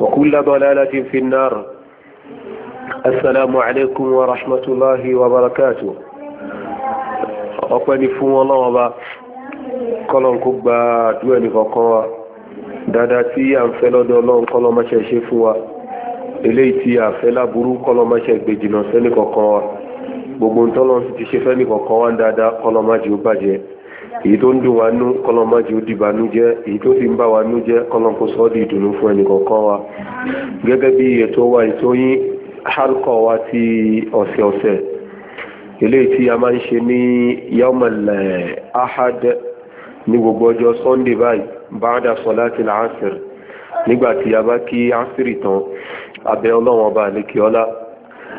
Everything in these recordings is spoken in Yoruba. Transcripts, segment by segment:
وكل ضلالة في النار السلام عليكم ورحمة الله وبركاته ọpẹ́ ni fún ọlọ́wọ́n bá kọ́lọ̀n kó gba àdúrà ní kọ̀ọ̀kan wa dáadáa tí à ń fẹ́ lọ́dọ̀ ọlọ́run kọ́lọ́ má ṣe ṣe fún wa eléyìí tí à fẹ́ láburú kọ́lọ́ má ṣe gbé jìnnà sẹ́ni kọ̀ọ̀kan wa gbogbo ń tọ́lọ́run sì ti ṣe fẹ́ ní kọ̀ọ̀kan wa ń dáadáa kọ́lọ́ má jù ú bàjẹ́ èyí tó ń dùn wá nú kọlọmájì ó dìbànú jẹ́ èyí tó sì ń bá wa nú sọ di ìdùnnú fún ẹnì wa gẹ́gẹ́ bí ètò wa ètò yín hálkọ̀ wa ti ọsẹ ọsẹ. eléyìí tí a máa ń ṣe ní yọmọlẹ̀ ahad ní gbogbo ọjọ sunday báyìí báadà sọlá ti là ásìr nígbà tí a bá kí ásìrì tán ọba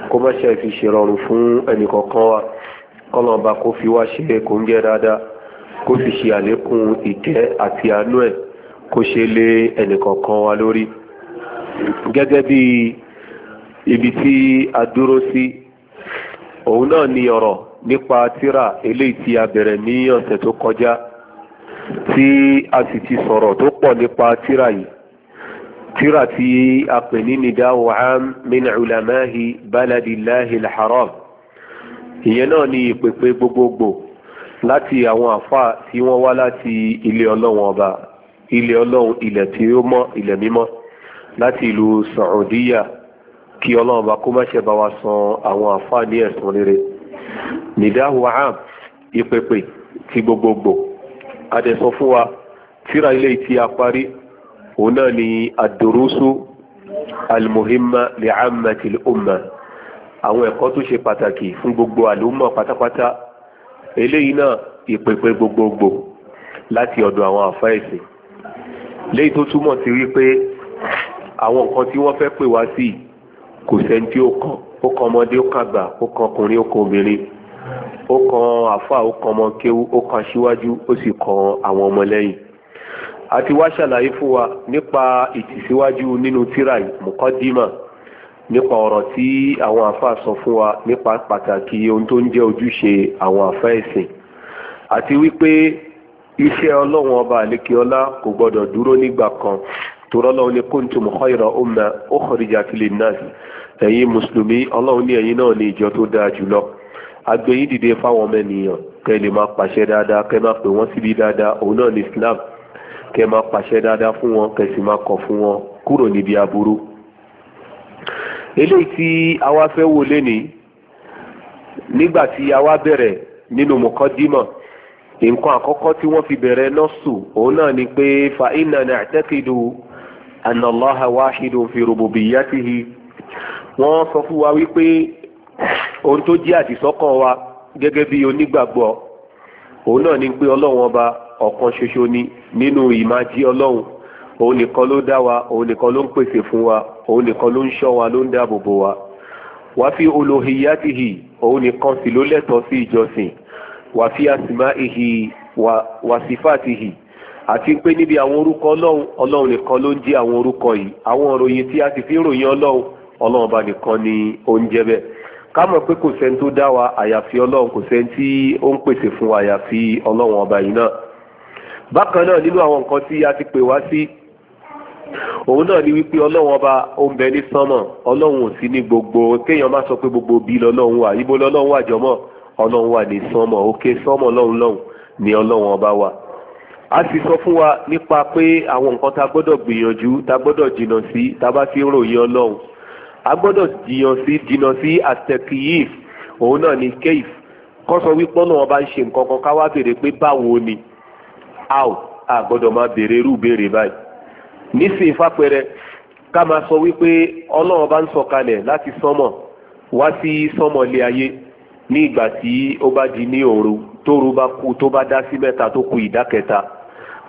kó fún ẹnì wa kó fi wá ṣe kó sì ṣe àlékún ìtẹ́ àti àánú ẹ̀ kó ṣe lé ẹnìkọ̀ọ̀kan wa lórí gẹ́gẹ́ bí ibi tí a dúró sí òun náà ni ọ̀rọ̀ nípa tírà eléyìí tí a bẹ̀rẹ̀ ní ọ̀sẹ̀ tó kọjá tí a sì ti sọ̀rọ̀ tó pọ̀ nípa tírà yìí tírà tí a pè ní nìdáwò am min ulamahi ìyẹn náà ni ìpèpè gbogbogbò láti àwọn àfáà tí wọ́n wá láti ilé ọlọ́run ọba ilé ọlọ́run ilẹ̀ tí ó mọ́ ilẹ̀ mímọ́ láti ìlú Saudiya kí ọlọ́run ọba kó má ṣe bá wa san àwọn àfáà ní ẹ̀sùn rere nìdáhùn am ti gbogbogbò adẹ̀sọ fún wa tíra ilé tí a parí òun náà ni ad-durusu al-muhimma umma àwọn ẹ̀kọ́ tó ṣe pàtàkì fún gbogbo àlùmọ̀ pátápátá eléyìí náà ìpèpè gbogbogbò láti ọ̀dọ̀ àwọn àfa ẹ̀sìn léyìí tó túmọ̀ sí wípé àwọn nǹkan tí wọ́n fẹ́ pè wá sí kò sẹ́ni tí ó kàn ó kàn ọmọdé ó kàn àgbà ó kàn ọkùnrin ó kàn obìnrin ó kàn àfa ó kàn ọmọ kéwú ó kàn aṣíwájú ó sì kàn àwọn ọmọlẹ́yìn àti wá ṣàlàyé fún wa nípa ìtìsíwájú nínú tíra yìí mùkọ́dímà nípa ọ̀rọ̀ tí àwọn àfáà sọ fún wa nípa pàtàkì ohun tó ń jẹ́ ojúṣe àwọn àfáà ẹ̀sìn àti wípé iṣẹ́ ọlọ́run ọba àlékiọlá kò gbọ́dọ̀ dúró nígbà kan torọ́lọ́run ní kuntum khayra umma ukhrijat linnas ẹ̀yin mùsùlùmí ọlọ́run ní ẹ̀yin náà ní ìjọ tó dáa jùlọ agbẹ̀yìn dìde fáwọn ọmọ ènìyàn kẹ́ lè máa pàṣẹ dáadáa kẹ́ máa pè wọ́n síbi dáadáa òun náà ní Islam kẹ́ máa pàṣẹ dáadáa fún wọn kẹ́ sì máa kọ̀ fún wọn kúrò níbi aburú eléyìí tí a wá fẹ́ wò lénìí nígbà tí a wá bẹ̀rẹ̀ nínú mọ̀kọ́dímọ̀ nǹkan àkọ́kọ́ tí wọ́n fi bẹ̀rẹ̀ nọ́ọ̀sù òun náà ni pé fa inna na'taqidu anna Allaha wahidun fi rububiyyatihi wọ́n sọ fún wa wípé ohun tó jẹ́ àdìsọ́kàn wa gẹ́gẹ́ bí onígbàgbọ́ òun náà ni pé ọlọ́run ọba ọ̀kan ṣoṣo ni nínú ìmájí ọlọ́run òun nìkan ló dá wa òun nìkan ló ń pèsè fún wa òun nìkan ló ń ṣọ́ wa ló ń dáàbò bò wa wà fi olùhìyàtìhì òun nìkan sì ló lẹ́tọ̀ọ́ sí ìjọsìn wà fi àsìmáìhì wà sífàtìhì àti pé níbi àwọn orúkọ ọlọ́run ọlọ́run nìkan ló ń jẹ́ àwọn orúkọ yìí àwọn òròyìn tí a sì fi ròyìn ọlọ́run ọlọ́run ọba nìkan ni ó ń jẹ́ bẹ́ẹ̀ ká mọ̀ pé kò sẹ́ni tó dá wa àyàfi ọlọ́run kò sẹ́ni tí ó ń pèsè fún wa àyàfi ọlọ́run ọba yìí náà bákan náà nínú àwọn nǹkan tí a ti pè wá sí òun náà ni wípé ọlọ́run ọba ó ń bẹ ní sánmọ̀ ọlọ́run ò sí ní gbogbo kéèyàn má sọ pé gbogbo bí lọ́lọ́run wà ibo lọ́lọ́run wà jọmọ́ ọlọ́run wà ní sánmọ̀ òkè sánmọ̀ lọ́hùn lọ́hùn ni ọlọ́run ọba wà. a sì sọ fún wa nípa pé àwọn nǹkan tá gbọ́dọ̀ gbìyànjú tá gbọ́dọ̀ jìnà sí tá bá fi ròyìn ọlọ́run a gbọ́dọ̀ jìyàn sí jìnà sí àtẹkìyìf òun náà ni kéif kọ́sọ wípé ọlọ́run ọba ń ṣe nǹkan kan ká wá béèrè pé báwo nísìnyí fàpẹrẹ ká máa sọ wípé ọlọ́run bá ń sọ̀kalẹ̀ láti sánmọ̀ wá sí sánmọ̀ ayé ní ìgbà tí ó bá di ní òru tóru bá kú tó bá dá sí mẹ́ta tó kù ìdá kẹta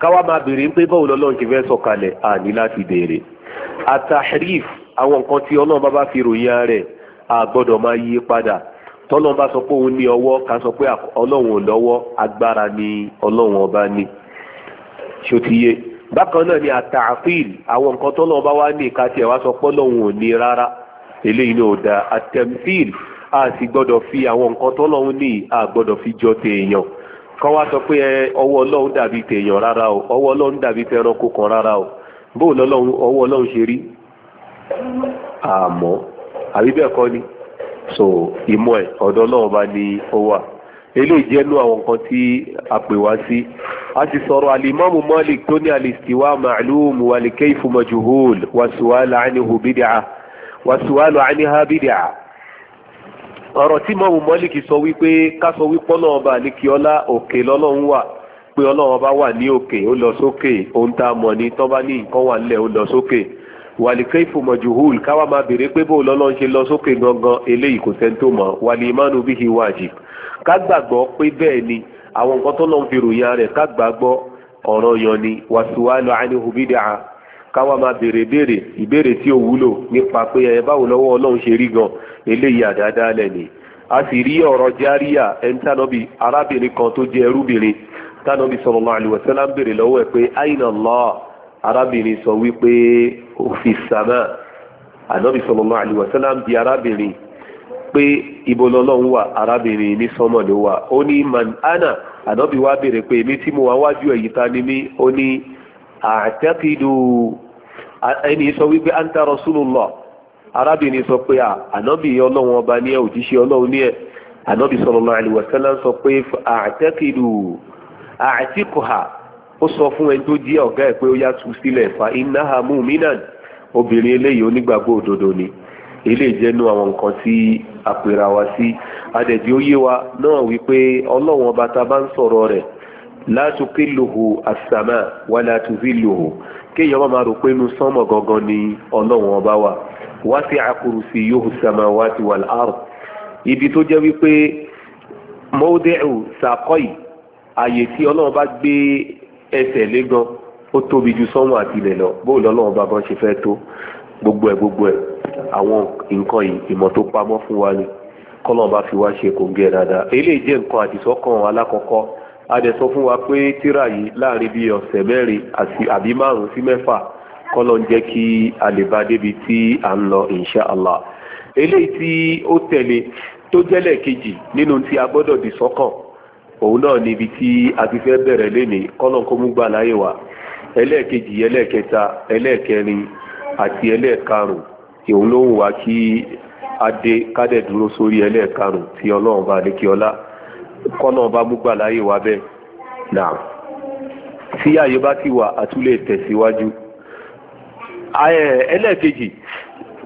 káwá máa béèrè pé báwo lọ́lọ́run ti fẹ́ sọ̀kalẹ̀ àní láti béèrè àtàhrif àwọn nǹkan tí ọlọ́run bá bá fi ròyìn ara rẹ̀ àgbọ́dọ̀ máa yí padà tọ́lọ́run bá sọ pé òun ní ọwọ́ ká sọ pé ọlọ́run ò lọ́wọ́ agbára ni ọlọ́run ọba ní ṣó ti yé bákan náà ni àtàfíìl àwọn nǹkan tó náà bá wá ní ìka tiẹ̀ wá sọ pé lọ́hùn ò ní rárá a sì gbọ́dọ̀ fi àwọn nǹkan tó ni a gbọ́dọ̀ fi jọ tèèyàn kan wá sọ pé ọwọ́ ọlọ́hun dàbí tèèyàn rárá o ọwọ́ ọlọ́hun dàbí tẹranko kan rárá o bóò lọ́lọ́hun ọwọ́ ọlọ́hun ṣe rí àmọ́ àbí bẹ́ẹ̀ kọ́ so ìmọ̀ ẹ̀ bá ní ó wà eléyìí jẹ́nu àwọn nǹkan tí a pè wá sí a ti sọ̀rọ̀ alimami malik tó ní alistiwa ma'lum walikeifu majuhul wasuwala anihu bidia wasuwala aniha bidia ọ̀rọ̀ tí mọ́mù malik sọ wípé ká sọ wípé ọlọ́run bá ní kí ọlá òkè lọ́lọ́run wà pé ọlọ́run bá wà ní òkè ó lọ sókè ohun tá a mọ̀ ní tọ́ bá ní nǹkan wà nílẹ̀ ó lọ sókè wàlíkẹ́ ìfòmọ̀jùhùl káwa máa béèrè pé bó lọ́lọ́run ṣe lọ sókè gangan eléyìí kò sẹ́ni mọ̀ wàlí ìmánu bíhi wájib ká gbàgbọ́ pé bẹ́ẹ̀ ni àwọn nǹkan tó lọ́n fi ròyìn ara rẹ̀ ká gbàgbọ́ ọ̀rọ̀ yàn ni wàsíwálò àníhù bídàá káwa máa béèrè béèrè ìbéèrè tí ò wúlò nípa pé ẹ báwo lọ́wọ́ ọlọ́run ṣe rí gan eléyìí àdáadáa lẹ̀ ni a sì rí ọ̀rọ̀ járíà ẹni tánàbí arábìnrin kan tó jẹ́ ẹrúbìnrin tánàbí sallallahu alaihi wasallam ń béèrè lọ́wọ́ ẹ̀ pé àyìnà Allah arábìnrin sọ wípé òfin sàmà ànábì sallallahu alaihi wasallam ń bi arábìnrin pé ibo lọ́lọ́run wà arábìnrin ní sọmọdụ ló wà ó ní man ana ànábì wá béèrè pé èmi tí mo wá wájú èyí ta ni mí ó ní àtẹ́kìdù ẹni sọ wípé anta nlọ. arábìnrin sọ pé ànábì ọlọ́run ọba ní ẹ òjíṣẹ́ ọlọ́run ní ẹ ànábì sọ pé àtẹ́kìdù àtìkùhà ó sọ fún ẹni tó ọ̀gá ẹ̀ pé ó yá sílẹ̀ fa obìnrin eléyìí onígbàgbọ́ ni. ilé ìjẹ́nu àwọn nǹkan tí àpèrà wa sí adẹ̀dí óyé wa náà wípé ọlọ́run ọba tá bá ń sọ̀rọ̀ rẹ̀ la tukilluhu as-sama wala tuzilluhu kéèyàn máa rò pé inú sánmọ̀ gangan ni ọlọ́run ọba wa wasi'a kursiyyuhu as-samawati wal-ard ibi tó jẹ́ wípé mọ́ọ́dẹ́rù sàkọ́ì àyè tí ọlọ́run bá gbé ẹsẹ̀ lé gan ó tóbi ju sánmọ̀ àti lọ bóòlù ọlọ́run bá gan ṣe fẹ́ tó gbogbo ẹ̀ gbogbo ẹ̀ àwọn nǹkan ìmọ̀ tó pamọ́ fún wa ni kọ́lọ́n bá fi wá ṣe kò ń gẹ̀ dáadáa eléyìí jẹ́ nǹkan àdìsọ́kàn alákọ̀ọ́kọ́ adẹ̀ sọ fún wa pé tíra yìí láàrin bíi ọ̀sẹ̀ mẹ́rin àbí márùn-ún sí mẹ́fà kọ́lọ́n jẹ́ kí a lè bá débi tí à ń lọ insha Allah eléyìí tí ó tẹ̀lé tó jẹ́lẹ̀ kejì nínú tí a gbọ́dọ̀ dìsọ́kàn òun náà níbi tí a ti fẹ́ bẹ̀rẹ̀ lénìí kọ́lọ́n kó mú gbà láyè wa ẹlẹ́ẹ̀kejì ẹlẹ́ẹ̀kẹta ẹlẹ́ẹ̀kẹrin àti ẹlẹ́ẹ̀karùn-ún ìhun ló wù wá kí adé kádẹ̀ dúró sórí ẹlẹ́ẹ̀karùn tí ọlọ́run bá ní kí ọlá kọ́nà bá múgbà láyé wa bẹ́ẹ̀ náà tí àyè bá ti wà àtúlẹ̀ tẹ̀síwájú ẹlẹ́ẹ̀kejì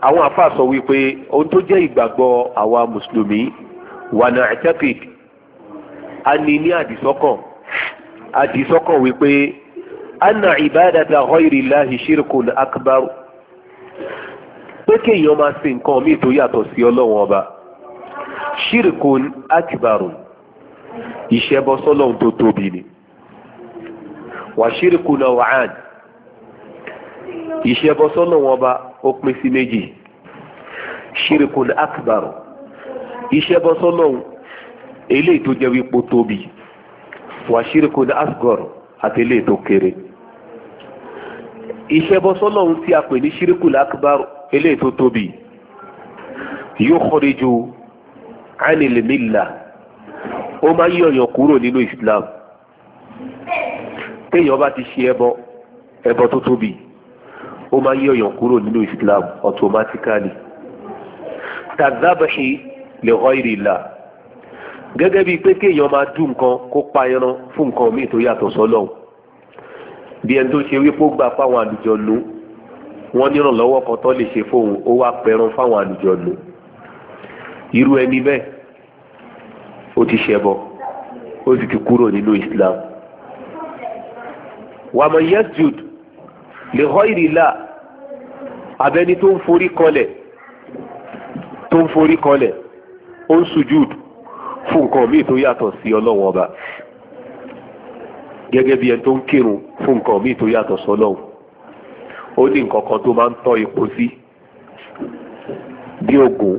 àwọn àfáà sọ wípé ohun tó jẹ́ ìgbàgbọ́ àwa mùsùlùmí wà náà ẹ̀tẹ́pìk a ní ní àdìsọ́kàn àdìsọ́kàn wípé anna ibadata ghayri llahi shirkun akbar pé kéèyàn máa ṣe nǹkan míì tó yàtọ̀ sí ọlọ́run ọba ṣírìkún akbarun ìṣẹ́bọ sọ́lọ́run tó tóbi ni wà ṣírìkún ọ̀hán ìṣẹ́bọ sọ́lọ́run ọba ó pín sí méjì ṣírìkún akbarun ìṣẹ́bọ eléyìí tó jẹ́ wípé tóbi wà ṣírìkún asgor àti eléyìí tó kéré ìṣẹ́bọ tí a pè ní ṣírìkún akbarun eléyìí tó tóbi yukhriju anil milla ó máa ń yọ̀yàn kúrò nínú islam téèyàn bá ti ṣe ẹbọ ẹbọ tó tóbi ó máa ń yọ̀yàn kúrò nínú islam automatically tàdábàṣe li ghayrillah gẹ́gẹ́ bíi pé kéèyàn máa dùn nǹkan kó pa ẹran fún nǹkan míì tó yàtọ̀ sọ́lọ́hun bí ẹni tó ṣe wípé ó gbà fáwọn àlùjọ lóhùn wọ́n nírànlọ́wọ́ kan tó lè ṣe fóun ó wá pẹran fáwọn àlùjọ̀nù irú ẹni bẹ́ẹ̀ ó ti ṣẹbọ ó sì ti kúrò nínú Islam wàmọ̀ yasjud lè họ́ ìrìlá abẹ́ni tó ń forí kọlẹ̀ tó ń forí kọlẹ̀ ó ń sujud fún nǹkan míì tó yàtọ̀ sí ọlọ́run ọba gẹ́gẹ́ bí ẹni tó ń kírun fún nǹkan míì tó yàtọ̀ sí ó ní nǹkan kan tó máa ń tọ́ epo sí bí ògùn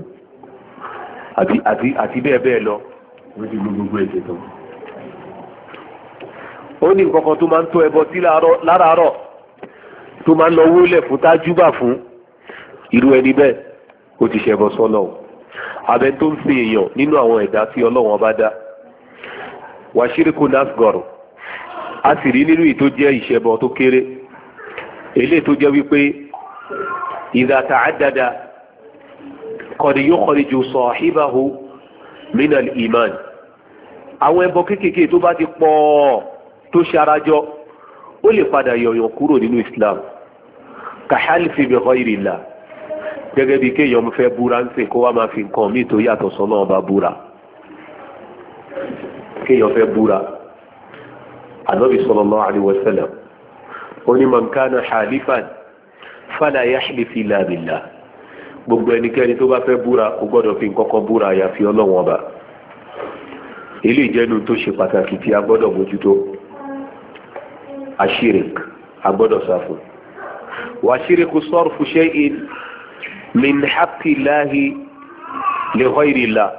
àti àti àti bẹ́ẹ̀ bẹ́ẹ̀ lọ. ó ti gbogbo ẹ̀jẹ̀ tán. ó ní nǹkan kan tó máa ń tọ́ ẹbọ sí láràárọ̀ tó máa ń lọ wólẹ̀ fún tájúbà fún irú ẹni bẹ́ẹ̀ ó ti ṣẹbọ sọ́nà o abẹ tó ń sin èèyàn nínú àwọn ẹ̀dá tí ọlọ́wọ́n bá dá wàṣírí kò nasgọ̀rọ̀ a sì rí nínú ìtó jẹ́ ìṣẹbọ tó kéré eléyìí tó jẹ́ wípé idha ta'addada qad yukhriju sahibahu minal iman àwọn ẹbọ kéékèèké tó bá ti pọ̀ tó ṣarajọ ó lè padà yọ̀yàn kúrò nínú islam kahalifi bi ghayrillah gẹ́gẹ́ bí kéèyàn mo fẹ́ búra ń sìn kó wá máa fi nǹkan míì tó yàtọ̀ sọ́nà ọba búra kéèyàn fẹ́ búra ànábì sallallahu alaihi wasallam oní mankana halifan fala yahlifi illa billah gbogbo ẹnikẹ́ni tó bá fẹ́ búra kò gbọ́dọ̀ fi nǹkankan búra àyàfi ọlọ́wọ́n ọba ilé ìjẹ́nu tó ṣe pàtàkì tí a gbọ́dọ̀ mójútó àṣírík a gbọ́dọ̀ sáfù wàṣíríkù sarfu shay'in min haqqi Allahi li ghayri Allah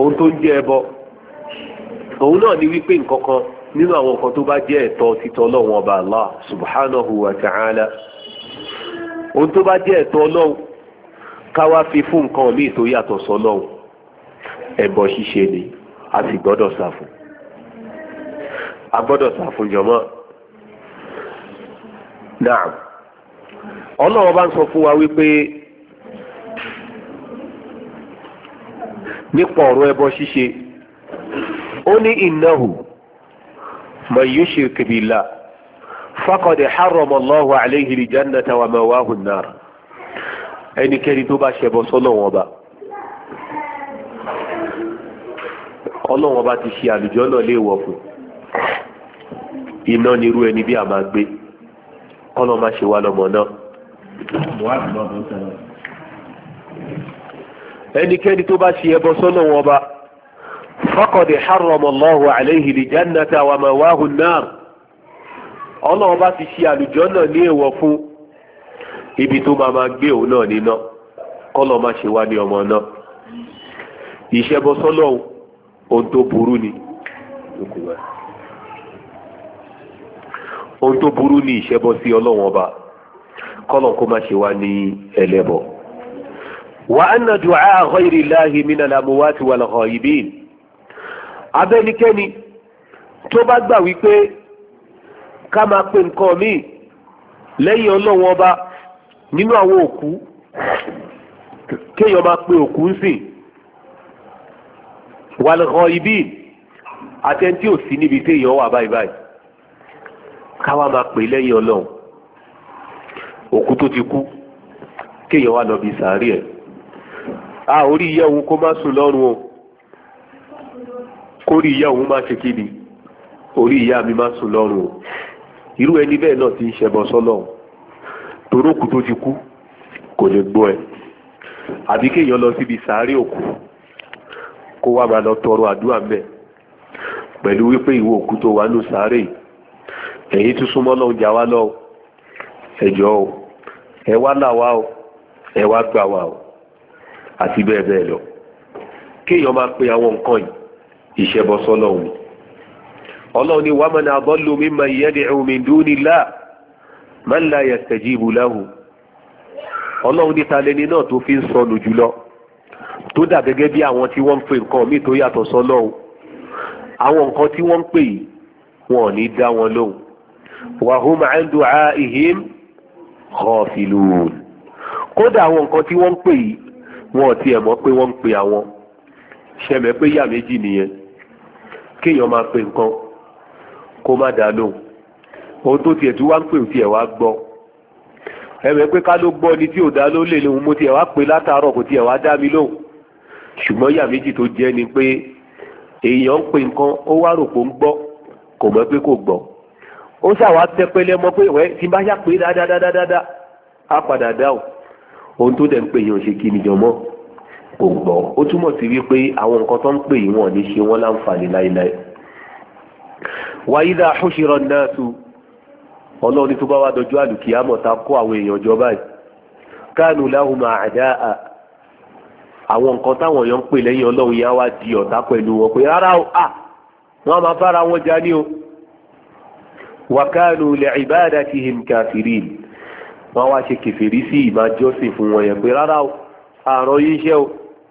ohun tó ń jẹ́ ẹbọ òun náà ni wípé nǹkankan nínú àwọn kan tó bá jẹ́ ẹ̀tọ́ títọ́ ọlọ́run ọba allah subhanahu wa ta'ala ohun tó bá jẹ́ ẹ̀tọ́ ọlọ́run káwá fi fún nǹkan míì tó yàtọ̀ sọlọ́run ẹbọ ṣíṣe ni a sì gbọ́dọ̀ sá a gbọ́dọ̀ sá jọmọ́ náà ọlọ́run bá ń sọ fún wa wípé nípa ọ̀rọ̀ ẹbọ ṣíṣe ó ní ìnáhù man yushrik billah faqad harrama Allahu alayhi al-jannata wa mawahu an-nar ẹnikẹ́ni tó bá ṣẹbọ sọ́lọ́wọ́n ọba ọlọ́wọ́n ọba ti ṣe àlùjọ náà léèwọ̀ fún iná nírú ẹni bí a máa gbé ọlọ́wọ́n máa ṣe wá lọ́mọ náà ẹnikẹ́ni tó bá ṣe ẹbọ sọ́lọ́wọ́n ọba faqad harrama Allahu alayhi al-jannata wa ma'wahu an-nar ọlọ́run bá ti ṣe àlùjànnà ní èèwọ̀ fún ibi tó máa máa gbé òun náà níná kọ́lọ̀ má ṣe wá ní ọmọ náà ìṣẹ́bọ sọ́lọ́hún ohun tó burú ni ohun tó burú ni ìṣẹ́bọ sí ọlọ́run ọba kọ́lọ̀ kó má ṣe wá ní ẹlẹ́bọ. wa anna du'a ghayri Allahi min abẹ́nikẹ́ni tó bá gbà wípé ká máa pe nǹkan míì lẹ́yìn ọlọ́run ọba nínú àwọn òkú kéèyàn máa pe òkú ń sìn wàlúhàn ibi àtẹ̀ntì ò sí níbi téèyàn wà báyìí báyìí káwa máa pè lẹ́yìn ọlọ́run òkú tó ti kú kéèyàn wà lọ sàárì ẹ̀ a orí yẹ òun kó má sùn lọ́rùn o kórì ìyá òun máa ṣe kí ni orí ìyá mi máa sùn lọ́rùn o irú ẹni bẹ́ẹ̀ náà ti ń ṣẹbọ sọ́lọ́run torókù tó ti kú kò lè gbọ́ ẹ àbí kéèyàn lọ síbi sàárè òkú kó wá máa lọ tọrọ àdúrà mẹ́ pẹ̀lú wípé ìwọ òkú tó wà nù sàárè ẹ̀yin tún súnmọ́ lọ́hùn jà wá lọ́hùn ẹ̀jọ́ o ẹ wá là o ẹ wá gbà wá o àti bẹ́ẹ̀ bẹ́ẹ̀ lọ kéèyàn máa pe àwọn nǹkan yìí ìṣẹbọ sọ́lọ́hun ọlọ́run ni wàá mọ̀nà àbọ́lù mímọ ìyẹ́dẹ̀ min dunillah man la yastajibu lahu ọlọ́run ní talẹ́ni náà tó fi ń sọnù jùlọ tó dà gẹ́gẹ́ bí àwọn tí wọ́n ń pè nǹkan míì tó yàtọ̀ sọ́lọ́hun àwọn nǹkan tí wọ́n ń pè yìí wọn ní dá wọn lóhùn wa hum an du'aihim ghafilun kódà àwọn nǹkan tí wọ́n ń pè yìí wọn ò tiẹ̀ mọ̀ pé wọ́n ń pè àwọn ṣẹ̀mẹ̀ pé yà méjì nìyẹn kéèyàn máa pe nǹkan kó má dá lóhùn ohun tó tiẹ̀ tí wá ń pè tiẹ̀ wá gbọ́ ẹ̀mẹ̀ pé ká ló gbọ́ ni tí ò dá ló lè lóhùn mo tiẹ̀ wá pè látàárọ̀ kò tiẹ̀ wá dá mi lóhùn ṣùgbọ́n yà méjì tó jẹ́ ni pé èèyàn ń pe nǹkan ó wá rò pó ń gbọ́ kò mọ̀ pé kò gbọ́ ó ṣàwá tẹpẹlẹ mọ́ pé wẹ́ tí bá yà pé dáadáa á padà dáhùn ohun tó dẹ̀ ń pè yàn ṣe kí nìjọ mọ́ kò gbọ́ ó túmọ̀ sí wípé àwọn nǹkan tó ń pè yìí wọ́n ní ṣe wọ́n láǹfààní láéláé wàyídà àṣùṣirọ̀ náà tu ọlọ́run tó bá wá dọjú ta kó àwọn èèyàn jọ báyìí káànù láhùn àdá àwọn nǹkan táwọn èèyàn ń pè lẹ́yìn ọlọ́run yá wá di ọ̀tá pẹ̀lú wọn pé rárá o à máa fara wọn já o ti hìm káfírí wá ṣe kẹfìrí sí ìmájọ́sìn fún wọn yẹn pé rárá o yín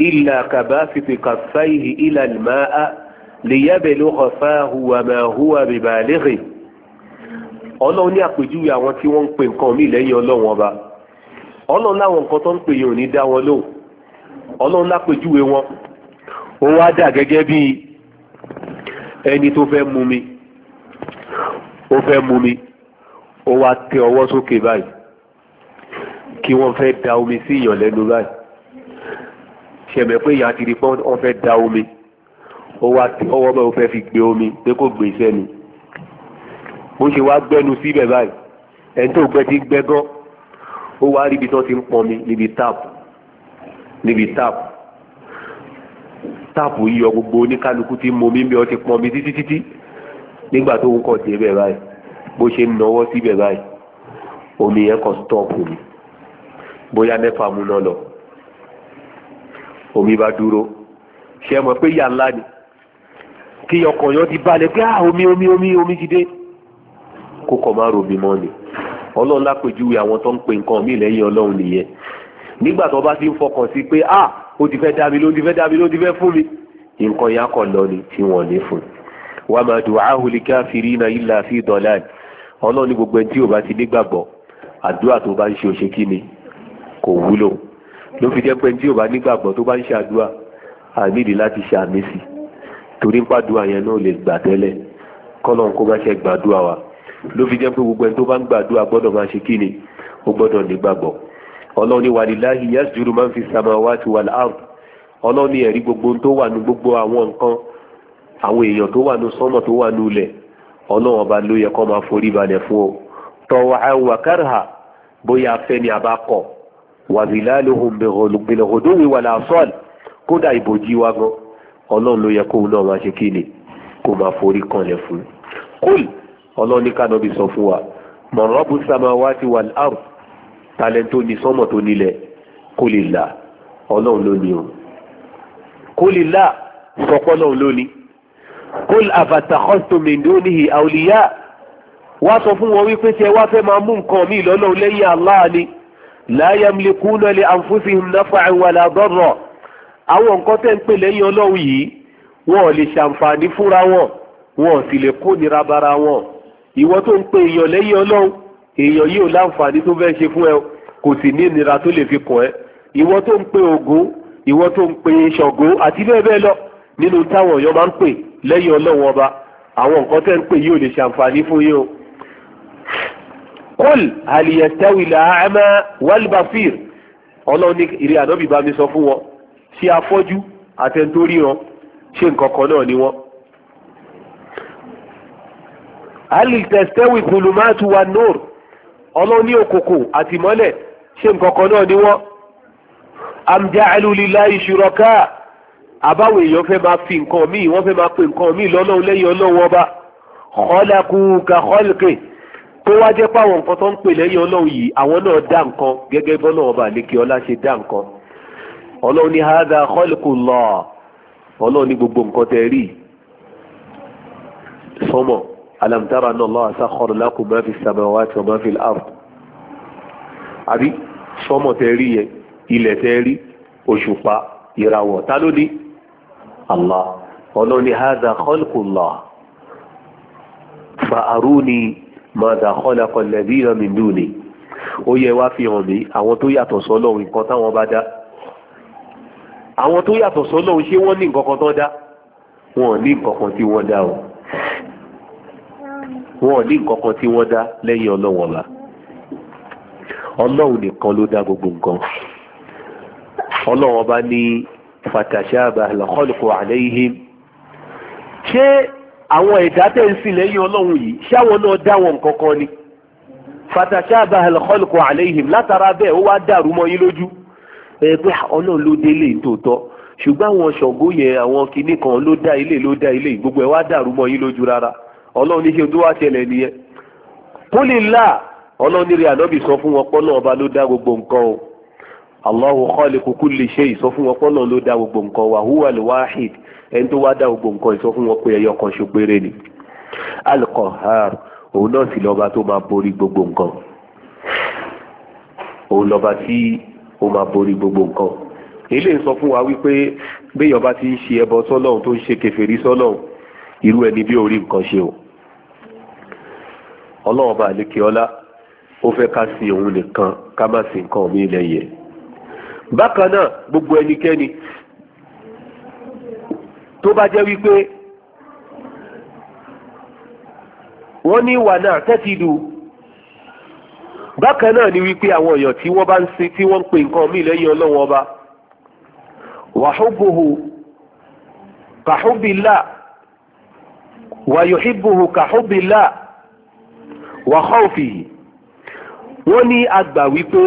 إلا كباسط كفيه إلى الماء ليبلغ فاه وما هو ببالغه ọlọ́run ní àpèjúwe àwọn tí wọ́n ń pè nǹkan mí lẹ́yìn ọlọ́run ọba ọlọ́run láwọn nǹkan tó ń pè yìí ò ní dá wọn lóhùn ọlọ́run lápèjúwe wọn ó wá dà gẹ́gẹ́ bí ẹni tó fẹ́ mú mi ó fẹ́ mú mi ó wá tẹ ọwọ́ sókè báyìí kí wọ́n fẹ́ da omi sí ìyàn báyìí ṣẹ̀mẹ̀ pé ìyá ti rí pé wọ́n fẹ́ da omi ọwọ́ mẹ́wọ́ fẹ́ fi gbé omi pé kò gbé iṣẹ́ ni bó ṣe wá gbẹ́nu síbẹ̀ báyìí ẹni tó gbẹ́ ti gbẹ́ gan ó wá ríbi tó ti ń pọnmi níbi táàpù níbi táàpù táàpù yíyọ gbogbo oníkálukú ti mọ omi bí wọ́n ti pọnmi títí títí nígbà tó ń kọ̀ débẹ̀ báyìí bó ṣe ń nọwọ́ síbẹ̀ báyìí omi yẹn kọ̀ stọ́ọ̀pù ni bóyá mẹ́fà mú náà lọ omi bá dúró ṣe mọ̀ pé yà ńlá ni kí ọkàn yọ ti balẹ̀ pé ah omi omi omi omi ti dé kó kọ̀ máa ròbí mọ́ ni ọlọ́run lápèjúwe àwọn tó ń pe nǹkan mí lẹ́yìn ọlọ́run nìyẹn nígbà tó bá ti ń fọkàn sí pé ah ó ti fẹ́ dá mi ló ti fẹ́ dá mi ló ti fẹ́ fún mi nǹkan yà kọ̀ lọ ni tí wọ́n lè fún wa ma du'ahu li kafirina illa fi dalal ọlọ́run ní gbogbo ẹni tí ò bá ti nígbàgbọ́ àdúrà tó bá ń ṣe òṣèkí ni kò wúlò ló fi jẹ́ pé tí ò bá nígbàgbọ́ tó bá ń ṣàdúrà àmìlì láti ṣàmì sí torí ń pàdúrà yẹn náà lè gbà tẹ́lẹ̀ kọ́lọ̀ kó bá ṣe gbàdúrà wa ló fi jẹ́ pé gbogbo ẹni tó bá ń gbàdúrà gbọ́dọ̀ máa ṣe kíni ó gbọ́dọ̀ nígbàgbọ́ ọlọ́run ní wàlíláhi yasjudu máa ń fi samawati wal ard ọlọ́run ní ẹ̀rí gbogbo tó wà ní gbogbo àwọn nǹkan àwọn èèyàn tó wà ní sọ́nà tó wà ní ulẹ̀ ọlọ́run ọba ló yẹ kó máa forí balẹ̀ fún ọ tọ́wọ́ àwọn wàkàrà bóyá afẹ́ ni a bá kọ̀ wàzìláàlùhùn bìlọ̀gọ̀dúnwì wà láàfọ́ọ̀lù kódà ìbòjì wa gan ọlọ́run ló yẹ kóun náà máa ṣe kí ni kó máa forí kanlẹ̀ fún kúl ọlọ́run ní kánọ́bì sọ fún wa mọ̀rọ́bù samawati wal ard talẹ̀ tó ní sọ́mọ̀ tó nílẹ̀ kólìlà ọlọ́run ló ní o kólìlà sọpọ́lọ́run ló ní kólì àfàtàkọ́sọ mẹ́ndóníhì àwòlíyà wá sọ fún wọn wípé tí ẹ wá fẹ́ máa mú nǹkan míì la yamlikuna li anfusihim naf'an wala darra àwọn nǹkan tẹ́ ń pè lẹ́yìn ọlọ́run yìí wọn ò lè ṣàǹfààní fúnra wọn wọn ò sì lè kó nira bara wọn ìwọ tó ń pè èèyàn lẹ́yìn ọlọ́run èèyàn yìí ò láǹfààní tó fẹ́ ṣe fún ẹ kò sì ní ìnira tó lè fi kàn ẹ́ ìwọ tó ń pe ògo ìwọ tó ń pe ṣọ̀gó àti bẹ́ẹ̀ bẹ́ẹ̀ lọ nínú táwọn èèyàn máa ń pè lẹ́yìn ọlọ́run ọba àwọn nǹkan tẹ́ ń pè yìí ò lè ṣàǹfààní fún yín o kúl àlìyẹ̀tẹ́wì làámẹ́ wálbàfír ọlọ́run ní ìrẹ́ ànábì bá mi sọ fún wọn ṣé afọ́jú àtẹ̀ntórí wọn ṣé nǹkan kan náà ni wọn. àlìtẹ̀sẹ̀wì kùlùmáàtù wa nóòr ọlọ́run ní òkòkò àtìmọ́lẹ̀ ṣé nǹkan kan náà ni wọn. àmì àlùlílá ìṣúrọ̀ká àbáwò èèyàn fẹ́ máa fi nǹkan míì wọ́n fẹ́ máa pe nǹkan míì lọ́lọ́run lẹ́yìn ọlọ́run ọba kọ́lákù kà kọ́lùkè kó wá jẹ́ páwọn nǹkan tó ń pè lẹ́yìn ọlọ́run yìí àwọn náà dá nǹkan gẹ́gẹ́ bọ́lá ọba àlékè ọlá ṣe dá nǹkan ọlọ́run ní hadha khalqullah ọlọ́run ní gbogbo nǹkan tẹ́ rí sọmọ alam tara anna Allaha sakhkhara lakum ma fi samawati wa ma fi al àbí sọmọ tẹ́ rí yẹn ilẹ̀ tẹ́ rí òṣùpá ìràwọ̀ ta ló ní Allah ọlọ́run ní hadha khalqullah fa aruni mọ̀dà kọ́lákọ̀ lẹ́bí ìrọ̀mì dùn ni ó yẹ wá fi hàn mí àwọn tó yàtọ̀ sọ́lọ́run nǹkan táwọn bá dá àwọn tó yàtọ̀ sọ́lọ́run ṣé wọ́n ní nǹkan kan tó dá wọn ò ní nǹkan kan tí wọ́n dá o ní nǹkan tí wọ́n dá lẹ́yìn ọlọ́run ọ̀la nìkan ló dá gbogbo nǹkan ọlọ́run ọba ní fatashaba al-khalqu alayhim ṣé àwọn ẹ̀dá tẹ̀ ń sìn lẹ́yìn ọlọ́run yìí ṣáwọn náà dá wọn nǹkan kan ni fatashaba alkholko aleihim látara bẹ́ẹ̀ ó wá dàrú mọ́ yín lójú ẹ pé ọlọ́run ló dé tòótọ́ ṣùgbọ́n àwọn ṣọ̀gbó yẹn àwọn kinní kan ló dá ilé ló dá ilé gbogbo ẹ wá dàrú mọ́ yín lójú rárá ọlọ́run ní tó wá ṣẹlẹ̀ nìyẹn kúlìlá ọlọ́run nírí ànábì sọ ẹni tó wá dá gbogbo nǹkan ìsọ fún wọn pé ẹyọ kan ṣo péré ni alkohar òun náà sì lọ́ba tó máa borí gbogbo nǹkan òun lọ́ba tí ó máa borí gbogbo nǹkan ilé ń sọ fún wa wípé béèyàn bá ti ń ṣe ẹbọ sọ́lọ́run tó ń ṣe kèfèrí sọ́lọ́run irú ẹni bí orí nǹkan ṣe o ọlọ́run bá lékè ọlá ó fẹ́ ká sin òun nìkan ká má sin nǹkan mí lẹ́yìn bákan náà gbogbo ẹnikẹ́ni tó bá jẹ́ wípé wọ́n ní ìwà náà tẹ́tìdù bákan náà ni wípé àwọn èèyàn tí wọ́n bá ń sin tí wọ́n ń pè nǹkan míì lẹ́yìn ọlọ́wọ́n ọba wàhúbùhù kàhúbìlà wàyòhíbùhù kàhúbìlà wàhọ́ọ̀fì wọ́n ní àgbà wípé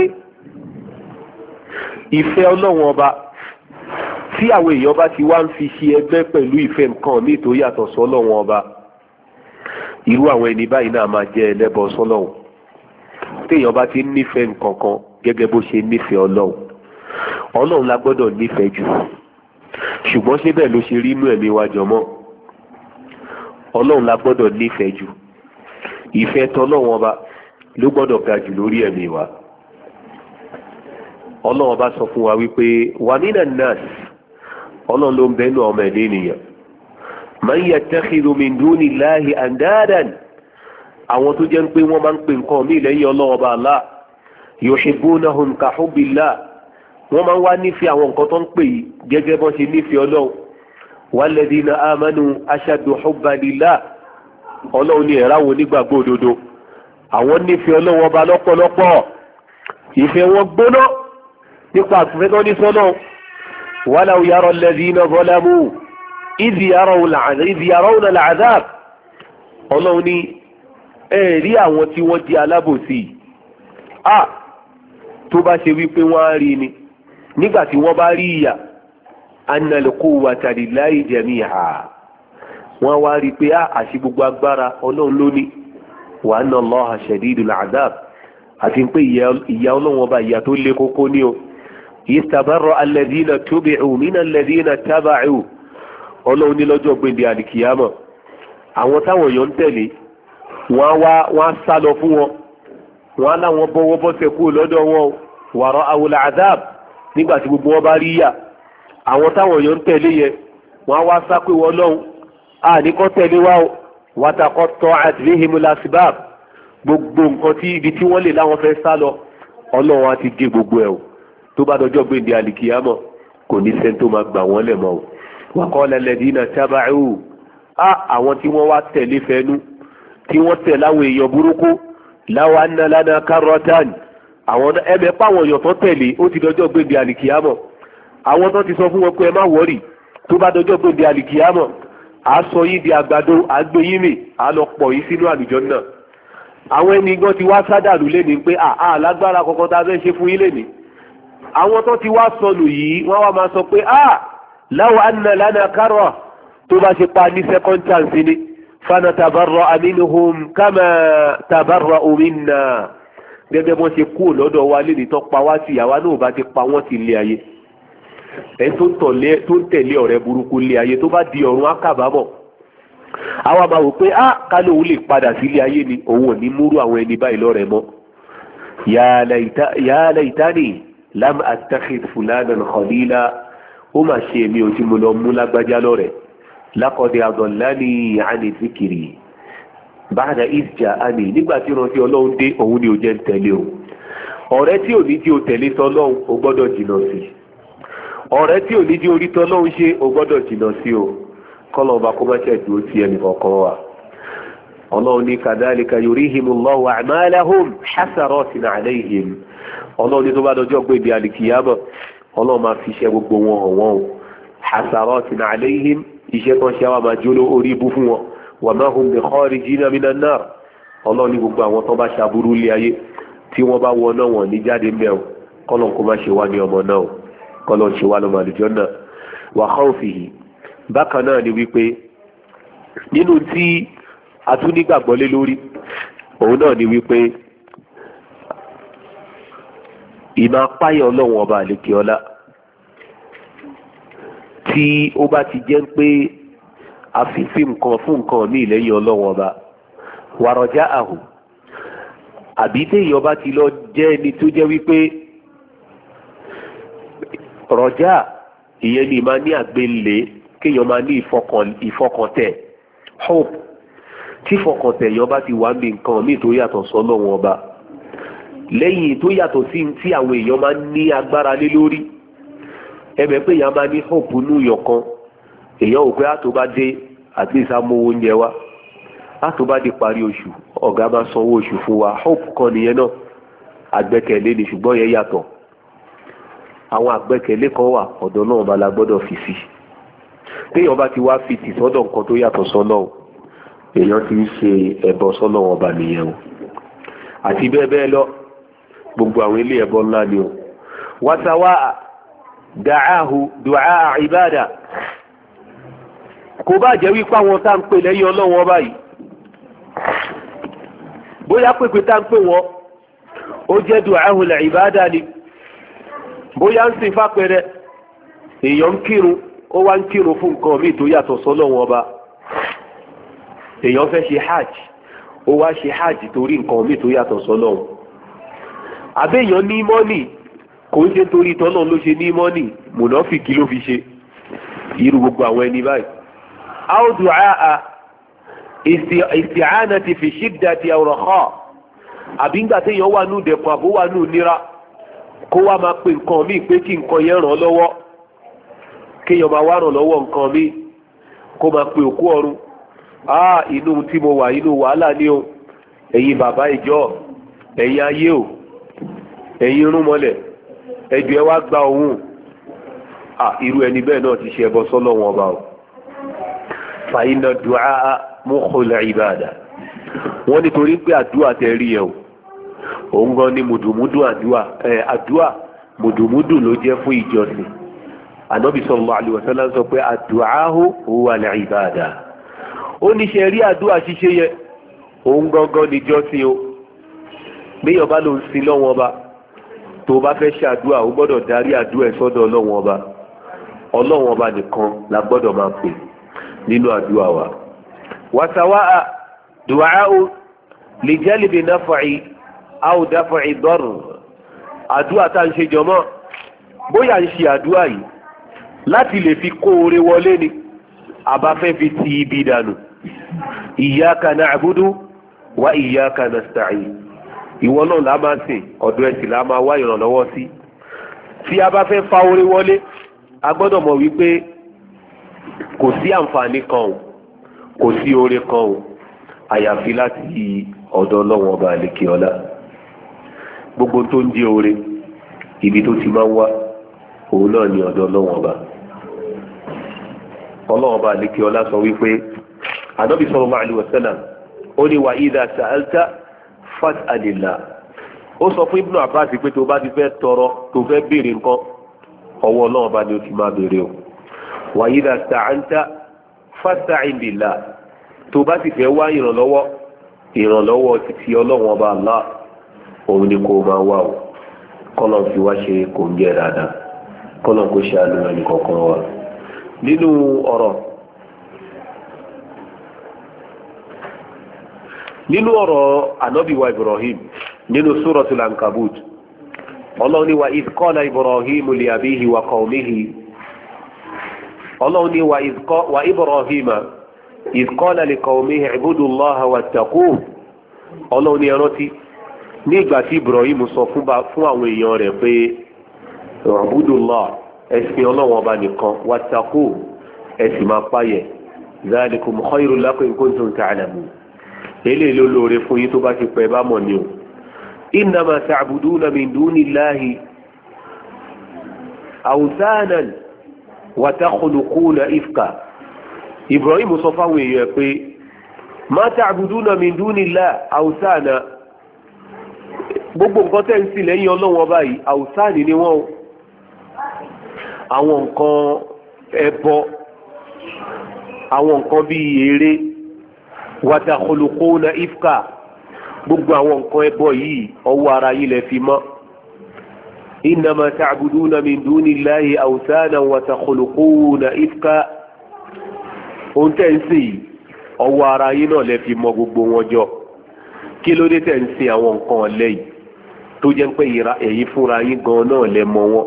ìfẹ́ ọlọ́wọ́n ọba tí àwọn èèyàn bá ti wá ń fi ṣe ẹgbẹ́ pẹ̀lú ìfẹ́ nǹkan míì tó yàtọ̀ sọ́lọ́wọ́n ọba irú àwọn ẹni báyìí náà máa jẹ́ ẹlẹ́bọ sọ́lọ́wọ́n téèyàn bá ti nífẹ̀ẹ́ nǹkan kan gẹ́gẹ́ bó ṣe nífẹ̀ẹ́ ọlọ́run ọlọ́run la gbọ́dọ̀ nífẹ̀ẹ́ jù ṣùgbọ́n ṣé ló ṣe rí inú ẹ̀mí wa jọmọ́ ọlọ́run la gbọ́dọ̀ nífẹ̀ẹ́ jù ìfẹ́ tọ́lọ́run ọba ló gbọ́dọ̀ ga jù lórí ẹ̀mí wa ọlọ́run ọba sọ fún wa wípé wàmínà nurse ọlọ́run ló ń bẹ́ẹ̀ nù ọmọ ẹ̀dẹ́ ènìyàn man yattakhidhu min dunillahi andadan àwọn tó jẹ́ ń pé wọ́n máa ń pè nǹkan mí lẹ́yìn ọlọ́run bá Allah yuhibbunahum ka hubbillah wọ́n máa ń wá nífẹ̀ẹ́ àwọn nǹkan tó ń pè yìí gẹ́gẹ́ bọ́n ṣe nífẹ̀ẹ́ ọlọ́run walladhina amanu ashaddu hubban lillah ọlọ́run ní ẹ̀rá nígbàgbọ́ òdodo àwọn nífẹ̀ẹ́ ọlọ́run ọba lọ́pọ̀lọpọ̀ ìfẹ́ wọn gbóná nípa àtúnfẹ́ tó ní sọ́nà walaw yara alladhina zalamu idh yarawna al'adhab ọlọ́run ní ẹ̀rí àwọn tí wọ́n di alábòsí à tó bá ṣe wípé wọ́n á rí ni nígbà tí wọ́n bá rí ìyà anna al-quwwata lillahi jami'a wọ́n wá rí pé á àṣì gbogbo agbára ọlọ́run lóní wa anna Allaha shadidul 'adhab àti pé ìyà ọlọ́run ọba ìyà tó le kókó ní o istabarra alladhina tubi'u min alladhina taba'u ọlọ́run ní lọ́jọ́ gbèndé àdìkìyàmọ̀ àwọn táwọn èèyàn ń tẹ̀lé wọ́n á wá wọ́n á sá lọ fún wọn wọ́n á láwọn bọ́wọ́ bọ́sẹ̀ kú lọ́dọ̀ wọn wàrọ̀ awolà adab nígbà tí gbogbo wọn bá rí yà àwọn táwọn èèyàn ń tẹ̀lé yẹn wọ́n á wá sá pé wọ́n lọ́hùn á ní kọ́ tẹ̀lé wa wàtàkọ́ tọ́ àtìlẹ́hìmù gbogbo nǹkan tí ibi tí wọ́n lè láwọn fẹ́ sá lọ ọlọ́run á ti gé gbogbo ẹ̀ o tó bá dọjọ́ gbèǹde àlìkìyàmọ̀ kò ní sẹ́ni tó máa gbà wọ́n lẹ̀ mọ́ o wa qala alladhina taba'u á àwọn tí wọ́n wá tẹ̀lé fẹ́nu tí wọ́n tẹ̀ láwọn èèyàn burúkú law anna lana karratan àwọn ẹ̀mẹ́ páwọn èèyàn tó tẹ̀lé ó ti dọjọ́ gbèǹde àlìkìyàmọ̀ àwọn tó ti sọ fún wọn pé ẹ má wọ́rì tó bá dọjọ́ gbèǹde àlìkìyàmọ̀ à sọ yín di àgbàdo àgbéyìn mi à lọ pọ̀ yín sínú àlùjánnà àwọn ẹni ti wá sádàlú lé ní pé àá lágbára kankan tá a fẹ́ ṣe fún yín lé ní àwọn tó ti wá sọnù yìí wọ́n wá máa sọ pé ah láwọn àna lánàá kárọ̀ tó bá ṣe pa ní second chance ni fana tabarọ aminuhum kama tabarọ ominna gẹ́gẹ́ bọ́n ṣe kú lọ́dọ̀ wa lè tó pa wá sí ìyàwó náà bá ti pa wọ́n ti lé ayé ẹ tó ń tẹ̀lé ọ̀rẹ́ burúkú lé ayé tó bá di ọ̀run akábàámọ̀ àwa máa wò pé ah kálọ̀ òun lè padà sílé ayé ni òun ò ní múrú àwọn ẹni báyìí lọ́rẹ̀ mọ́ yàrá ìtánì lam attakhid fulanan khalila ó mà ṣe èmi ò tí mo lọ mú lágbájá lọ́rẹ̀ laqad adallani ani zikiri báyà ìjà àní nígbà tí ìrántí ọlọ́run dé òun ni ò jẹ́ ń tẹ̀lé o ọ̀rẹ́ tí ò ní jí o tẹ̀lé tọ́lọ́run o gbọ́dọ̀ jìnnà sí ọ̀rẹ́ tí ò ní jí orí tọ́lọ́run ṣe o gbọ́dọ̀ jìnnà sí o kọ́lọ̀ ọba kó má ṣe dúró ti ẹnì kọ̀ọ̀kan wa ọlọ́run ní kadhalika a'malahum hasaratin alayhim ọlọ́run ní tó bá dọjọ́ pé ibi àlìkìyàbọ̀ ọlọ́run máa fi iṣẹ́ gbogbo wọn hàn wọ́n o hasaratin alayhim iṣẹ́ kan ṣe àwọn àmàjọ́lọ́ orí ibú fún wọn wa ma hum bi kharijina minan nar ọlọ́run ní gbogbo àwọn tó bá ṣàbúrú ilé ayé tí wọ́n bá wọná wọn ní jáde mẹ́wọ̀n kọ́lọ̀n ìmọ̀ apáyọ̀ ọlọ́run ọba àlekè ọlá tí ó bá ti jẹ́ pé a fi fi nǹkan fún nǹkan ní ìlẹ́yìn ọlọ́run ọba wàrọ̀já àhù àbí téèyàn bá ti lọ jẹ́ ẹni tó jẹ́ wípé rọ̀já ìyẹn ni máa ní àgbélé kéèyàn máa ní ìfọkàntẹ̀ hope tí ìfọkàntẹ̀ èèyàn bá ti wà ní nǹkan míì tó yàtọ̀ sọ́lọ́run ọba lẹ́yìn tó yàtọ̀ sí tí àwọn èèyàn máa ń ní agbára lé lórí ẹ̀mẹ̀ pé èèyàn máa ní hope nú yàn kan èèyàn ò pé àtò ah, bá dé àti ìsàmówó oúnjẹ wa ah, àtò dé parí oṣù ọ̀gá máa sanwó oṣù fún wa hope kan nìyẹn náà àgbẹ́kẹ̀lé ni ṣùgbọ́n yẹn yàtọ̀ àwọn àgbẹ́kẹ̀lé kan wà ọ̀dọ̀ náà bá la gbọ́dọ̀ fi sí téèyàn bá ti wá fi tì sọ́dọ̀ nǹkan tó yàtọ̀ sọ́nà o èèyàn ti ń ṣe ẹbọ sọ́nà ọba nìyẹn o àti bẹ́ẹ̀ bẹ́ẹ̀ lọ gbogbo àwọn ilé ẹbọ ńlá ni o wàtàwà dàáhù dùá ìbádà kó bá jẹ́ wípé wọn tá ń pè lẹ́yìn ọlọ́wọ́n báyìí bóyá pèpè tá ń pè wọ́n ó jẹ́ dùáhù làìbádà ni bóyá ń sin fápẹrẹ èèyàn ń kírun ó wá ń kírun fún nǹkan tó yàtọ̀ ọba èèyàn fẹ́ ṣe hajj ó wá hajj torí nǹkan tó yàtọ̀ àbẹ́yàn ní mọ́nì kò ń ṣe torí tọ́nà ló ṣe ní mọ́nì mùnáfìkì ló fi ṣe irú gbogbo àwọn ẹni báyìí. áùdù àá ìsìáná ti fi ṣídà ti ọ̀rọ̀ hàn àbí ńgbà téèyàn wà nù dẹ̀kọ̀ àbó wà nù nira kó wá máa pe nǹkan míì pé kí nǹkan yẹn ràn lọ́wọ́ kéèyàn máa wá ràn lọ́wọ́ nǹkan míì kó máa pe òkú ọ̀run á inú tí mo wà inú wàhálà ni o ẹ̀yin bàbá ìjọ ẹ̀yin ayé o ẹ̀yin irun mọ́lẹ̀ ẹjọ́ ẹ wá gba òun à irú ẹni bẹ́ẹ̀ náà ti ṣe ẹbọ sọ́lọ́ wọn ọba o fàyínà dùá mọ́kànlá ìbàdà wọ́n nítorí pé àdúà tẹ rí ẹ o òun gan ni mùdùmúdù àdúà ẹ àdúà mùdùmúdù ló jẹ́ fún ìjọsìn ànábì sallallahu alaihi wasallam sọ pé àdùáhù huwa al-ibada ó ní ṣe rí àdúà ṣíṣe yẹ òun gangan níjọ́sìn o gbéyàn bá ló ń sin lọ́wọ́n ọba tó bá fẹ́ ṣàdúrà ó gbọ́dọ̀ darí àdúrà ẹ̀ sọ́dọ̀ ọlọ́wọ́n ọba ọlọ́wọ́n ọba nìkan la gbọ́dọ̀ máa pè nínú àdúrà wa. wàsáwá dùwà áwò lè jẹ́lìbì náfàì áwò dáfàì dọ́rù àdúrà tá ń ṣe jọmọ́ bóyá ń ṣe àdúrà yìí láti lè fi kó oore wọlé ni àbá fẹ́ fi ti ibi dànù iyyaka na'budu wa iyyaka nasta'in. ìwọ náà la máa sìn ọ̀dọ̀ ẹ̀ sì la máa wá sí tí a bá fa orí wọlé a gbọ́dọ̀ mọ̀ wípé kò kan o kò sí oore kan o àyàfi láti ọ̀dọ̀ ọba àlekè gbogbo tó ń oore ibi tó ti máa ń wá òun náà ni ọ̀dọ̀ ọba ọba ọlá sọ wípé ó ní fat alila ó sọ fún ibùdó àbáàsì pé tó bá ti fẹ́ tọrọ tó fẹ́ béèrè nǹkan ọwọ́ ọlọ́run bá ní o ti máa béèrè o wàyí dà sàáńtà fasta'in tó bá ti fẹ́ wá ìrànlọ́wọ́ ìrànlọ́wọ́ ti ọba òun ni kò máa wà o kọ́lọ̀ fi wá ṣe kò ń jẹ́ dáadáa kọ́lọ̀ ṣe wa nínú ọ̀rọ̀ nínú ọ̀rọ̀ ànábìwá ibrahim nínú suratul ankabut ọlọ́run ní wa ìkọ́lá ibrahim li abihi wa qawmihi ọlọ́run ní wa ibrahim ìkọ́lá li qawmihi ibudullaha wattaquhu ọlọ́run ní ẹrántí ní ìgbà tí ibrahim sọ fún àwọn èèyàn rẹ̀ pé ibudullah ẹ̀sìn ọlọ́run ọba nìkan wattaquhu ẹ̀sìn máa páyẹ̀ zalikum khairul lakum in kuntum ta'lamun eléyìí ló lóore fún yín tó bá ti pẹ́ bá mọ̀ ni o innama ta'buduna min dunillahi awthanan wa takhluquna ifka Ibrahim sọ fáwọn èèyàn pé ma ta'buduna min dunillahi awthana gbogbo nǹkan tẹ́ ń sìn lẹ́yìn ọlọ́wọ́n báyìí àwùsáàní ni wọ́n àwọn nǹkan ẹbọ àwọn nǹkan bíi eré wàtàkùlùkùnà ifka gbogbo àwọn nǹkan ẹbọ yìí ọwọ́ ara yìí lẹ fi mọ́ ìnàmà tàbùdúnà min dúnìláyè àwùsánà wàtàkùlùkùnà ifka ohun tẹ́ ń sìn yìí ọwọ́ ara yìí náà lẹ fi mọ́ gbogbo wọn jọ kí ló dé tẹ̀ àwọn nǹkan ọ̀lẹ́ tó jẹ́ pé èyí fúnra yín gan náà lẹ mọ wọn.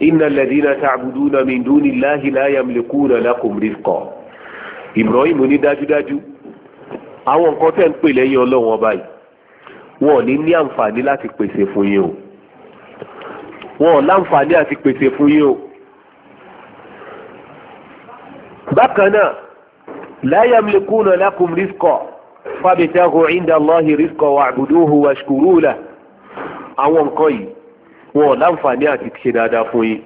inna alladhina ta'buduna min dunillahi la yamlikuna lakum rizqa. Ibrahim ní dájúdájú àwọn nǹkan tẹ́ ń pè lẹ́yìn ọlọ́run ọba yìí wọn ò ní ní àǹfààní láti pèsè fún yín o wọn ò láǹfààní àti pèsè fún yín o bákan náà la yamlikuna lakum rizqa fabtahu inda Allahi rizqa wa'buduhu washkuru lah àwọn nǹkan yìí wọn ò láǹfààní àti ṣe dáadáa fún yín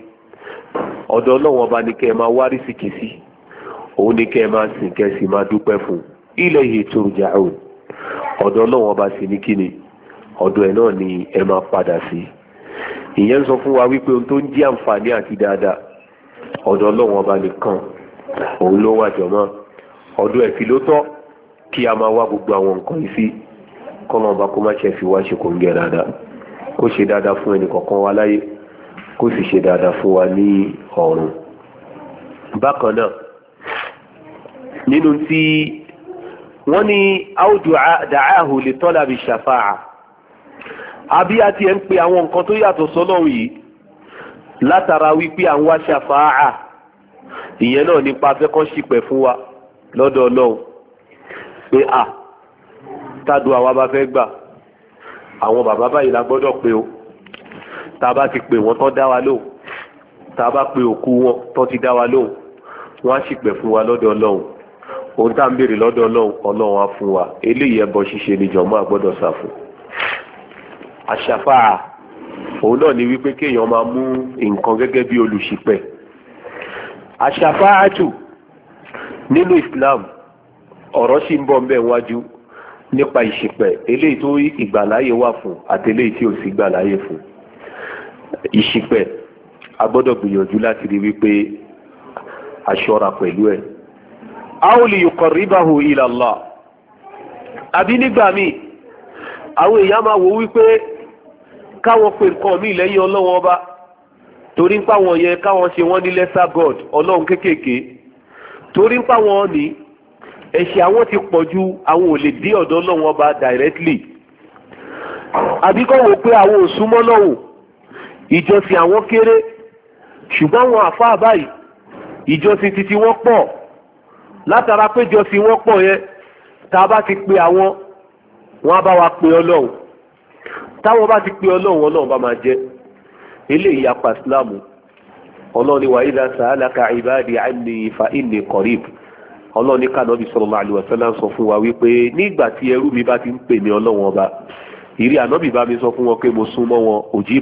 ọ̀dọ̀ ọlọ́run ọba ni kẹ́ ẹ máa wá sí i òun ni kẹ́ ẹ máa sìn kẹ́ ẹ sì máa dúpẹ́ fún ilayhi turja'un ọ̀dọ̀ náà wọn bá sì ní kíni ọ̀dọ̀ ẹ̀ náà ni ẹ máa padà sí ìyẹn ń sọ fún wa wípé ohun tó ń jẹ́ àǹfààní àti dáadáa ọ̀dọ̀ náà wọn bá nìkan òun ló wà jọ̀mọ́ ọ̀dọ̀ ẹ̀ fi ló tọ́ kí a máa wá gbogbo àwọn nǹkan yìí sí kọ́mọ ọba kó má ṣe fi wá ṣe kò ń gẹ dáadáa kó ṣe dáadáa fún ẹnì kọ̀ọ̀kan wa láyé kó sì ṣe dáadáa fún wa ní ọ̀run bákan náà nínú tí wọ́n ní áwùjọ dàáhù lè tọ́lá bí ṣàfáà àbí àti ẹ̀ ń pe àwọn nǹkan tó yàtọ̀ sọ́lọ́run yìí látara wípé à ń wá ṣàfáà ìyẹn náà nípa afẹ́kọ́ ṣìpẹ̀ fún wa lọ́dọ̀ ọlọ́run pé à tádùn àwa bá fẹ́ gbà àwọn bàbá báyìí la gbọ́dọ̀ pé o tá a bá ti pè wọ́n tán dá wa lóhùn tá a bá pe òkú wọn tán ti dá wa lóhùn wọ́n á ṣìpẹ̀ fún wa lọ́dọ̀ ọlọ́run òun tá à ń béèrè lọ́dọ̀ ọlọ́run á fún wa eléyìí ẹbọ ṣíṣe ni jọ̀mọ́ àgbọ́dọ̀ sá àṣàfà òun náà ni wípé kéèyàn máa mú nǹkan gẹ́gẹ́ bí olùṣìpẹ̀. àṣàfà àjù nínú Islam ọ̀rọ̀ sì ń bọ̀ ń bẹ̀ wájú nípa ìṣìpẹ̀ eléyìí tó ìgbàláyè wà fún àti eléyìí tí ò sí ìgbàláyè fún. ìṣìpẹ̀ a gbìyànjú láti ri wípé a pẹ̀lú ẹ̀ àwòlì yuqarribahu ila Allah àbí nígbà míì àwọn èèyàn máa wò wípé káwọn pe nǹkan míì lẹ́yìn ọlọ́wọ́n ọba torí ń pàwọn yẹn káwọn ṣe wọ́n ní lesser god ọlọ́run kéékèèké torí ń pàwọn ní ẹ̀ṣẹ̀ àwọn ti pọ̀ ju àwọn ò lè dé ọ̀dọ̀ ọlọ́run ọba directly àbí kọ́ wò pé àwọn ò súnmọ́ lọ́wọ́ ìjọsìn àwọn kéré ṣùgbọ́n àwọn àfáà báyìí ìjọsìn títí wọ́n pọ̀ látara péjọ sí wọ́n pọ̀ tá a bá ti pe àwọn wọn á bá wa pe ọlọ́run táwọn bá ti pe ọlọ́run ọlọ́run bá máa jẹ́ eléyìí apá ìsìláàmù ọlọ́ni wa ìdá sàálàkà ìbáàdì àìní ìní kọ̀rìb ọlọ́ni kànáàbí sallallahu alaihi sọ fún wa wípé nígbà tí ẹrú mi bá ti ń pè ní ọba ànábì mi sọ fún wọn pé mo mọ́ wọn òjì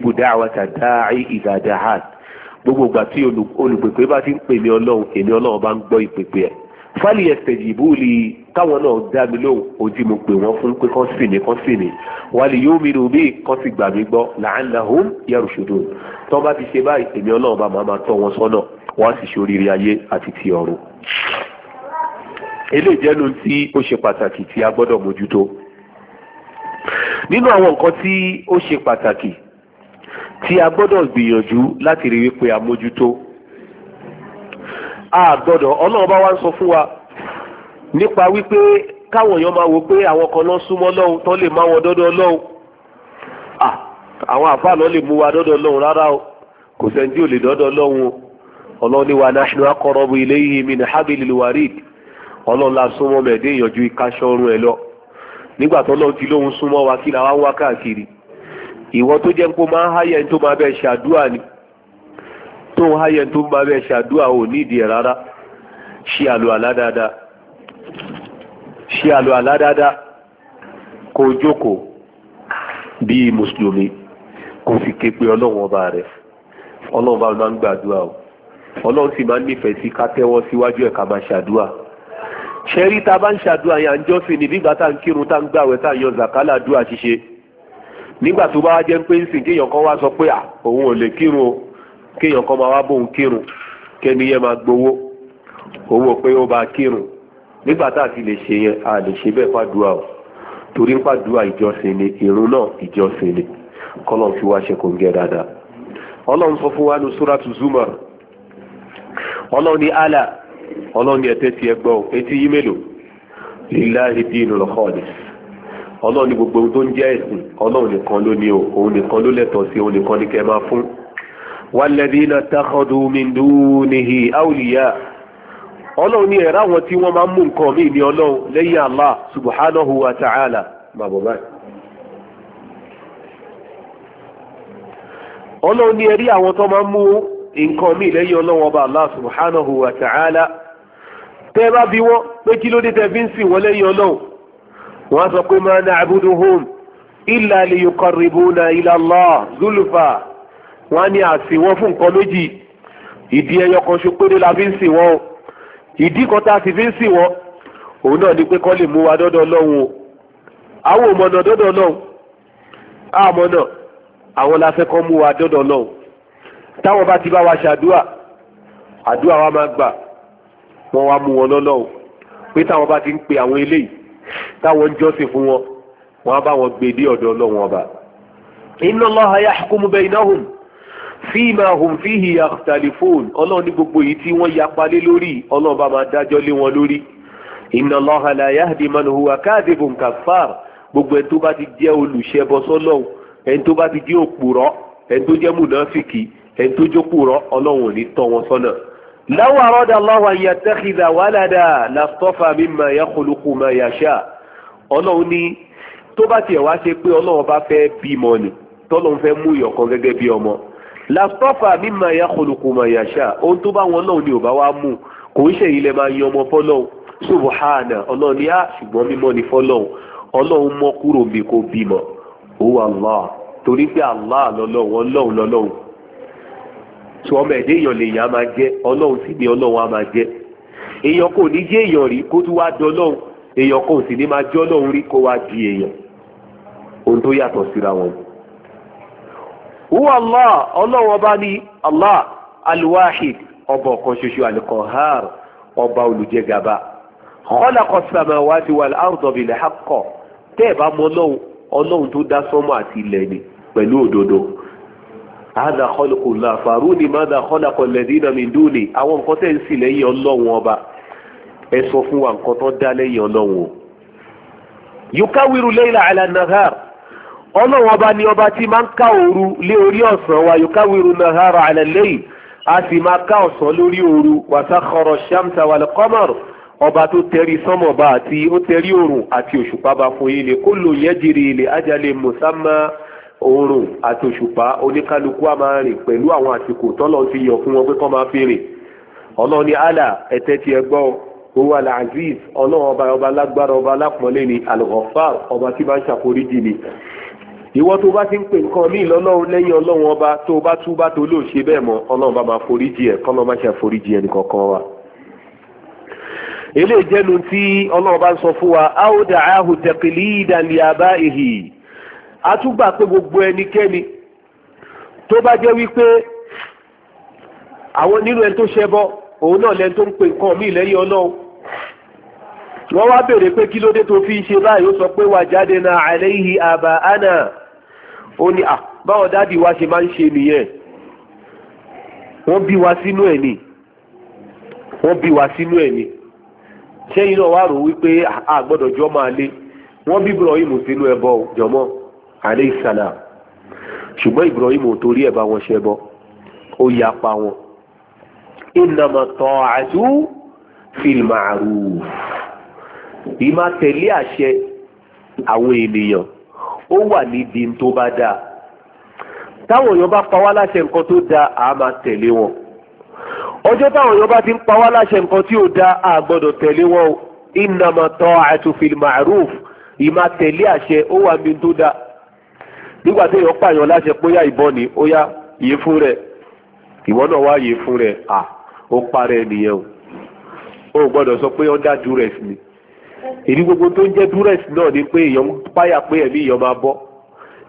Fali yastajibu li káwọn náà dá mi lóhùn ojú mo pè wọ́n fún pé kán sì ní kán sì ní wàlí yu'minu bi kán sì gbà mí gbọ́ la'allahum yarshudun tó bá ti ṣe báyìí èmi ọlọ́run máa máa tọ́ wọn sọ́nà wọ́n á sì ṣe oríire ayé àti ti ọ̀run. eléyìí jẹ́nu tí ó ṣe pàtàkì tí a gbọ́dọ̀ mójútó. nínú àwọn nǹkan tí ó ṣe pàtàkì tí a gbọ́dọ̀ gbìyànjú láti rí wípé a mójútó a gbọ́dọ̀ ọlọ́run bá wá ń sọ fún wa nípa wípé káwọn èèyàn máa wò pé àwọn kan lọ súnmọ́ lọ́hùn tán lè má wọn dọ́dọ̀ lọ́hùn àwọn àfáà lọ lè mú wa dọ́dọ̀ lọ́hùn rárá o kò sẹ́ni ò lè dọ́dọ̀ lọ́hùn o ọlọ́run ní wa nahnu aqrabu ilayhi min hablil warid ọlọ́run la súnmọ́ mẹ́ẹ̀dé ìyànjú ìkáṣọ́rùn ẹ̀ lọ nígbà tó lọ́run ti lóhun súnmọ́ wa kí làwọn wá káàkiri ìwọ tó ń háyẹ tó ń bá bẹ́ẹ̀ ṣàdúrà ò nídìí ẹ̀ rárá ṣe àlò àlá dáadáa ṣe àlò àlá dáadáa kó o jókòó bíi mùsùlùmí kó o fi ké pe ọlọ́run ọba rẹ̀ ọlọ́run bá máa ń gbàdúrà o ọlọ́run sì máa ń nífẹ̀ẹ́ sí ká tẹ́wọ́ síwájú ẹ̀ ká máa ṣàdúrà ṣẹ́rí tá a bá ń ṣàdúrà yẹn à ń jọ́sìn ní nígbà tá à ń kírun tá à ń gbàwẹ̀ tá à ń yan zakala dúà ṣíṣe nígbà tó bá wá jẹ́ pé ń sìn kéèyàn kan wá sọ pé à òun ò lè kírun o kéèyàn kan máa wá bóun kírun kẹ́ni yẹn máa gbowó owó pé ó bá kírun nígbà tá a ti lè ṣe yẹn a lè ṣe bẹ́ẹ̀ fàdúrà o torí ń pàdúrà ìjọsìn ni ìrun náà ìjọsìn ni kọ́lọ́n fi wá ṣe kò ń gẹ́ dáadáa ọlọ́run sọ fún wa ní súrátù Zumar ọlọ́run ní àlà ọlọ́run ní ẹ̀tẹ́ ti ẹgbọ́ etí yí mélòó lillahi dinul khalis ọlọ́run ní gbogbo ohun tó ń jẹ́ ẹ̀sìn ọlọ́run nìkan ló ní o òun nìkan ló lẹ́tọ̀ọ́ sí òun nìkan ní kẹ́ máa fún wàlẹ́dínà tàkọ̀dù mìndú nìhì áwùlìyà ọlọ́run ní ẹ̀rá wọn tí wọ́n máa ń mú nǹkan mí ní ọlọ́run lẹ́yìn Allah subhanahu wa ta'ala màbọ̀bá ọlọ́run ní ẹ̀rí àwọn tó máa ń mú nǹkan mí lẹ́yìn ọlọ́run ọba Allah subhanahu wa ta'ala tẹ́ bá bí wọ́n pé kí ló dé tẹ́ fi ń sìn wọ́n lẹ́yìn ọlọ́run wọ́n á sọ pé ma na'buduhum illa liyuqarribuna ila Allah zulfa wọ́n á ní àsìn wọn fún nǹkan méjì ìdí ẹyọ kan ṣo péré la fi ń sìn wọn o ìdí kan tá a sì fi ń sìn wọn òun náà ni pé kọ́ lè mú wa dọ́dọ̀ ọlọ́run o àwọn òmọ̀nà dọ́dọ̀ ọlọ́run àmọ̀nà àwọn la fẹ́ kọ́ mú wa dọ́dọ̀ ọlọ́run táwọn bá ti bá wa ṣàdúà àdúà wa máa gbà wọ́n wá mú wọn lọ́lọ́run pé táwọn bá ti ń pe àwọn eléyìí táwọn ń jọ́sìn fún wọn wọ́n á bá wọn gbé dé ọ̀dọ̀ ọlọ́run ọba inna Allaha yahkumu baynahum fíìmà hùnfíhì àtàlífóòn ọlọ́run ní gbogbo yìí tí wọ́n yapa lé lórí ọlọ́run bá máa dájọ́ lé wọn lórí inna Allaha la yahdi man huwa kadhibun kafar gbogbo ẹni tó bá ti jẹ́ olùṣẹbọ sọ́lọ́run ẹni tó bá ti jẹ́ òpùrọ́ ẹni tó jẹ́ mùnáfìkì ẹni tó jókòrọ́ ọlọ́run ò ní tọ́ wọn sọ́nà. law arada Allahu an yattakhidha walada lastafa mimma yakhluqu ma tọ́lọ́run fẹ́ mú ìyọ̀kan gẹ́gẹ́ bí ọmọ làtọ́fà mímọ ẹ̀yà ya yàṣà ohun tó bá wọn náà ni ò bá wá mú kò ń ṣèyí lè máa yan ọmọ fọlọ́hún subhana ọlọ́run á ah, ṣùgbọ́n ni fọlọ́hún ọlọ́run mọ kúrò bí kò bímọ òwò allah torí pé ọlọ́run tí ọmọ ẹ̀dẹ́ èèyàn lè yàn á máa jẹ́ ọlọ́run sì ni ọlọ́run á máa jẹ́ èèyàn kò ní jẹ́ èèyàn rí kó tún ohun tó yàtọ̀ síra wọn huwa allah ọlọ́wọ́ bá ní allah alwahid ọba ọ̀kan ṣoṣo alqahar ọba olùjẹgàba khalaqa samawati wal arda bil haqq tẹ́ ẹ̀ bá mọ ọlọ́run ọlọ́run tó dá sọ́mọ́ àti ilẹ̀ ni pẹ̀lú òdodo hada khalqullah faruni madha khalaqa alladhina min duni àwọn nǹkan tẹ́ ń sì lẹ́yìn ọlọ́run ọba ẹ sọ fún wa nǹkan tó dá lẹ́yìn ọlọ́run o yukawiru layla ala nahar ọlọ́run ọba ni ọba tí máa ń ká òru lé orí ọ̀sán wa yukawiru nahara ala layl a sì máa ká ọ̀sán lórí òru wasakhara shamsa wal qamar ọba tó tẹrí sánmọ̀ba àti ó tẹrí òrùn àti òṣùpá bá fún yín lè kullu yajri li ajalin musamma òrùn àti òṣùpá oníkálukú a máa rìn pẹ̀lú àwọn àsìkò tọ́lọ́ ti yọ fún wọn pé kọ́ máa fi rìn ọlọ́run allah ẹ̀tẹ́ ti ẹ gbọ́ owó alaziz ọlọ́run ọba ọba lágbára ọba alápọ̀nlé ni al ọba tí bá ń ṣàforíjì ni ìwọ tó bá ti ń pè nǹkan míì lọ́lọ́run lẹ́yìn ọlọrun ọba tó bá tú bá tó lóò ṣe bẹ́ẹ̀ mọ́ ọlọ́run bá máa foríjì ẹ̀ kọ́lọ́ ṣe ẹnì wa. eléyìí jẹ́nu tí ọlọ́run bá ń sọ fún wa áódà àbá pé gbogbo ẹnikẹni. tó bá jẹ́ wípé àwọn nínú ẹni tó ṣẹbọ òun náà lẹni tó ń pè nǹkan wọ́n wá béèrè pé kí tó fi ṣe báyìí ó sọ ó ní à ah, báwọn dáàdì wa ṣe máa ń ṣe nìyẹn wọ́n bí wa sínú ẹ̀ ni wọ́n bí wa sínú ẹ̀ ni sẹ́yìn náà wà rò wípé ah, a gbọ́dọ̀ jọ máa lé wọ́n bí Ibrahim sínú ẹbọ jọmọ́ aleyhi ṣùgbọ́n Ibrahim torí ẹ̀ bá wọn ṣe bọ́ ó yà pa wọn innama ta'atu fil ma'ruf ìmá àṣẹ àwọn ènìyàn ó wà nídìí tó bá dáa táwọn èèyàn bá pa wá láṣẹ nǹkan tó dáa àá máa tẹ̀lé wọn ọjọ́ táwọn èèyàn bá ti ń pa wá láṣẹ nǹkan tí ò dáa àá gbọ́dọ̀ tẹ̀lé wọn o innama ta'atu fil ma'ruf ìmá tẹ̀lé àṣẹ ó wà níbi tó dáa nígbà tí èèyàn pààyàn láṣẹ pé ó ìbọn ni ó yá yé fún rẹ ìwọ náà wá yé fún rẹ à ó parẹ́ nìyẹn o ó gbọ́dọ̀ sọ pé ó dájú rẹ̀ sí ni. èyí gbogbo tó ń jẹ́ duress náà ni pé èèyàn ń páyà pé ẹ̀mí èèyàn máa bọ́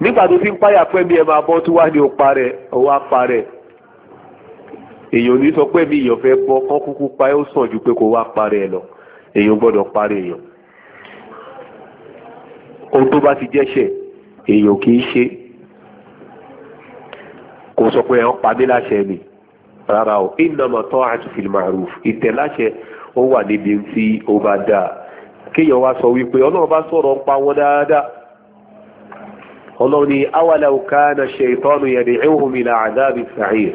nígbà tó fi ń páyà pé ẹ̀mí ẹ̀ máa bọ́ tó wá ní ọ̀pá rẹ̀ ọwọ́ apá rẹ̀ èèyàn ní sọ pé ẹ̀mí èèyàn fẹ́ bọ́ kán kúkú pa ẹ́ ó sàn ju pé kó wá parẹ́ ẹ̀ lọ èèyàn gbọ́dọ̀ parẹ́ èèyàn ohun tó bá ti jẹ́ṣẹ̀ èèyàn kì í ṣe kò sọ pé ẹ̀hán pàdé láṣẹ ni rárá o innama ta'atu fil ma'ruf ìtẹ̀láṣẹ ó wà níbi tí ó bá dáa kéèyàn wá sọ wípé ọlọ́run bá sọ̀rọ̀ ń pa wọn dáadáa ọlọ́run ni awalaw kana shaytanu yad'uhum ila adhabi sa'ir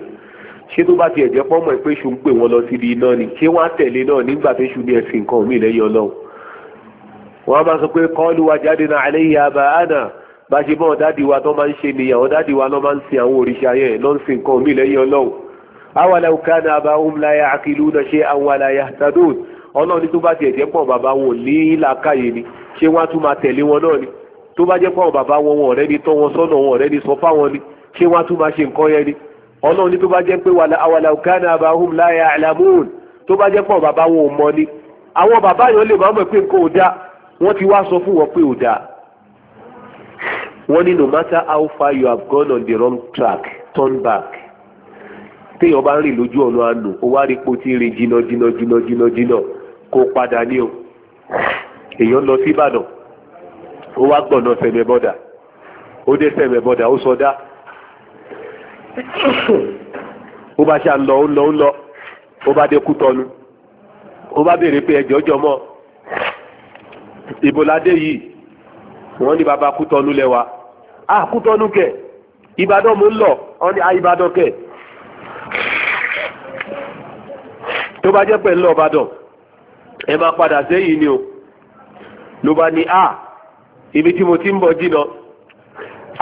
ṣé tó bá tiẹ̀ jẹ́ pọ́nmọ́ ẹ pé ṣù ń pè wọ́n lọ síbi iná ni ṣé wọ́n á tẹ̀lé náà nígbà tó ṣù ní ẹ̀sìn nǹkan mí lẹ́yìn ọlọ́run wọ́n á máa sọ pé qalu wajadna alayhi aba'ana bá ṣe bọ́ dáàdì wa tó máa ń ṣe nìyà ọ̀ wa lọ́ máa ń sin àwọn òrìṣà yẹn lọ́ ń sin nǹkan mí lẹ́yìn ọlọ́run awalaw kana aba'uhum la ya'qiluna shay'an wa la yahtadun ọlọ́run ní tó bá tiẹ̀ jẹ́ pọ̀ bàbá wọn ò ní làákàyè ni ṣé wọ́n á tún máa tẹ̀lé wọn náà ni tó bá jẹ́ pọ̀ bàbá wọn wọn ọ̀rẹ́ ni tọ́ wọn sọ́nà wọn ọ̀rẹ́ ni sọ fáwọn ni ṣé wọ́n á tún máa ṣe nǹkan yẹn ni ọlọ́run ní tó bá jẹ́ pé àwàlà òkàna àbáhùn láyà àlàmúhùn tó bá jẹ́ pọ̀ bàbá wọn ò mọ ni àwọn bàbá yẹn lè máa mọ̀ pé nǹkan ò dáa wọ́n ti wá sọ fún wọn no matter how have gone on the bá ń rìn lójú ọ̀nà àánú ó wá rí po tí ń rìn jìnnà jìnnà jìnnà jìnnà kó padà ní o èèyàn lọ sí Ìbàdàn ó wá gbọ̀nà sẹ̀mẹ̀ bọ́dà ó dé sẹ̀mẹ̀ bọ́dà ó sọdá ó bá ṣe à ń lọ ó ń lọ ó ń lọ ó bá dé Kútọ́nù ó bá béèrè pé ẹjọ́ jọ mọ́ wọ́n ní bàbá lẹ́wà ẹ máa padà sẹ́yìn ni o ló bá ní a ah, ibi tí mo ti ń bọ̀ jìnnà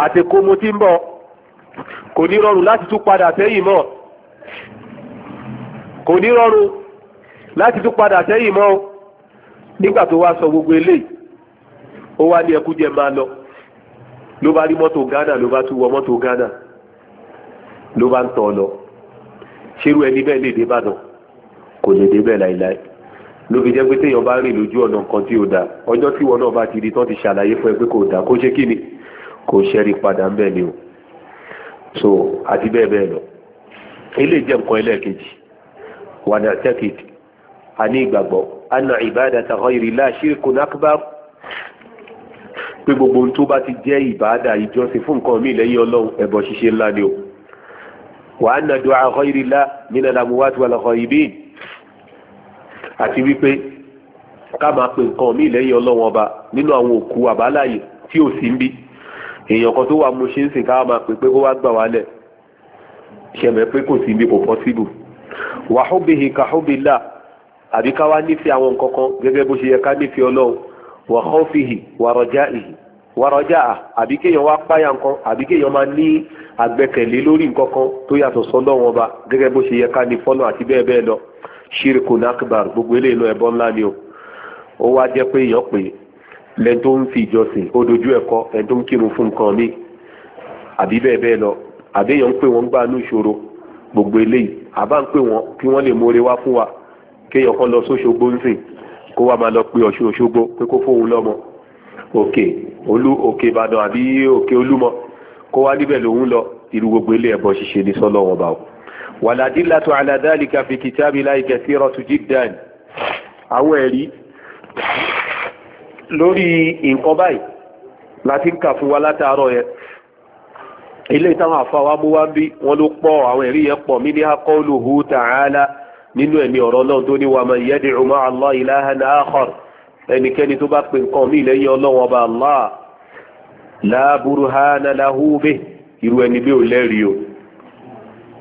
àti kó mo ti ń bọ̀ kò ní rọrùn láti tún padà sẹ́yìn mọ́ kò ní rọrùn láti tún padà sẹ́yìn mọ́ nígbà tó wá sọ gbogbo eléyìí ó wá ní ẹkú máa lọ ló bá rí mọ́tò Ghana ló bá tún wọ mọ́tò Ghana ló bá ń tọ̀ lọ ṣerú ẹni bẹ́ẹ̀ lè dé Ìbàdàn kò lè dé bẹ́ẹ̀ láíláí ló fi jẹ́ pé téèyàn bá rìn lójú ọ̀nà nǹkan tí ò dáa ọjọ́ tí wọn náà bá ti di tán ti ṣàlàyé fún ẹ pé kò dáa kó ṣe kí ni kò ṣẹ́rí padà ń bẹ̀ ni o so àti bẹ́ẹ̀ bẹ́ẹ̀ lọ ilé jẹ́ nǹkan ẹlẹ́ẹ̀kejì wàdà tẹ́kìt a ní ìgbàgbọ́ anna ibadata ghayrillah shirkun akbar pé gbogbo ohun tó bá ti jẹ́ ìbáàdà ìjọsìn fún nǹkan mi lẹ́yìn ọlọ́run ẹ̀bọ̀ ṣíṣe ńlá ni o wa anna du'a ghayrillah minal amwati wal ghaibin àti wípé ká máa pe nǹkan míì lẹ́yìn ọlọ́wọ́n ọba nínú àwọn òkú àbáláyé tí ò sí ń bí èèyàn kan tó wà mo ṣe ń sìn ká máa pè pé kó wá gbà wálẹ̀ ṣẹ̀mẹ̀ pé kò sí ń bí kò pọ́síbù wàhóbìhì kàhóbìlà àbí ká wá nífẹ̀ẹ́ àwọn nǹkan kan gẹ́gẹ́ bó ṣe yẹ ká nífẹ̀ẹ́ ọlọ́run wàhófìhì wàrọ̀jáìhì wàrọ̀já àbí kéèyàn wá páyà nǹkan àbí kéèyàn máa ní àgbẹ̀kẹ̀lé lórí nǹkan kan tó yàtọ̀ sọ́lọ́run ọba gẹ́gẹ́ bó ṣe yẹ ká ní fọ́nà àti bẹ́ẹ̀ bẹ́ẹ̀ lọ ṣírìkù nákìbàr gbogbo eléyìí lọ ẹbọ ńlá ni o ó wá jẹ́ pé èèyàn pé lẹ́ni tó ń fi ìjọsìn ó dojú ẹ̀kọ́ ẹni tó ń kírun fún nǹkan mi àbí bẹ́ẹ̀ bẹ́ẹ̀ lọ àbí ń pè wọ́n gbà ní ìṣòro gbogbo eléyìí àbá ń pè wọ́n kí wọ́n lè mórè wá fún wa kéèyàn kan lọ sóṣogbo ń sìn kó wá máa lọ pe ọ̀ṣun òṣogbo pé kó fóun lọ́mọ òkè olú òkè ìbàdàn àbí òkè olúmọ kó wá níbẹ̀ lòun lọ irú gbogbo ilé ẹ̀bọ ṣíṣe ní sọ́lọ́wọ́n bá wàlàdílàtò àlàdálìkà fi kìtàbí láìkẹ̀ sí rọ̀tù jídàn àwọn ẹ̀rí lórí nǹkan báyìí láti ń kà fún wa látàárọ̀ yẹn ilé ìtàwọn àfáwà mú wá ń bí wọn ló pọ̀ àwọn ẹ̀rí yẹn pọ̀ mí ní akọ́lùhù tààlà nínú ẹ̀mí ọ̀rọ̀ náà tó ní wàmọ̀ yẹ́dìrú mọ́ Allah ilahan akhar ẹnikẹ́ni tó bá pè nǹkan mí lẹ́yìn ọlọ́run ọba Allah la burhana lahu irú ẹni bí ò lẹ́rìí o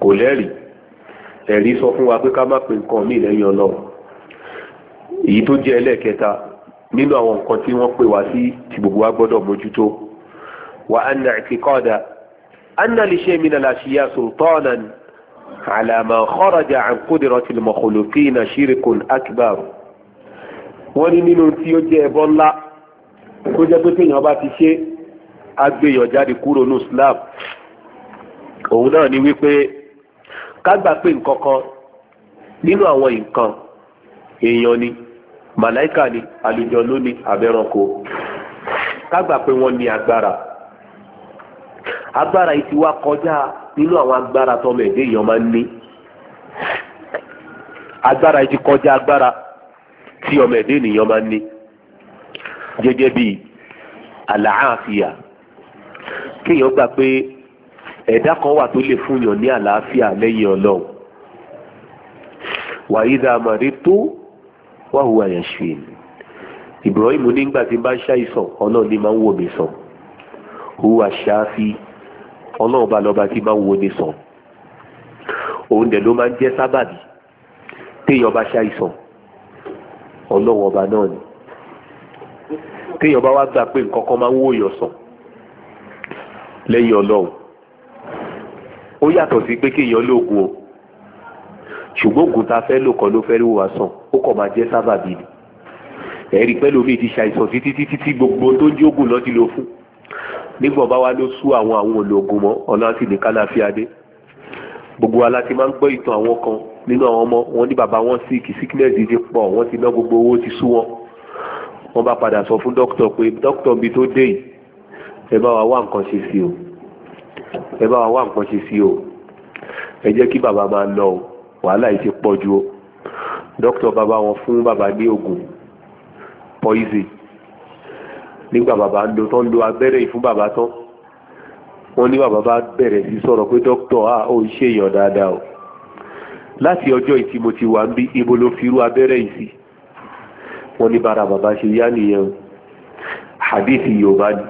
kò lẹ́rìí ẹ̀rí sọ fún wa pé ká má pe nǹkan míì lẹ́yìn ọlọ́run èyí tó jẹ́ ẹlẹ́ẹ̀kẹta nínú àwọn nǹkan tí wọ́n pè wá sí tí gbogbo wa gbọ́dọ̀ mójútó wa anna i'tiqada anna li shay'in min al-ashiya sultanan ala ma kharaja an qudratil makhluqina shirkun akbar wọ́n ní nínú tí ó jẹ́ ẹbọ ńlá kó jẹ́ pé téèyàn bá ti ṣe agbèyànjáde kúrò ní Islam òun náà ni wípé Kagba gbà pé n'inu kan nínú àwọn nǹkan èèyàn ni màláìkà ni àlùjọ̀nnú ni àbẹ̀rànkò ká gbà pé wọ́n ní agbára agbára yìí ti wá kọjá nínú àwọn agbára tọmọ ẹdẹ èèyàn máa ń ní agbára yìí ti kọjá agbára tí ọmọ ẹdẹ ènìyàn máa ń ní gẹ́gẹ́ bíi àlàáfíà kéèyàn gbà pé ẹ̀dá kan wà tó lè fún yàn ní àlàáfíà lẹ́yìn ọlọ́run wàyídà àmàrí tó wàhùwà yẹn ṣe ni Ibrahim nígbà tí bá ń ṣàìsàn ọlọ́run ní máa ń wò mí sàn hùwà ṣááfì ọlọ́run bá lọ́ba tí máa ń wò ní sàn òun dẹ̀ ló máa ń jẹ́ sábàbí téèyàn bá ṣàìsàn ọlọ́run ọba náà ni téèyàn bá wá gbà pé nǹkan kan máa ń wòyàn sàn lẹ́yìn ọlọ́run ó yàtọ̀ sí pé kéèyàn lóògùn o ṣùgbọ́n ògùn tá a fẹ́ lò kan ló fẹ́ rí wa sàn ó kàn máa jẹ́ sábàbí ni ẹ̀rí pẹ́ lómi ti ṣàìsàn títí títí tí gbogbo tó ń jógùn lọ́ọ́ ti lò fún nígbà bá wa ló sú àwọn àwọn olóògùn mọ́ ọ̀nà àti nìkan láfi adé gbogbo wa láti máa ń gbọ́ ìtàn àwọn kan nínú àwọn ọmọ wọn ní bàbá wọn sí sickness ti pọ̀ wọ́n ti ná gbogbo owó ti sú wọn wọ́n bá padà sọ fún dókítà pé dókítà mi tó dé yìí ẹ bá wa wá nǹkan ṣe sí o ẹ bá wa wá nǹkan ṣe sí o ẹ jẹ́ kí bàbá máa lọ o wàhálà yìí ti pọ̀ ju o dókítà bàbá wọn fún bàbá ní oògùn poison nígbà bàbá ń lo tán lo abẹ́rẹ́ yìí fún bàbá tán wọ́n ní bàbá bá bẹ̀rẹ̀ sí sọ̀rọ̀ pé dókítà à ó ń ṣe dáadáa o láti ọjọ́ ìtí mo ti wà ń bí ibo ló fi abẹ́rẹ́ yìí sí wọ́n ní bára bàbá ṣe yá nìyẹn o hadith yorùbá ni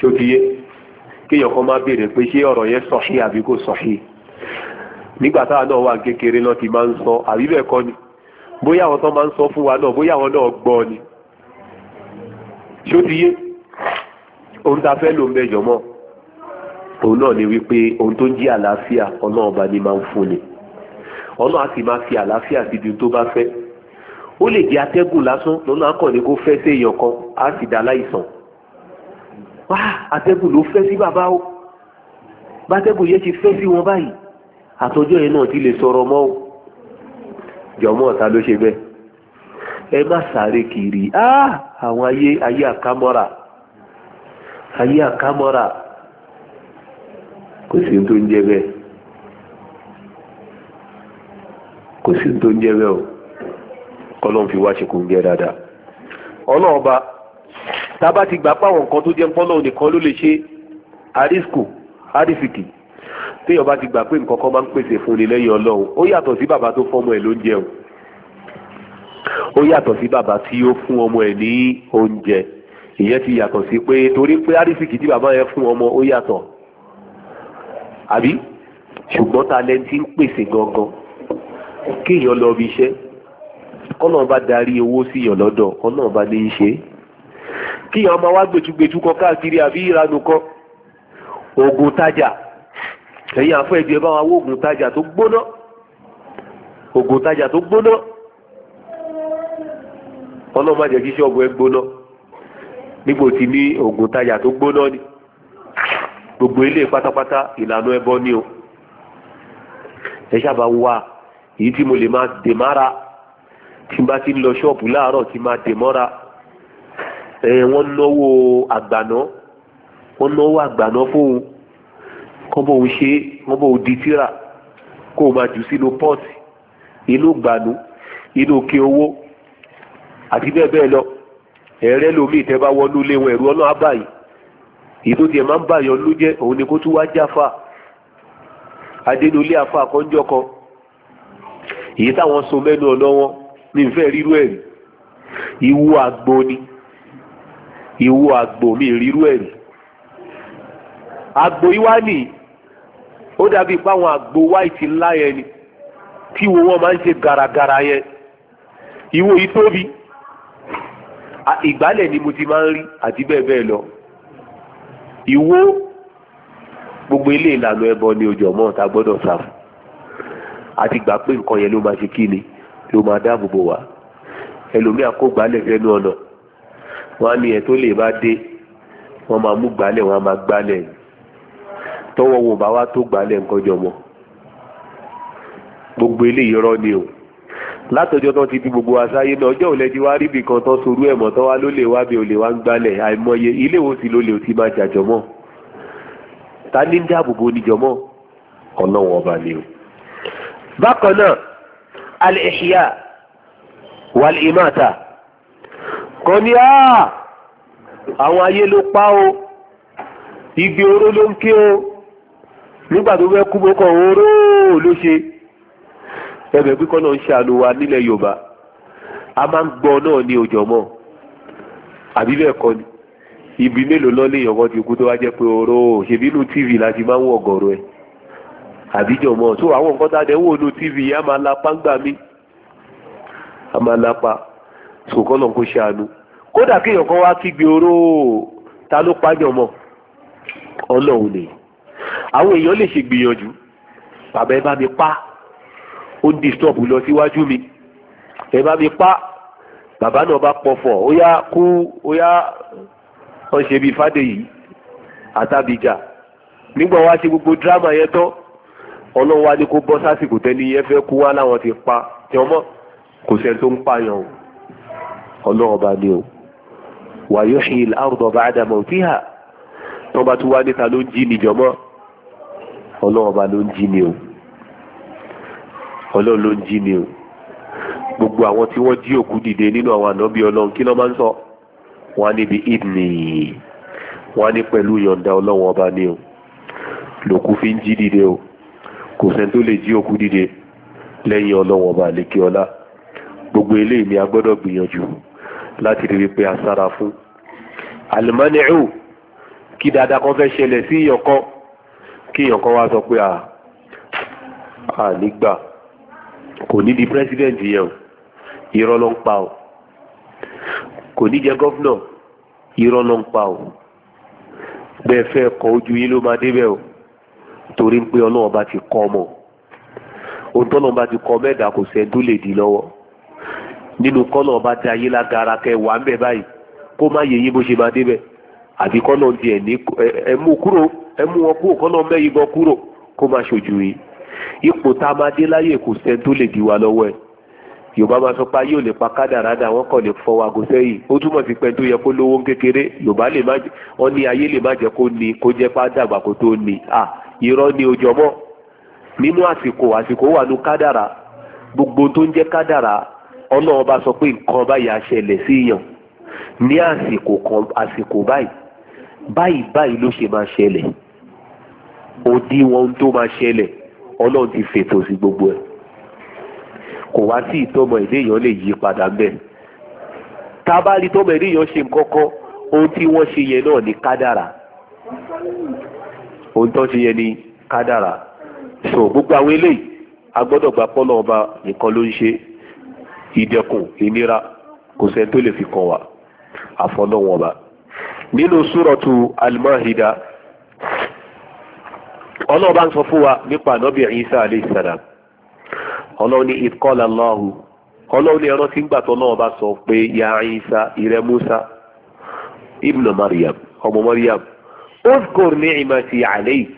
ṣó ti yé kéèyàn kan máa béèrè pé ṣé ọ̀rọ̀ yẹn sọ̀hí àbí kò sọ̀hí nígbà táwa náà wà kékeré náà ti máa ń sọ àbí bẹ́ẹ̀ kọ́ ni bóyá àwọn tó máa ń sọ fún wa náà bóyá àwọn náà gbọ́ ni ṣó ti yé ohun tá a fẹ́ lò ń bẹ jọmọ́ òun náà ni wípé ohun tó ń jí àlàáfíà ọlọ́run ọba ni máa ń fún ni ọlọ́run á sì máa fi àlàáfíà síbi tó bá fẹ́ ó lè jẹ́ atẹ́gùn lásán lọ́nà akọ̀ kó fẹ́ séèyàn kan á sì dá láìsàn pa àtẹ́gùn ló fẹ́ sí bàbá o bàtẹ́gùn yẹn ti fẹ́ sí wọn báyìí àtọjọ́ yẹn náà ti lè sọ̀rọ̀ mọ́ o jọ̀mọ́ ọ̀tá ló ṣe bẹ́ẹ̀ ẹ má sáré kiri ah, àwọn ayé ayé àkámọ́ra ayé àkámọ́ra kò sí tó ń jẹ bẹ́ẹ̀ kò sí tó o kọ́lọ́n fi wá ṣe tábà ti gbà páwọn nǹkan tó jẹ́ pọ́nà nìkan ló lè ṣe àrísìkò àrísìkì téèyàn bá ti gbà pé nǹkan kan máa ń pèsè fún ni lẹ́yìn ọlọ́run ó yàtọ̀ sí bàbá tó fọ́mọ ẹ̀ lóúnjẹ o ó yàtọ̀ sí bàbá tí ó fún ọmọ ẹ̀ ní oúnjẹ ìyẹn ti yàtọ̀ sí pé torí pé àrísìkì tí bàbá yẹn fún ọmọ ó yàtọ̀ àbí ṣùgbọ́n talẹ́ntì ń pèsè gangan kéèyàn lọ bí iṣẹ́ kọ́nà bá darí owó síyàn lọ́dọ̀ kọ́nà bá ní í ṣe é kí ọmọ wa gbẹ̀tugbẹ̀tu kan káàkiri àbí ìranù kan oògùn tajà ẹ̀yin àfọ ẹ̀jẹ̀ bá wa wó oògùn tajà tó gbóná oògùn tajà tó gbóná ọlọ́run jẹ́ kí ṣọ́ọ̀bù gbóná nígbò tí ní oògùn tajà tó gbóná ni gbogbo ilé pátápátá ìlànà ẹbọ ni o ẹ sábà wá èyí tí mo lè máa dè mára tí n bá ti ń lọ ṣọ́ọ̀bù láàárọ̀ tí máa dè mọ́ra ẹ̀ wọ́n náwó àgbàná wọ́n náwó àgbàná fóun kọ́ bóun ṣe wọ́n bóun di tíra kó o máa jù sínú pọ́ọ̀tì inú gbànú inú kí owó àti bẹ́ẹ̀ bẹ́ẹ̀ lọ ẹ̀rẹ́ lomi ìtẹ́ bá wọnú ilé wọn ẹ̀rú ọlọ́wà báyìí èyí tó máa ń bàyàn ló jẹ́ òun ni kó tún wá jáfà adénulé afa àkọ́njọ́ kan èyí táwọn so mẹ́nu ọ̀nà wọn ní ìfẹ́ rírú ẹ̀rí ìwú àgbo ni ìwọ àgbò mi ríru ẹ̀rì àgbò ìwá nì ó dàbí pé àwọn àgbò wáìtì ńlá yẹn ni tí wo wọn máa ń ṣe gàràgàrà yẹn ìwọ yìí tóbi ìgbálẹ̀ ni mo ti máa ń rí àti bẹ́ẹ̀ bẹ́ẹ̀ lọ ìwọ gbogbo ilé ìlànà ẹbọ ni òjò mọ́ ta gbọ́dọ̀ sá àti gbà pé nǹkan yẹn ló máa ṣe kí ni ló máa dáàbò bò wá ẹlòmíà kó gbálẹ̀ fẹ́nu ọ̀nà wọ́n á ní ẹ tó lè bá dé wọ́n máa mú gbálẹ̀ wọ́n á máa gbálẹ̀ tọ́wọ́ wo bá wá tó gbálẹ̀ nǹkan jọ mọ́ gbogbo eléyìí rọ́ ni o látọjọ́ tán ti di gbogbo àsáyé náà ọjọ́ òlẹ́dí wá rí ibìkan tán sorú ẹ̀mọ́ tán wá ló lè wá bí olè wá ń gbálẹ̀ àìmọye ilé wo sì ló lè ti máa jàjọ mọ́ ta ní ń dáàbòbò oníjọ mọ́ ọba ni o. bákan náà al-ihya wal-imata kọ́ ní àà ah, àwọn ayé ló pa o igbe oró ló ń ké o nígbà tó fẹ́ kú mọ́kọ̀ oró ló ṣe ẹbẹ̀ pípọ́ náà ń ṣàánú wa nílẹ̀ Yorùbá a máa ń gbọ́ náà ní òjò mọ́ àbí bẹ́ẹ̀ ni ibi mélòó lọ́lé ìyọ̀kọ́ ti kú tó wá jẹ́ pé oró ṣèbí inú tv láti máa ń wọ̀ gọ̀ọ̀rọ̀ ẹ̀ àbíjọ̀mọ́ tó àwọn nǹkan tá a dẹ̀ wò ní tv a máa lapa ń gbà mí a máa lapa sòkò náà kó ṣàánú kódà kéèyàn kan wá kígbe oró ta ló pàjọ mọ ọlọ́run ni àwọn èèyàn lè ṣe gbìyànjú bàbá ẹ bá mi pa ó ń disturb lọ síwájú mi ẹ bá mi pa bàbá náà bá pọfọ ó yá kú ó yá wọn ṣe bíi fàdé yìí àtàbíjà nígbà wá ṣe gbogbo dírámà yẹn tán ọlọ́run wá ní kó bọ́ sásìkò tẹ́ni yẹn fẹ́ kú wá láwọn ti pa jọmọ́ kò sẹ́ni tó ń pààyàn o ọlọ́run bá ní o wa yuhyi al-arda ba'da mawtiha tó bá tún wá níta ló ń jí ni jọmọ́ ọlọ́run bá ló ń jí ni o ọlọ́run ló ń jí ni o gbogbo àwọn tí wọ́n jí òkú dìde nínú àwọn ànábì ọlọ́run kí ló máa ń sọ wọ́n á níbi ìdìní wọ́n á ní pẹ̀lú ìyọ̀ǹda ọlọ́run ọba ni o lòkú fi ń jí dìde o kò sẹ́ni tó lè jí òkú dìde lẹ́yìn ọlọ́run ọba àlékè ọlá gbogbo eléyìí ni a gbọ́dọ̀ gbìyànjú láti rí wípé a sára fún alimaniu kí dáadáa kan fẹ́ ṣẹlẹ̀ sí ìyọ̀kan kí ìyọ̀kan wá sọ pé a nígbà kò ní di president yẹn o irọ́ ló ń pa o kò ní jẹ gọ́fúnà irọ́ ló ń pa o bẹ́ẹ̀ fẹ́ kọ ojú yín ló máa débẹ̀ o torí pé ọlọ́run bá ti kọ́ ọmọ ohun tọ́lọ́run bá ti kọ́ mẹ́ta kò sẹ́ńtú lè lọ́wọ́ nínú kọ́nà ọba tí ayé lágara kẹ wà ń bẹ̀ báyìí kó má yẹ yín bó ṣe máa débẹ̀ àbí kọ́nà ti ẹ̀ ní ẹ mú kúrò ẹ mú wọn kúrò kọ́nà mẹ́yìn gan kúrò kó má ṣojú yín ipò tá a máa dé láyé kò sẹ́ni tó lè di wa lọ́wọ́ ẹ̀ yorùbá máa sọ pé ayé ò lè pa kádàrádà wọn kàn lè fọ wago sẹ́yìn ó túmọ̀ sí pé tó yẹ kó lówó kékeré yorùbá lè má wọn ní ayé lè má jẹ́ kó ní kó jẹ́ pá dàgbà kó tó ní à irọ́ ni ojọ́mọ́ nínú àsìkò àsìkò wà nù kádàrà gbogbo tó ń jẹ́ kádàrà ọlọ́run bá sọ pé nǹkan báyìí á ṣẹlẹ̀ sí èèyàn ní àsìkò kan àsìkò báyìí báyìí báyìí ló ṣe máa ṣẹlẹ̀ òdiwọ̀n tó máa ṣẹlẹ̀ ọlọ́run ti fètò sí gbogbo ẹ̀ kò wá sí ìtọ́mọ ènìyàn lè yí padà bẹ́ẹ̀ tá tọ́mọ ènìyàn ṣe nǹkan ohun tí wọ́n ṣe yẹn náà ni kádàrà ohun tó ṣe yẹn ni kádàrà so gbogbo àwọn eléyìí a gbà pọ́nlọ́ọ̀ba nìkan ló ń ṣe ìdẹ̀kùn ìnira kò sẹ́ni tó lè fi kàn wá àfọlọ́wọ́n ọba nínú súrọ̀tù alimahida ọlọ́ọ̀bá ń sọ fún wa nípa ànábì Isa alayhi salam ọlọ́ọ̀ ní ìkọlà Allahu ọlọ́ọ̀ ní ẹran tí ń gbàtọ́ náà bá sọ pé ya Isa ìrẹ́ Musa ibn Maryam ọmọ Maryam uzkur ni'mati alayk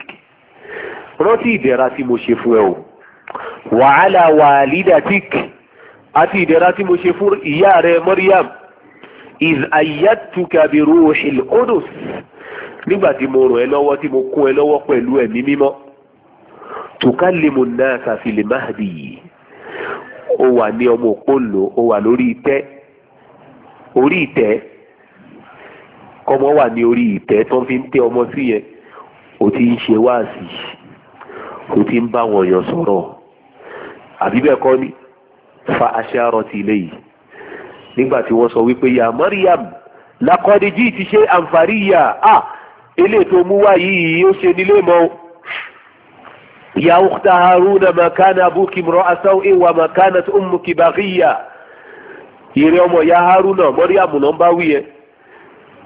rántí ìdẹ̀ra tí mo ṣe fún ẹ o wa ala walidatik àti ìdẹ̀ra tí mo ṣe fún ìyá rẹ Maryam iz ayyatuka bi ruhil qudus nígbà tí mo ràn ẹ́ lọ́wọ́ tí mo kún ẹ lọ́wọ́ pẹ̀lú ẹ̀mí mímọ́ tukallimu nnasa fil mahdi ó wà ní ọmọ òpónlò ó wà lórí ìtẹ́ orí ìtẹ́ kọ́mọ wà ní orí ìtẹ́ tó fi ń tẹ́ ọmọ sí yẹn ó ti ń ṣe wáàsì ó ti ń bá wọn yàn sọ̀rọ̀ àbí kọ́ ni fa asharat ilayhi nígbà tí wọ́n sọ wípé ya Maryam laqad jiti shay'an fariya à ilé tó mú wá yìí ó ṣe nílé mọ́ ya ukhta Haruna ma kana abuki imra'a saw'in wa ma kanat ummuki baghiya ìrẹ́ ọmọ ya Haruna Maryam náà bá wí yẹn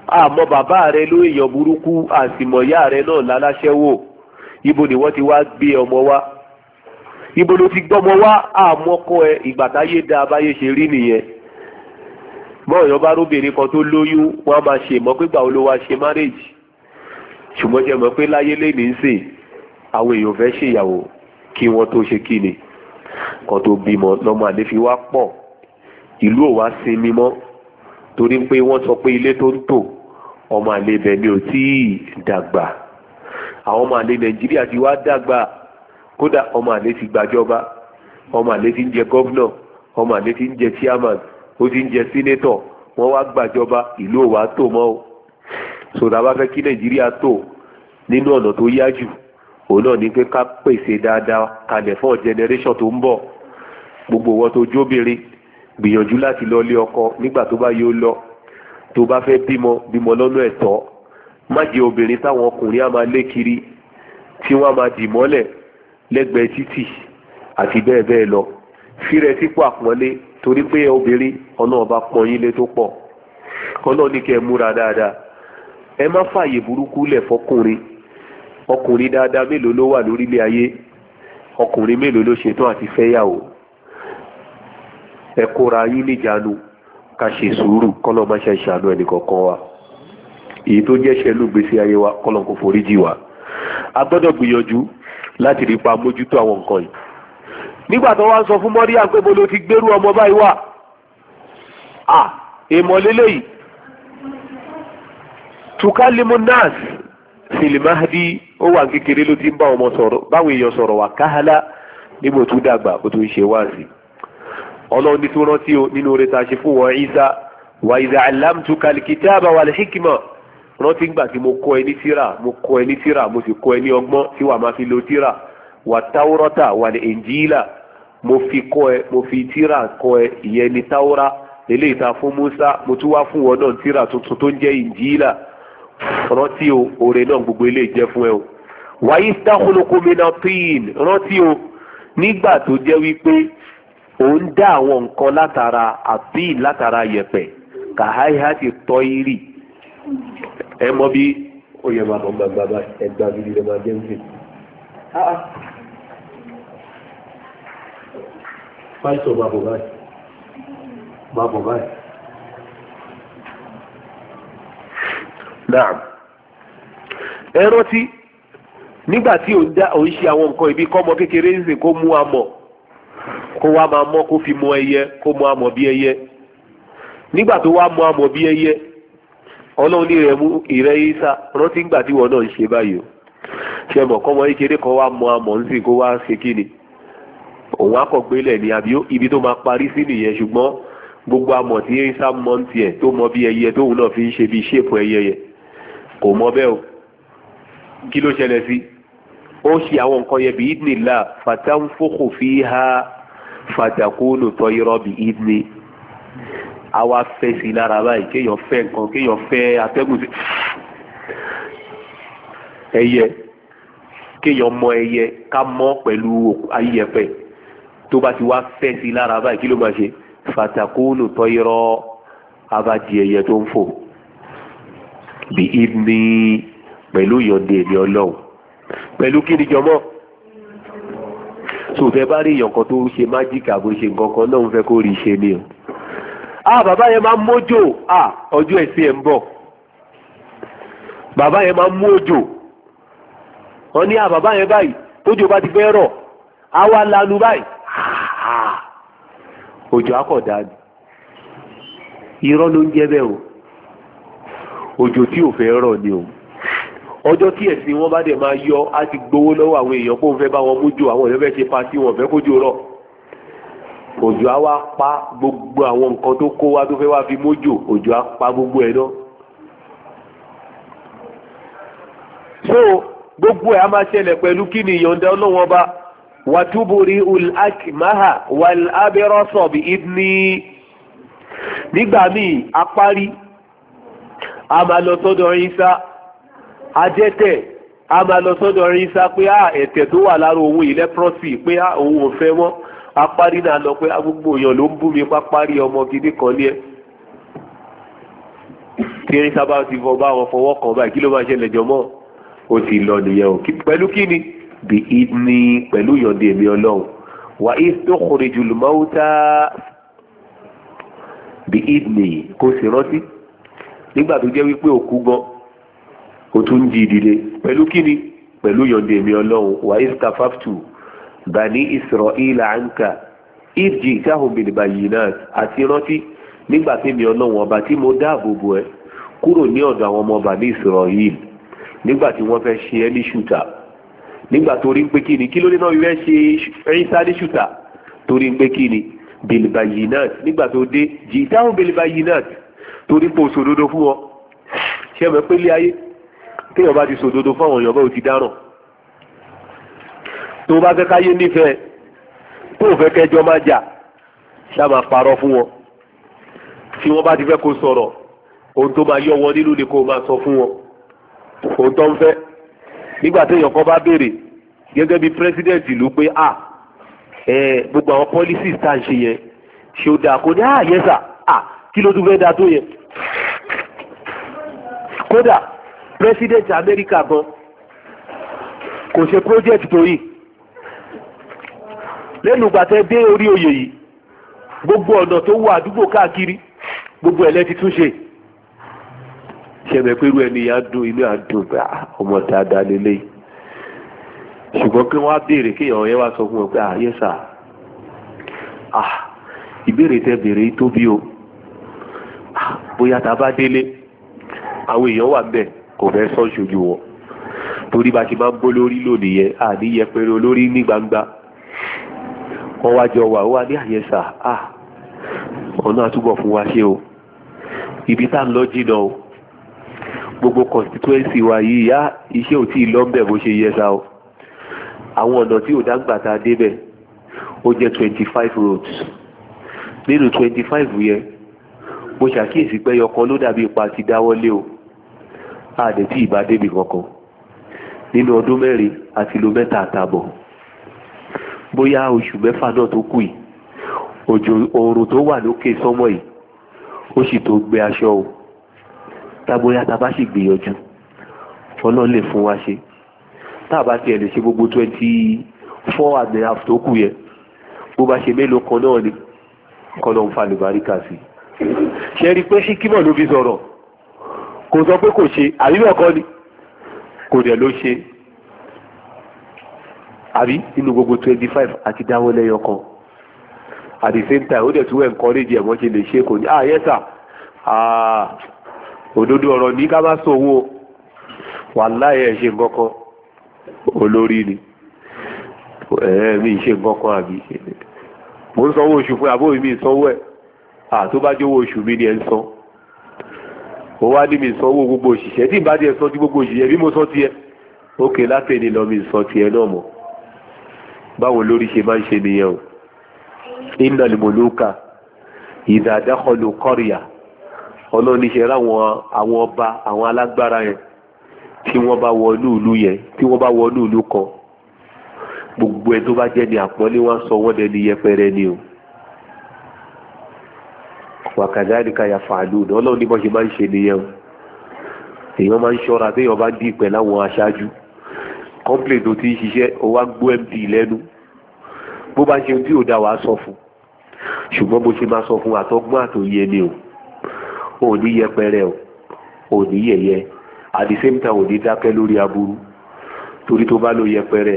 àmọ́ bàbá rẹ ló èèyàn burúkú àtìmọ̀yá rẹ náà láláṣẹ́wò ibo ni wọ́n ti wá gbé ọmọ wa ibo ló ti gbọ́mọ wá àmọ́kọ ẹ ìgbà táyé da abáyé ṣe rí nìyẹn bọ́ọ̀yàn bá róbìnrin kan tó lóyún wọ́n á máa ṣe mọ́ pé gbà wo ló wá ṣe márèjì ṣùgbọ́n jẹ́ mọ́ pé láyé lẹ́ni ń sè àwọn èèyàn fẹ́ ṣèyàwó kí wọ́n tó ṣe kí ni kan tó bímọ lọ́mọ àlè wá pọ̀ ìlú ò wá sinmi mọ́ torí pé wọ́n sọ pé ilé tó ń tò ọmọ àlè ni ò tíì dàgbà àwọn ọmọ àlè Nàìjíríà ti wá dàgbà kódà ọmọ àlè ti gbàjọba ọmọ àlè ti ń jẹ gọ́vnà ọmọ àlè ti ń jẹ chairman ó ti ń jẹ senator wọ́n wá gbàjọba ìlú ò wá tò mọ́ o sọ̀rọ̀ bá fẹ́ kí nàìjíríà tò nínú ọ̀nà tó yá jù òun náà ni pé ká pèsè dáadáa kalẹ̀ fún generation tó ń bọ̀ gbogbo wọn tó jóbìnrin gbìyànjú láti lọ lé ọkọ nígbà tó bá yóò lọ tó bá fẹ́ bímọ bímọ lọ́nà ẹ̀tọ́ má jẹ́ obìnrin táwọn ọkùnrin á máa lé kiri tí wọ́n á máa dì mọ́lẹ̀ lẹ́gbẹ̀ẹ́ títì àti bẹ́ẹ̀ bẹ́ẹ̀ lọ fírẹ̀ sípò àpọ́nlé torí pé obìnrin ọ̀nà ọba pọ̀ yín lé tó pọ̀ ọ̀nà ní kẹ́ ẹ múra dáadáa ẹ má fààyè burúkú lẹ̀ fọkùnrin ọkùnrin dáadáa mélòó ló wà lórílẹ̀ ayé ọkùnrin mélòó ló ṣetán àti fẹ́yàwó ẹ kóra yín níjàánu ká ṣe sùúrù kọ́nà má ṣe ṣàánú ẹnì wa èyí tó jẹ́ ṣẹlú gbèsè ayé wa kọ́nà kò foríjì wa a gbọ́dọ̀ gbìyànjú láti rí pa mójútó àwọn nǹkan yìí nígbà tó wá ń sọ fún mọ́ríà pé bolo ti gbérú ọmọ báyìí wà à èèmọ̀ lélẹ́yìí tukalimu nas filimahdi ó wà kékeré ló ti ń bá ọmọ sọ̀rọ̀ báwo èèyàn sọ̀rọ̀ wà káhálà nígbà tó dàgbà ó tún ṣe wáàsí ọlọ́run ní tí wọ́n rántí o nínú oore tá a ṣe fún wọn ìza wà ìza alámtukal kitaba wal hikma rántí gbà tí mo kọ́ ẹ ní tíra mo kọ́ ẹ ní tíra mo sì kọ́ ẹ ní ọgbọ́n tí wàá máa fi lo tíra wà táwọ́rọ́tà wà ní ẹ̀ǹjìlá mo fi kọ́ ẹ mo fi tíra kọ́ ẹ ìyẹn ní táwọ́rá eléyìí ta fún Musa mo tún wá fún wọn náà tíra tuntun tó ń jẹ́ ẹ̀ǹjìlá rántí o oore náà gbogbo eléyìí jẹ́ fún ẹ o wàyí sáhùnlókòmínà tíìn rántí o nígbà tó jẹ́ wípé òun dá àwọn nǹkan látara àbí látara yẹ̀pẹ̀ kàháìhá ẹ mọ bí ó yẹ máa bọ̀ gbàgbà ẹgbà gidi lè máa jẹ́ ń sìn. pásítọ̀ ah, ah. máa bọ̀ báyìí máa bọ̀ báyìí. Naam. Ẹ rántí nígbà tí ò ń dá ò ń ṣe àwọn nǹkan ibi kọ́mọ kékeré ń sè kó mú amọ̀ kó wá máa mọ́ kó fi mọ ẹyẹ kó mọ amọ̀ bí ẹyẹ nígbà tó wá mọ amọ̀ bí ẹyẹ ọlọ́run ní rẹ̀ mú ìrẹ́ isa rántí ńgbà tí wọn náà ń ṣe báyìí o ṣe mọ̀ kọ́mọ kékeré kan wá mọ amọ̀ ń sìn kó wá ṣe kí ni òun á kọ̀ gbélẹ̀ ní àbí ibi tó máa parí sí nìyẹn ṣùgbọ́n gbogbo amọ̀ tí isa mọ ń tiẹ̀ tó mọ bí ẹyẹ tóun náà fi ń ṣe bí ṣèpù ẹyẹ yẹn kò mọ bẹ́ẹ̀ o kí ló ṣẹlẹ̀ sí ó ṣe àwọn nǹkan yẹn bí idni la fatanfukhu fiha fatakunu tayra a wá fẹ́ sí lára báyìí kéèyàn fẹ́ nǹkan kéèyàn fẹ́ atẹ́gùn sí ẹyẹ kéèyàn mọ ẹyẹ ká mọ pẹ̀lú ayẹyẹpẹ tó bá ti wá fẹ́ sí lára báyìí kí ló máa ṣe fatakunu tọ́yọ́rọ́ abájí ẹyẹ tó ń fò bí ibni pẹ̀lú ìyọ̀ǹde èmi ọlọ́run pẹ̀lú kí ni jọmọ́ sòtẹ́ bá rí ìyọ̀ǹkan tó ń ṣe májíkà bó ṣe nǹkan kan náà ń fẹ́ kó rí ṣe ni o ah bàbá yẹn máa ń mójò ah ọjọ́ ẹ̀sìn ẹ̀ ń bọ̀ bàbá yẹn máa ń mójò wọ́n ní ah bàbá yẹn báyìí tójò bá ti fẹ́ rọ̀ á wá lanu báyìí ah, òjò akọ̀dá ni irọ́ ló ń jẹ́ bẹ́ẹ̀ o òjò tí ò fẹ́ rọ̀ ni o ọjọ́ tí ẹ̀sìn wọn bá dẹ̀ máa yọ á ti gbowó lọ́wọ́ àwọn èèyàn kó ń fẹ́ bá wọn mójò àwọn èèyàn fẹ́ ṣe pa sí wọn fẹ́ kójò rọ̀ òjò á wá pa gbogbo àwọn nǹkan tó kó wá tó fẹ́ wá fi mójò òjò á pa gbogbo ẹ̀ náà. so gbogbo ẹ̀ a máa ṣẹlẹ̀ pẹ̀lú kí ni ìyọ̀ǹda ọlọ́wọ́n bá wàtúbùrí maha wal abẹ́rọ́sọ̀ bí idni nígbà míì apárí a máa lọ sọ́dọ̀ Ìsá ajẹ́tẹ̀ a máa lọ sọ́dọ̀ Ìsá pé á ah, ẹ̀tẹ̀ tó wà lára òun pé ah, òun ò fẹ́ apárí náà lọ pé agbogbo èèyàn ló ń bú mi pápárí ọmọ gidi kan ní ẹ tí ẹni sábà ti fọ bá wọn fọwọ́ kàn báyìí kí ló máa ṣẹlẹ̀ jọmọ́ ó ti lọ nìyẹn o pẹ̀lú kí ni bí i ní pẹ̀lú ìyọ̀ǹde èmi ọlọ́run wà á tó kùnrin jùlọ máa ta bí i ní kó sì rántí nígbà tó jẹ́ wípé òkú gan ó tún jí ìdílé pẹ̀lú kí ni pẹ̀lú ìyọ̀ǹde èmi ọlọ́run wà á ìstafáftù bani isra'ila anka ifji tahum bil bayinat àti rántí nígbà tèmi ọlọ́wọ́n ọba tí mo dáàbò bò ẹ́ kúrò ní ọ̀dọ̀ àwọn ọmọ bani isra'il nígbà tí wọ́n fẹ́ ṣe ẹ́ ní ṣùtà nígbà tó rí pé kíni kí ló dé náà yóò ṣe ẹ̀yìnsá ní ṣùtà tó rí pé kíni bil bayinat nígbà tó dé jì tahum bil bayinat torí pé o sòdodo fún wọn ṣé ẹ mọ̀ pé ilé ayé téèyàn bá ti sòdodo fún àwọn èèyàn o ti dáràn tó bá fẹ́ káyé nífẹ̀ẹ́ tó fẹ́ kẹjọ máa jà ṣá máa parọ́ fún wọn tí wọ́n bá ti fẹ́ kó sọ̀rọ̀ ohun tó máa yọ wọn nínú ni kó máa sọ fún wọn ohun tó ń fẹ́ nígbà téèyàn kan bá béèrè gẹ́gẹ́ bí president ìlú pé a ẹ gbogbo àwọn policies tá à ṣe yẹn ṣé ó dáa kó ní à yẹ sà à kí ló tún fẹ́ dáa tó yẹ kódà president Amẹ́ríkà gan kò ṣe project tó yìí lẹ́nu ìgbà tẹ́ dé orí oyè yìí gbogbo ọ̀nà tó wà àdúgbò káàkiri gbogbo ẹ̀lẹ́ ti túnṣe ṣẹ̀mẹ̀ pẹ̀lú ẹni yà dùn inú àdùn gbà ah, ọmọ dáadáa lélẹ̀ ṣùgbọ́n kí wọ́n á béèrè kí ìyàwó yẹn wá sọ fún ọ pé àyè ah, sà ah ìbéèrè tẹ béèrè tóbi o ah, bóyá tá a bá délé àwọn èèyàn wà bẹ́ẹ̀ kò fẹ́ sọ́ọ̀ṣojú wọn torí bá ti máa ń bó lórí lónìí yẹn àníyẹpẹrẹ olórí ní gbangba kọ́ wá jọ wà ó wá ní àyẹ̀sà ah, à ah, ọ̀nà àtúbọ̀ fún wa ṣe o ibi tá ń lọ jìnà o gbogbo constituency wa yìí yá iṣẹ́ ò tí ì lọ́ńbẹ̀ bó ṣe yẹ o àwọn ọ̀nà tí ò dáńgbà tá a débẹ̀ ó jẹ́ twenty five roads nínú twenty five yẹn mo ṣàkíyèsí pé ọkọ̀ ló dàbí ipa ti dáwọ́lé o àdètí ìbá débi kankan nínú ọdún mẹ́rin àti lo mẹ́ta àtàbọ̀ bóyá oṣù mẹ́fà náà tó kù yìí òjò oòrùn tó wà lókè sọ́mọ̀ yìí ó sì tó gbé aṣọ o tábóyá tá a bá sì gbìyànjú ọlọ́run lè fún wa ṣe tá a bá tiẹ̀ lè ṣe gbogbo twenty four and a half tó kù yẹn bó bá ṣe mélòó kan náà ni kọ́nà ń fa àlùbáríkà sí i ṣe rí i pé ṣíkímọ̀ ló fi sọ̀rọ̀ kò sọ pé kò ṣe àbí bẹ́ẹ̀ kọ́ ni kò dẹ̀ ló ṣe àbí nínú gbogbo twenty five àti dáwọ́ lẹ́yọ kan at the same time ó dẹ̀ tún wẹ̀ encourage ẹ̀ wọ́n ṣe lè ṣe kò ní ah yes sir ah òdodo ọ̀rọ̀ ní ká má sọ owó wàláyé ẹ̀ ṣe nǹkan kan olórí ni ẹ̀ẹ́mí ṣe nǹkan kan àbí mo ń sanwó oṣù fún àbóyí mi sanwó ẹ̀ à tó bá jówó oṣù mi ni ẹ̀ ń san ó wá ní mi sanwó gbogbo òṣìṣẹ́ tí ìbá tiẹ̀ sọ ti gbogbo òṣìṣẹ́ bí mo sọ tiẹ̀ ókè látẹ̀ ni lọ mi sọ tiẹ̀ náà mọ̀ báwo lórí ṣe máa ń ṣe nìyẹn o innal muluka idha dakhalu qarya ọlọ́ni ṣe ráwọn àwọn ọba àwọn alágbára yẹn tí wọ́n bá wọnú ìlú yẹn tí wọ́n bá wọnú ìlú kan gbogbo ẹ tó bá jẹ́ ní àpọ́nlé wọ́n sọ wọ́n dẹni yẹpẹrẹ ni o wàkàdáríkà ya fàálù ọlọ́run ní bọ́ ṣe máa ń ṣe nìyẹn o èèyàn máa ń ṣọ́ra téèyàn bá dì pẹ̀ láwọn aṣáájú complain tó ti ń ṣiṣẹ́ ó wá gbọ́ mp lẹ́nu bó bá ṣe tí ò dá wàá sọ fún ṣùgbọ́n bó ṣe máa sọ fún àtọ́gbọ́n àtòyẹ ni o ò ní yẹpẹrẹ o ò ní yẹyẹ at the same time ò ní dákẹ́ lórí aburú torí tó bá lo yẹpẹrẹ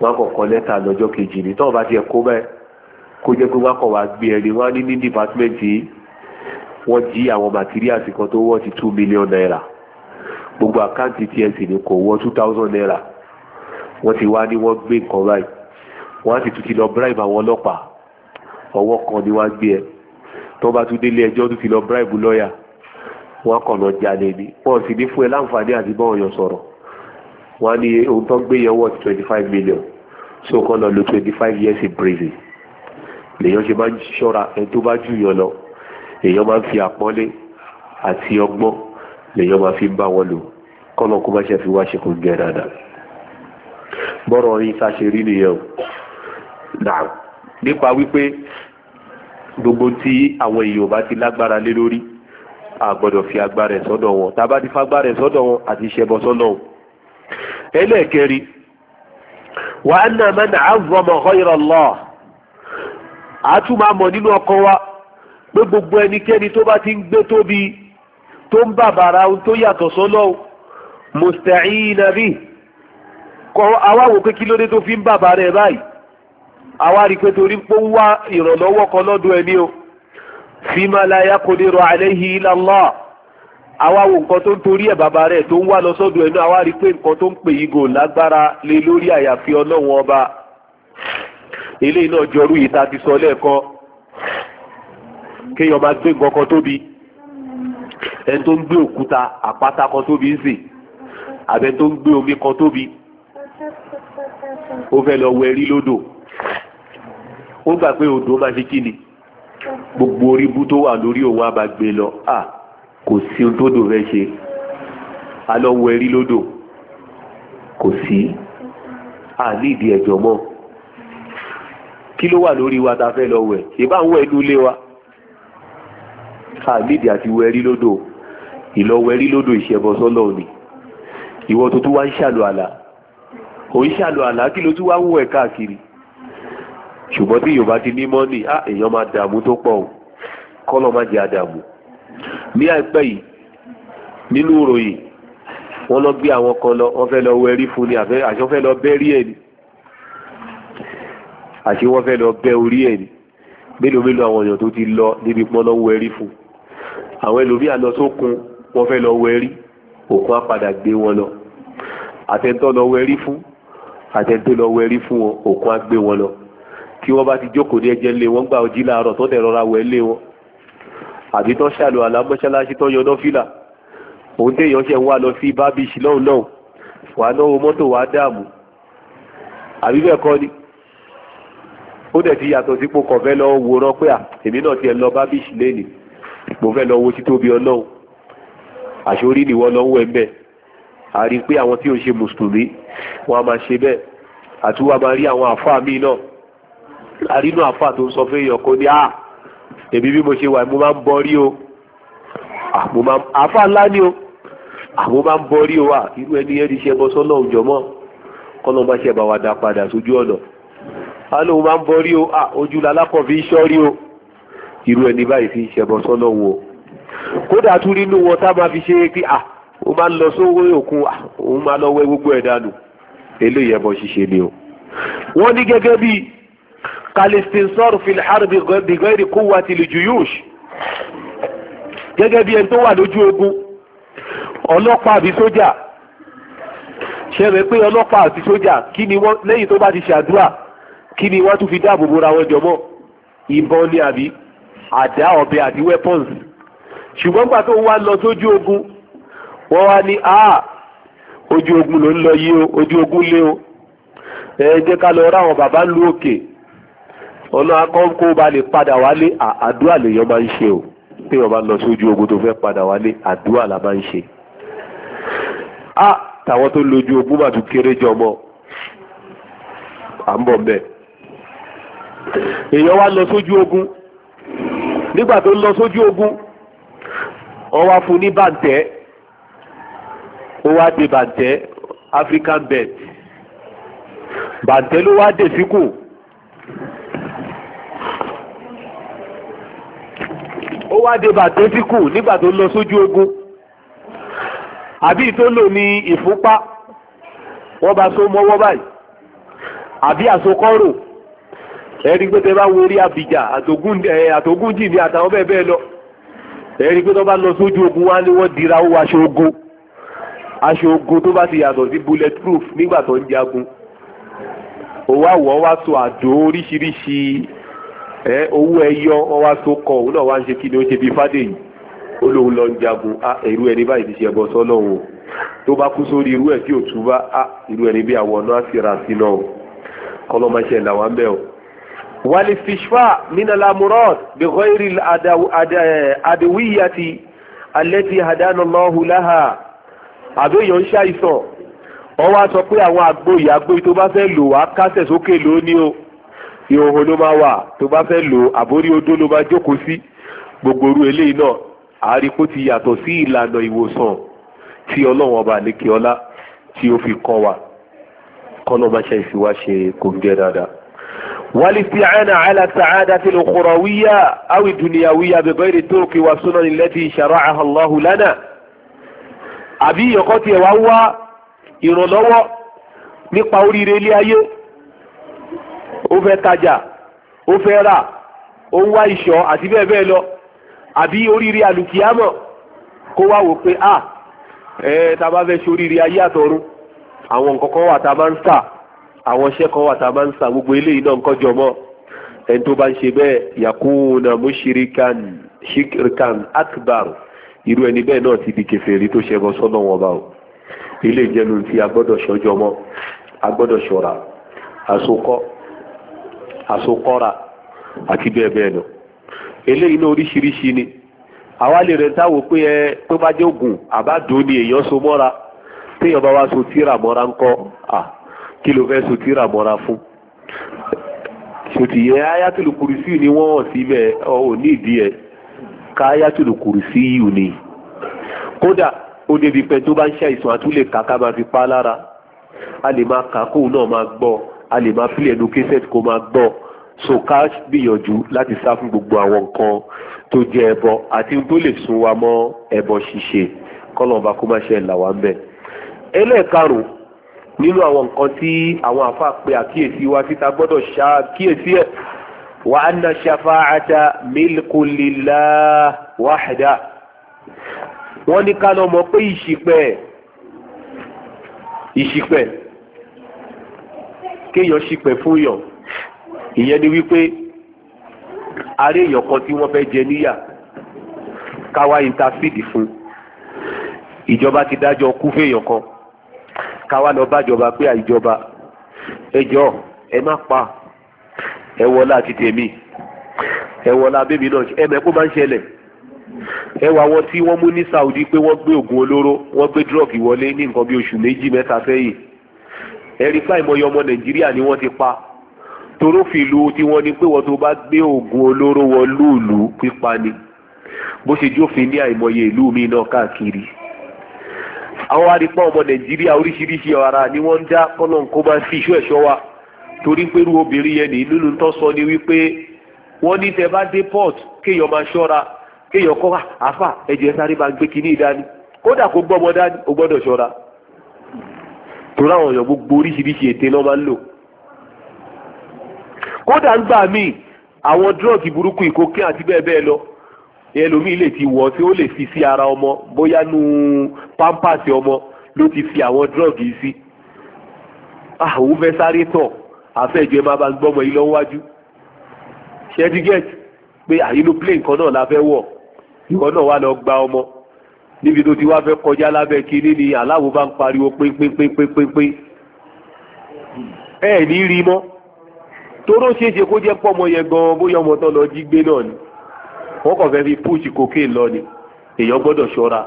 wọn kọ̀ọ̀kan lẹ́tà lọ́jọ́ kejì ní tọ́wọ́n bá ti ẹ̀ kó bẹ́ẹ̀ kó jẹ́ pé wọ́n kọ̀ wá gbé ẹni wọ́n ní ní dìpátímẹ́ǹtì wọ́n jí àwọn màtíríàsì kan tó wọ́n two million naira gbogbo àkáǹtì tiẹ̀ sì ni kò wọ́n two thousand naira wọ́n ti wá ní wọ́n gbé nǹkan báyìí wọ́n á sì tún ti lọ bribe àwọn ọlọ́pàá ọwọ́ kan ni wọ́n gbé ẹ tó bá tún délé ẹjọ́ tún ti lọ bribe lọ́ọ̀yà wọ́n kàn lọ jalè ni wọ́n sì ní fún ẹ láǹfààní àti báwọn yàn sọ̀rọ̀ wọ́n á ní ohun tó ń gbé yẹn wọ́n ti twenty five million so kàn lọ lo twenty five years in prison lèèyàn ṣe máa ń ṣọ́ra ẹni tó bá jù yàn lọ èèyàn máa ń fi àpọ́nlé àti ọgbọ́n lèèyàn máa fi ń bá wọn lò kọ́nà kó má ṣe fi wá ṣe kó ń gẹ dáadáa bọ́rọ̀ yín sáṣe rí nìyẹn o náà nípa wípé gbogbo tí àwọn èèyàn bá ti lágbára lé lórí a gbọ́dọ̀ fi agbára ẹ̀ sọ́dọ̀ wọn tá a bá ti fagbára ẹ̀ sọ́dọ̀ wọn àti ṣẹbọ sọ́dọ̀ wọn. ẹlẹ́ẹ̀kẹrin wa anna man azzama ghayra Allah a tún máa mọ̀ nínú ọkàn wa pé gbogbo ẹnikẹ́ni tó bá ti ń gbé tóbi tó ń bàbàrà tó yàtọ̀ sọ́lọ́ musta'ina bihi kọ́ àwa wò pé kí ló dé tó fi ń bàbá rẹ̀ báyìí àwa rí pé torí pé ó wá ìrànlọ́wọ́ kan lọ́dọ̀ ẹni o fima la yaqdiru alayhi illa Allah àwa wò nǹkan tó ń torí ẹ̀ bàbá rẹ̀ tó ń wá lọ sọ́dọ̀ ẹnu àwa rí pé nǹkan tó ń pè yí gò lágbára lé lórí àyàfi ọlọ́run ọba eléyìí náà jọrú yìí ta ti sọ lẹ́ẹ̀kan kéèyàn máa gbé nǹkan kan tóbi ẹni tó ń gbé òkúta àpáta kan tóbi ń sè àbẹ tó ń gbé omi kan tóbi ó fẹ́ lọ wẹrí lódò ó gbà pé odò máa ṣe kí ni gbogbo oríbú tó wà lórí òun á máa gbé lọ à kò sí ohun tó dò fẹ́ ṣe a lọ wẹrí lódò kò sí à ní ìdí ẹ̀jọ̀ mọ́ kí ló wà lórí wa ta fẹ́ lọ wẹ̀ ìbá ń wẹ̀ inú ilé wa à ní ìdí àti wẹrí lódò ìlọ wẹrí lódò ìṣẹ̀bọ̀sọ́lọ́ ni ìwọ tó tún wá ń ṣàlù àlà kò ń ṣàlù àlá kí ló tún wá wù ẹ̀ káàkiri ṣùgbọ́n tí yorùbá ti ní mọ́nì á ah, èèyàn máa dààmú tó pọ̀ o kọ́lọ̀ má jẹ́ àdààmú ní àìpẹ́ yìí nínú ìròyìn wọ́n lọ gbé àwọn kan lọ wọ́n fẹ́ lọ wẹrí fún ni àṣọ fẹ́ lọ bẹ́rí ẹ̀ ni àṣé wọ́n fẹ́ lọ bẹ́ orí ẹ̀ ni mélòó mélòó àwọn èèyàn tó ti lọ níbi pọ́n lọ wẹrí fún àwọn ẹlòmíà lọ sókun wọ́n fẹ́ lọ wẹrí òkun á padà gbé wọn lọ àtẹ̀ntọ́ lọ wẹrí fún àtẹni tó lọ wẹrí fún wọn òkun á gbé wọn lọ kí wọ́n bá ti jókòó ní ẹjẹ́ lé wọ́n gbà ojí láàárọ̀ tó dẹ̀ rọra wẹ̀ lé wọn àti tó ṣàlù àlámọ́ṣáláṣí tó yọ nọ́fìlà òun téèyàn ṣe wà lọ sí bábíṣì lọ́hùn náà wàá náwó mọ́tò wàá dààmú àbí bẹ́ẹ̀ kọ́ ni ó dẹ̀ ti yàtọ̀ sípò kàn fẹ́ lọ wòran pé à èmi náà tiẹ̀ lọ bábíṣì lẹ́nìí mo fẹ́ lọ wo títóbi ọlọ́run àṣorí nìwọ lọ́wọ́ ẹ̀ bẹ́ẹ̀ a rí pé àwọn tí ó ṣe mùsùlùmí wọ́n a máa ṣe bẹ́ẹ̀ àti wọ́n a máa rí àwọn àfáà míì náà a rí inú àfáà tó ń sọ fún èèyàn kó ní à ah, èmi bí mo ṣe wà mo máa ń bọrí o ah, àfáà ńlá ni o àmọ́ ah, máa ń bọrí o wa irú ẹni yẹn ti ṣe bọ́ sọ́nà òjò mọ́ kọ́nà bá ṣe bá wa dá padà sójú ọ̀nà alóhùn máa ń bọrí o ojú lalákọ̀ fi ń ṣọ́rí o irú ẹni báyìí fi ń ṣe bọ́ sọ́nà wo kódà tún nínú wọn tá máa fi ṣe é pé à ó máa ń lọ sórí òkun òun ah, máa lọ wẹ gbogbo ẹ̀ dànù eléyìí ẹbọ ṣíṣe ni o. wọ́n ní gẹ́gẹ́ bí kalistinsor filhar bigayri kuwa tilijuyush gẹ́gẹ́ bí ẹni tó wà lójú ogun ọlọ́pàá àbí sójà ṣẹlẹ̀ pé ọlọ́pàá àti sójà kí ni wọ́n lẹ́yìn tó bá ti ṣàdúrà kí ni wọ́n tún fi dáàbò bora wọn jọmọ́ ìbọn ni àbí àdá ọ̀bẹ àti weapons ṣùgbọ́n gbà tó wá lọ sójú ogun wọ́n wá ní a ah, ojú ogun ló ń lọ yí o ojú ogun lé o ẹ jẹ́ ká lọ rá àwọn bàbá lu òkè ọ̀nà akọ́kọ́ bá lè padà wálé àdúrà lèèyàn máa ń ṣe o téèyàn bá lọ sójú ogun tó fẹ́ padà wálé àdúrà la máa ń ṣe. a ah, tàwọn tó lójú ogun mà tún kéré jọmọ à ń bọ̀ mbẹ́ èèyàn wá lọ sójú ogun nígbà tó lọ sójú ogun wọ́n wá fún ní bàǹtẹ́ ó wá dé bàǹtẹ́ African bed bàǹtẹ́ ló wá dé síkù ó wá dé bàǹtẹ́ síkù nígbà tó lọ sójú ogun àbí tó lò ní ìfúnpá wọ́n bá so mọ́wọ́ báyìí àbí àsokọ́rò ẹ̀rí pé tẹ bá wo orí Abidjan àtògúnjì ní àtàwọn bẹ́ẹ̀ bẹ́ẹ̀ lọ ẹ̀rí pé tó bá lọ sójú ogun wá ní wọ́n dira ó wáṣọ ogun aṣọ ogun tó bá ti yàtọ̀ sí bulletproof nígbà tó ń jagun òwò àwọ̀ wá so àdó oríṣiríṣi ẹ owó ẹyọ wọn wá so kọ òun náà wá ń ṣe kí ni ó ṣe bí fádé ó lóun lọ ń jagun a èrú ẹni báyìí ti ṣe ẹbọ sọ́lọ́run o tó bá kú sórí irú ẹ̀ tí ò tú bá a irú ẹni bí àwọn ọ̀nà àṣírà sí náà o kọ́lọ́ làwọn bẹ́ẹ̀ o. wàlí fìṣfà mínàlá murad bi ghairi eh, adawiyati allati hadana Allahu laha àbí èèyàn ń ṣàìsàn wọ́n wá sọ pé àwọn àgbo yìí tó bá fẹ́ lò wá kásẹ̀ sókè lónìí o ìhòòhò ló máa wà tó bá fẹ́ lò àbórí odó ló máa jókòó sí gbogbo orú eléyìí náà àríkó ti yàtọ̀ sí ìlànà ìwòsàn tí ọlọ́run ọba àlékè ọlá tí ó fi kọ́ wa kọ́nà bá ṣe ìfiwá ṣe kò ń jẹ́ dáadáa. والاستعانة على السعادة الأخروية أو الدنيوية بغير الطرق والسنن التي شرعها الله لنا àbí ìyọ̀kọ́ tiẹ̀ wá wá ìrànlọ́wọ́ nípa oríire ilé ayé ó fẹ́ tajà ó fẹ́ rà ó ń wá ìṣọ́ àti bẹ́ẹ̀ bẹ́ẹ̀ lọ àbí oríire àlùkìyámọ̀ kó wá wò pé a ah, ẹ ta bá fẹ́ ṣe oríire ayé àtọ̀run àwọn nǹkan wà tá a ń sà àwọn iṣẹ́ kan wà tá a ń sà gbogbo eléyìí náà nǹkan jọ ẹni tó bá ń ṣe bẹ́ẹ̀ yakuna mushrikan shirkan akbar irú ẹni bẹ́ẹ̀ náà ti di kèfèrí tó ṣẹbọ sọ́nà wọn bá o ilé ìjẹnu tí a gbọ́dọ̀ ṣọjọ́ mọ́ a gbọ́dọ̀ àsokọ́ra àti bẹ́ẹ̀ bẹ́ẹ̀ lọ eléyìí náà oríṣiríṣi ni àwa lè rẹ̀ táwọn pé ẹ tó bá jẹ́ ògùn àbádùn ni èèyàn so mọ́ra téèyàn bá wá so tíra mọ́ra ńkọ́ à kí ló fẹ́ so tíra mọ́ra fún sòtìyẹ ayatollah kùrìsì ni wọ́n hàn síbẹ̀ ò ní ìdí ẹ̀ káyàtúlù kùrùsí yìí ni kódà ó débi pé tó bá ń ṣàìsàn àtúlẹ̀ kà ká máa fi pa lára a lè máa kà kóun náà máa gbọ́ a lè máa pílẹ̀ nu késẹ́t kó máa gbọ́ so ká gbìyànjú láti sá fún gbogbo àwọn nǹkan tó jẹ́ ẹbọ àti tó lè sún wa mọ́ ẹbọ ṣíṣe kọ́lọ̀ọ̀bá kó má ṣe là wá ń bẹ̀. ẹlẹ́ẹ̀karùn-ún nínú àwọn nǹkan tí àwọn àfa pe àkíyèsí wa títa gbọ́dọ̀ ṣá àkíyèsí ẹ̀ wa anna shafa'ata milku lillah wahda wọ́n ní ká lọ mọ̀ pé ìṣìpẹ̀ ìṣìpẹ̀ kéèyàn ṣìpẹ̀ fún yàn ìyẹn ni wípé aré èèyàn kan tí wọ́n fẹ́ jẹ níyà káwa intercede fún ìjọba ti dájọ́ kú fèèyàn kan káwa lọ bájọba pé àìjọba ẹjọ́ ẹ má pa ẹ wọlá ti tèmi ẹ wọlá bébí náà ẹ mẹ́kó máa ń ṣẹlẹ̀ ẹ wọn tí wọ́n mú ní Saudi pé wọ́n gbé oògùn olóró wọ́n gbé dúrọ́ọ̀gì wọlé ní nǹkan bí oṣù méjì mẹ́ta sẹ́yìn ẹ̀rí pa ìmọ̀ye ọmọ Nàìjíríà ni wọ́n ti pa torófìlú tí wọ́n ni pé wọ́n tó bá gbé oògùn olóró wọ lóòlù pípa ni bó ṣe jófin ní àìmọye ìlú mi náà káàkiri àwọn àdìpọ̀ ọmọ Nàìjíríà oríṣiríṣi ara ni wọ́n ń dá kọ́nà kó bá fi iṣu ẹ̀ṣọ́ wa torí pé irú obìnrin yẹn ní nínú tó sọ ni wípé wọ́n ní tẹ bá dé port kéèyàn máa ṣọ́ra kéèyàn kọ́ ah, àfà ẹ̀jẹ̀ sáré máa gbé kinní dání kódà kó gbọ́mọ dání ó gbọ́dọ̀ ṣọ́ra torí àwọn èèyàn gbogbo oríṣiríṣi ète lọ́ máa ń lò kódà ń gbà míì àwọn drọ́ọ̀gì burúkú ìkókè àti bẹ́ẹ̀ bẹ́ẹ̀ lọ ẹlòmíì lè ti wọ̀ tí ó lè fi sí ara ọmọ bóyá nu pampasì ọmọ ló ti fi àwọn drọ́ọ̀gì sí àwọn ah, fẹ́ sáré tọ̀ àfẹ́jọ ẹ máa bá ń gbọ́mọ yìí lọ́wọ́ wájú ṣẹ́ẹ́dí gẹ́ẹ̀tì pé àyínú plane kan náà la fẹ́ wọ̀ ìwọ náà wá lọ gba ọmọ níbi tó ti wá fẹ́ kọjá lábẹ́ kínní ni aláwo bá ń pariwo pínpínpínpínpín ẹ ní rí mọ́ toró ṣeéṣe kó jẹ́ pọ́mọ yẹn gan-an bóyá ọmọ tán lọ jí gbé náà ni wọ́n kàn fẹ́ fi púùsì cocaine lọ ni èèyàn gbọ́dọ̀ ṣọ́ra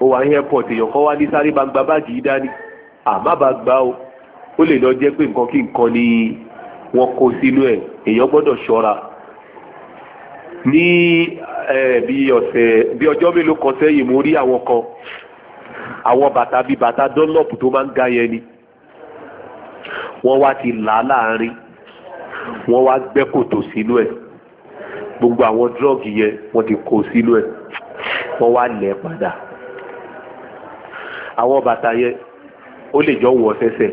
ó wà ní airport èèyàn kan wá ní sáré bá gba báàgì yìí dání àmá bá gbá o ó lè lọ jẹ́ pé nǹkan kí nǹkan ni wọ́n kó sínú ẹ̀ èèyàn gbọ́dọ̀ ṣọ́ra ní bí ọ̀sẹ̀ mélòó kan sẹ́yìn mo rí àwọn kan àwọn bàtà bíi bàtà dunlop tó máa ń ga yẹn ni wọ́n wá ti là á láàrin wọ́n wá gbẹ́ kòtò sínú ẹ̀ gbogbo àwọn drug yẹn wọ́n ti kó sínú ẹ̀ wọ́n wá lẹ̀ padà àwọn bàtà yẹn ó lè jọ wọ̀ sẹ́sẹ̀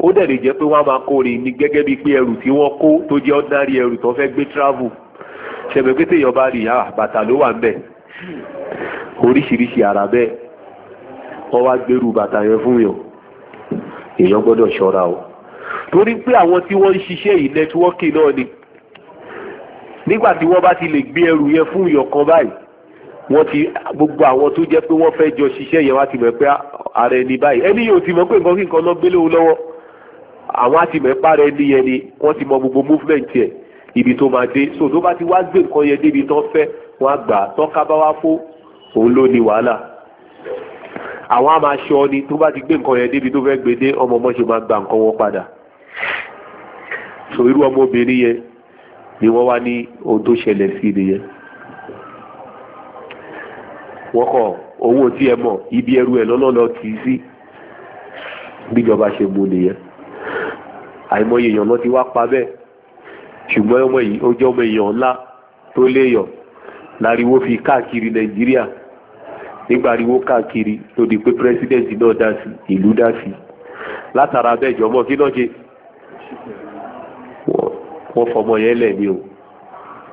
ó dẹ̀ lè jẹ́ pé wọ́n á máa kórè ní gẹ́gẹ́ bíi pé ẹrù tí wọ́n kó tó jẹ́ ordinary ẹrù tó fẹ́ gbé travel ṣẹ̀mẹ̀ pé téèyàn bá rí i bàtà ló wà ń bẹ̀ oríṣiríṣi ara bẹ́ẹ̀ wọ́n wá gbèrú bàtà yẹn fún yàn èèyàn gbọ́dọ̀ ṣọ́ra o torí pé àwọn tí wọ́n ń ṣiṣẹ́ yìí nẹ́tíwọ́kì náà ni nígbà tí wọ́n bá ti lè gbé ẹrù yẹn fún yàn kan báyìí wọ́n ti gbogbo àwọn tó jẹ́ pé wọ́n fẹ́ jọ ṣiṣẹ́ yẹn wá ti mọ̀ pé ara ẹni báyìí ẹni yóò ti mọ̀ pé nǹkan kí nǹkan náà gbélé o lọ́wọ́ àwọn àti mẹ́pà rẹ̀ ní yẹn ni wọ́n ti mọ gbogbo movement yẹn ibi tó máa dé so tó bá ti wá gbé nǹkan yẹn débi tán fẹ́ wọ́n á gbà tán ká bá wá fó òun ló ní wàhálà àwọn á máa ni tó bá ti gbé nǹkan yẹn débi tó fẹ́ gbé dé ọmọ ọmọ máa gba nǹkan wọn padà so irú ọmọbìnrin yẹn ni wọ́n wá ní ohun tó ṣẹlẹ̀ sí nìyẹn wọ́n kọ̀ owó tí ẹ mọ̀ ibi ẹrú ẹ lọ́lọ́lọ́ tì í sí bíjọba ṣe mú nìyẹn. àìmọye èèyàn lọ ti wá pa bẹ́ẹ̀ ṣùgbọ́n ọmọ yìí ó jẹ́ ọmọ èèyàn ńlá tó léèyàn láriwo fi káàkiri nàìjíríà nígbàriwo káàkiri tó di pé president náà dá sí ìlú dá sí látara bẹ́ẹ̀ jọmọ́ kí náà ṣe wọ́n fọmọ yẹn lẹ̀ ni o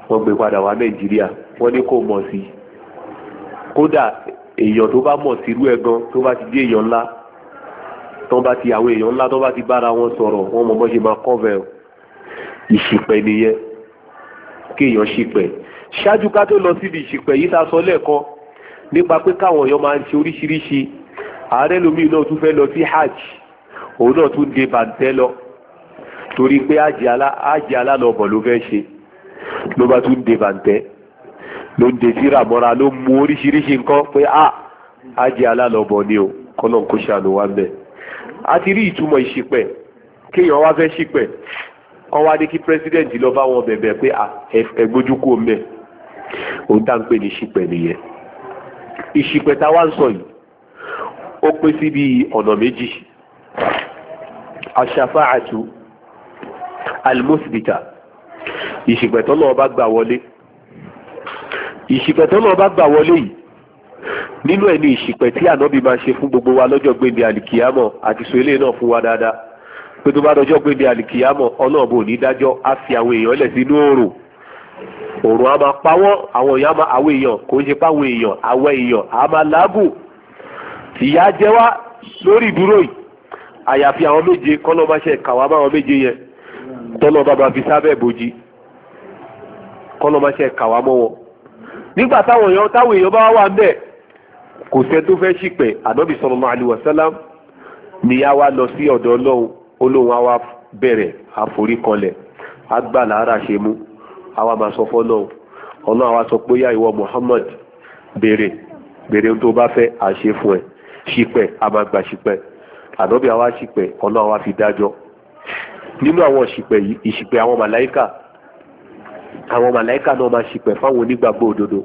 wọ́n gan tó bá ti dé tán bá ti àwọn èèyàn ńlá tán bá ti bára wọn sọ̀rọ̀ wọn mọ̀ bọ́n ṣe máa kọ́vẹ̀ ìṣìpẹ̀ nìyẹn kéèyàn ṣìpẹ̀ ṣáájú ká tó lọ síbi ìṣìpẹ̀ yìí tá a sọ lẹ́ẹ̀kan nípa pé káwọn èèyàn máa ń ṣe oríṣiríṣi ààrẹ lomi náà tún fẹ́ lọ sí hajj òun náà tún dé bàǹtẹ́ lọ torí pé hajj alálọ́bọ̀ ló fẹ́ ṣe ló bá tún dé bàǹtẹ́ ló ń dé síra mọ́ra ló mú oríṣiríṣi nǹkan pé a ah, hajj alálọ́bọ̀ ni o kọ́nà kó ṣàánú wa a ti rí ìtumọ̀ ìṣìpẹ̀ kéèyàn wá fẹ́ ṣìpẹ̀ kọ́ wá ní kí president lọ bá wọn bẹ̀bẹ̀ pé ẹgbójú kú omi ẹ̀ òun tá ń pè ní ìṣìpẹ̀ nìyẹn ìṣìpẹ̀ tá wá ń sọ yìí ó pé sí bí ọ̀nà méjì aṣàfáàtú almusbita ìṣìpẹ̀ tọ́lọ́ ọba gbà wọlé ìṣìpẹ̀ tọ́lọ́ ọba gbà wọlé yìí nínú ẹni ní ìṣìpẹ̀ tí ànábì máa ṣe fún gbogbo wa lọ́jọ́ gbèndé àlìkìyámọ̀ àti sọ náà fún wa dáadáa pé tó bá dọjọ́ gbèndé àlìkìyámọ̀ ọlọ́ọ̀bù ò á fi àwọn èèyàn lẹ̀ sínú oòrùn oòrùn á máa pawọ́ àwọn èèyàn máa àwọn èèyàn kò ń ṣe páwọn èèyàn àwọn èèyàn á máa wá lórí ìdúró yìí àyàfi àwọn méje kọ́nà bá ṣe kàwá àwọn méje yẹn tọ́nà bá máa fi sábẹ́ bòjì kọ́nà bá ṣe kàwá mọ́ wọn nígbà táwọn èèyàn táwọn èèyàn bá wà kò sẹ́ tó fẹ́ ṣìpẹ̀ ànábì wa lọ sí ọ̀dọ̀ ọlọ́run olóhùn àwa bẹ̀rẹ̀ ara ṣe mú àwa máa sọ fọ́ náà ọ̀nà àwa sọ pé yá ìwọ Muhammad béèrè béèrè tó bá fẹ́ àṣẹ fún ẹ ṣìpẹ̀ àmàgbà ṣìpẹ̀ ànábì àwa ṣìpẹ̀ ọ̀nà àwa fi dájọ́ nínú àwọn ìṣìpẹ̀ yìí ìṣìpẹ̀ àwọn màláíkà àwọn màláíkà náà máa ṣìpẹ̀ fáwọn onígbàgbọ́ òdodo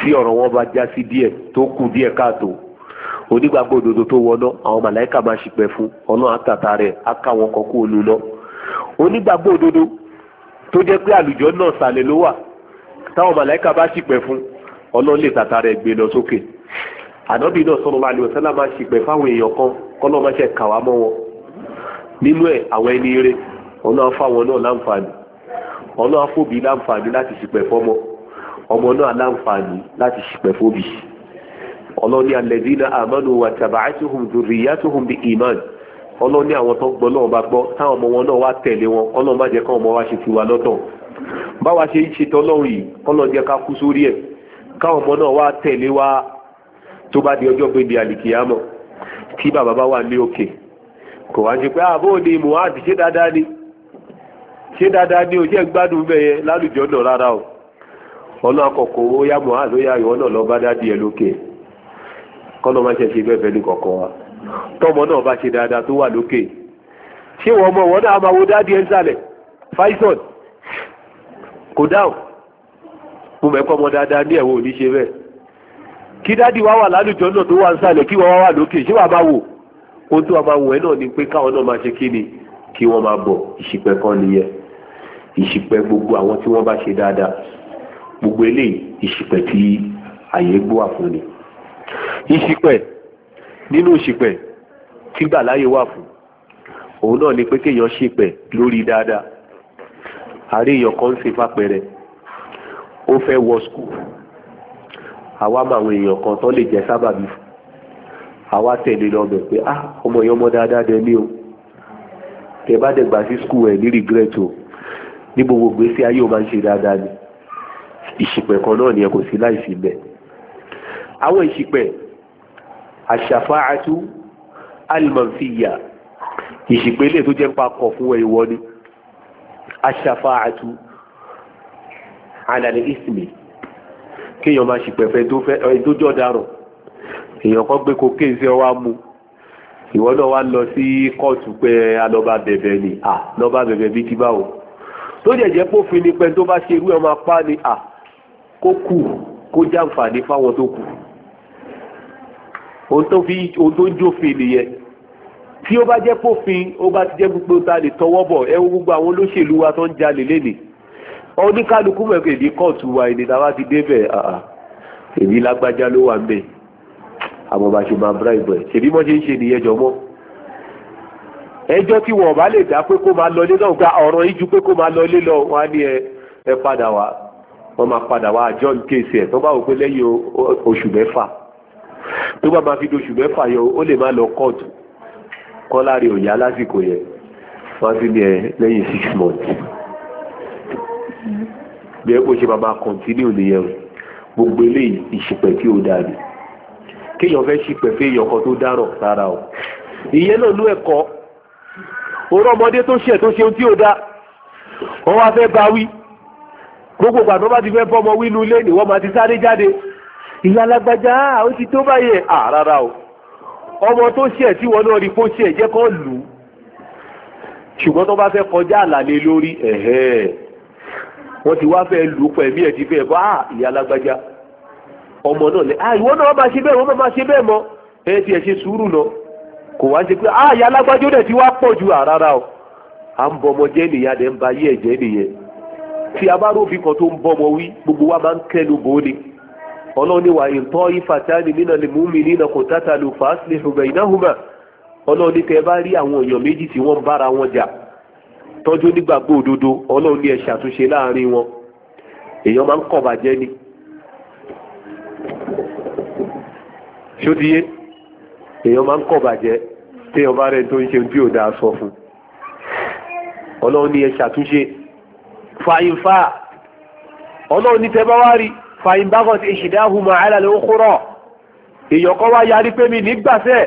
tí ọ̀rọ̀ wọn bá já sí díẹ̀ tó kù díẹ̀ káàtó onígbàgbọ́ òdodo tó wọná àwọn màláìka máa ṣìpẹ̀ fún ọlọ́run àtàtà rẹ̀ wọn kọ́ o lọ onígbàgbọ́ òdodo tó jẹ́ pé àlùjọ náà sàlẹ̀ ló wà táwọn màláìka bá ṣìpẹ̀ fún ọlọ́run lè tàtà rẹ̀ gbé lọ sókè ànábì náà sọ̀rọ̀ máa fáwọn èèyàn kan máa ṣe kà wá mọ́ wọn nínú ẹ̀ àwọn ẹni eré náà láǹfààní ọmọ náà láǹfààní láti ṣìpẹ̀ ọlọ́ni alẹ́dínà àmọ́nù wà tàbáàtúhùn dùrìyàtúhùn bí iman ọlọ́ni àwọn tó gbọ́ náà bá gbọ́ táwọn ọmọ wọn náà wá tẹ̀lé wọn ọlọ́run má jẹ́ káwọn ọmọ ṣe ti wa lọ́tọ̀ ṣe ń ṣe tọ́lọ́run yìí jẹ́ ká kú sórí ẹ̀ káwọn ọmọ náà wá tẹ̀lé wa tó bá di ọjọ́ àlìkìyàmọ̀ kí bàbá bá ni ṣe dáadáa ni ṣe dáadáa ni ò jẹ́ gbádùn bẹ́ẹ̀ yẹn o ọlọ́ àkọ́kọ́ owó yá mọ́ àlóyá ìwọ náà lọ bá dádì ẹ lókè kọ́nà máa ṣe ṣe bẹ́ẹ̀ fẹ́ ní kọ̀ọ̀kan wa tọ́mọ náà bá ṣe dáadáa tó wà lókè ṣé wọ́n mọ̀ wọ́n náà máa wo dádì ẹ faison kò dáhùn mo mẹ́kọ́ ọmọ dáadáa ní ẹ̀wọ̀n òní ṣe bẹ́ẹ̀ kí dádì wá wà lálùjọ náà tó wà ń sàlẹ̀ kí wọ́n wá wà lókè ṣé wàá bá wò ohun tó wàá máa gbogbo eléyìí ìṣìpẹ̀ tí àyè gbówà fún ni ìṣìpẹ̀ nínú ìṣìpẹ̀ tí gbà láyé wà fún òun náà ni pé kéèyàn ṣìpẹ̀ lórí dáadáa àrí èèyàn kan ń ṣe fápẹrẹ ó fẹ́ wọ skul àwa máa àwọn èèyàn kan tán lè jẹ́ sábàbí fún àwa tẹ̀lé lọ́bẹ̀ pé ah ọmọ yẹn ọmọ dáadáa dẹ ní o tẹ bá dẹ̀ gbà sí skul ẹ̀ ní regret o ní gbogbo gbèsè ayé o máa ń ṣe dáadáa ni ìṣìpẹ̀ kan náà ni ẹ kò sí láìsí bẹ̀ àwọn ìṣìpẹ̀ àṣàfáàtú almanfiya ìṣìpẹ̀ ilé tó jẹ́ ń pakọ̀ fún ìwọ ni àṣàfáàtú alàlẹ́ ismi kéèyàn máa ṣìpẹ̀ fẹ́ tó jọ́ darọ̀ èèyàn kan gbé kokéè sí ọwá mu ìwọ náà wá lọ sí kóòtù pé alọba bẹ̀bẹ̀ ni à lọba bí ti báwo tó jẹ̀jẹ̀ pófin ni pé tó bá ṣe irú ẹ̀ máa pa ni à kó kù kó jàǹfààní fáwọn tó kù ohun tó fi ohun tó jófin nìyẹn tí ó bá jẹ́ pófin ó bá ti jẹ́ gbogbo ta lè tọwọ́ bọ̀ ẹ wo gbogbo àwọn olóṣèlú wa tó ń jalè lénìí oníkálukú mẹ́kẹ́ ní kóòtù wa ẹni tá a bá ti débẹ̀ èmi lágbájá ló wà mẹ́ àmọ́ bá ṣe máa bra ìbọ̀ ẹ̀ ṣèbí mọ́ ṣe ń ṣe nìyẹn jọmọ́ ẹjọ́ tí wọ́n bá lè dá pé kó máa lọlé náà gba ọ̀ràn yíjú pé kó máa lọlé lọ wọ́n ní ẹ padà wá wọ́n máa padà wá àjọ kéèsì ẹ̀ tó bá wò pé lẹ́yìn oṣù mẹ́fà tó bá máa fi di oṣù mẹ́fà yẹn ó lè má lọ kóòtù kọ́ láàrin òyà lásìkò yẹn wọ́n ti ní ẹ lẹ́yìn six months bí ẹ kó ṣe máa máa continue nìyẹn gbogbo eléyìí ìṣìpẹ̀ tí ó dáa ni kéèyàn fẹ́ ṣìpẹ̀ fẹ́yàn kan tó dárọ̀ rárá o ìyẹn náà ló ẹ̀kọ́ òrò ọmọdé tó ṣẹ̀ tó ṣe ohun tí ó dáa wọ́n wá fẹ́ bá gbogbo ìgbà tó bá ti fẹ́ fọmọ wínú ilé ni wọ́n máa ti sáré jáde ìyá ó ti tó báyẹn àràrà o ọmọ tó ṣẹ̀ tí wọn náà rí kó ṣẹ̀ jẹ́ lù ú ṣùgbọ́n tó bá fẹ́ kọjá àlàlé lórí ẹ̀hẹ́ wọ́n ti wá fẹ́ lù ú ẹ̀ ti fẹ́ bá ọmọ náà lẹ́ náà tí a bá rófin kan tó ń bọ́mọ wí gbogbo wa máa ń kẹnu bò ó ni ọlọ́run ni wà ìtọ́ ìfàtánì nínà lè mú mi nínà kò tátà lò fàásìlẹ̀ ṣùgbọ́n ìnáhùnmá ọlọ́run ní tẹ́ bá rí àwọn èèyàn méjì tí wọ́n bára wọn jà tọ́jú nígbàgbọ́ òdodo ọlọ́run ní ẹ ṣàtúnṣe láàrin wọn èèyàn máa ń kọ̀ bàjẹ́ ni. ṣódiyé èèyàn máa ń kọ̀ bàjẹ́ téèyàn bá rẹ̀ tó ń ṣe ohun ò dáa sọ fún ọlọ́run ní ẹ ṣàtúnṣe fàyínfà ọlọ́run ní tẹ́ bá wá rí fàyínbákan ti ìṣìdáhùmọ̀ àìlàlẹ̀ òkúrọ̀ èèyàn kan wá yarí pé mi nígbàsẹ̀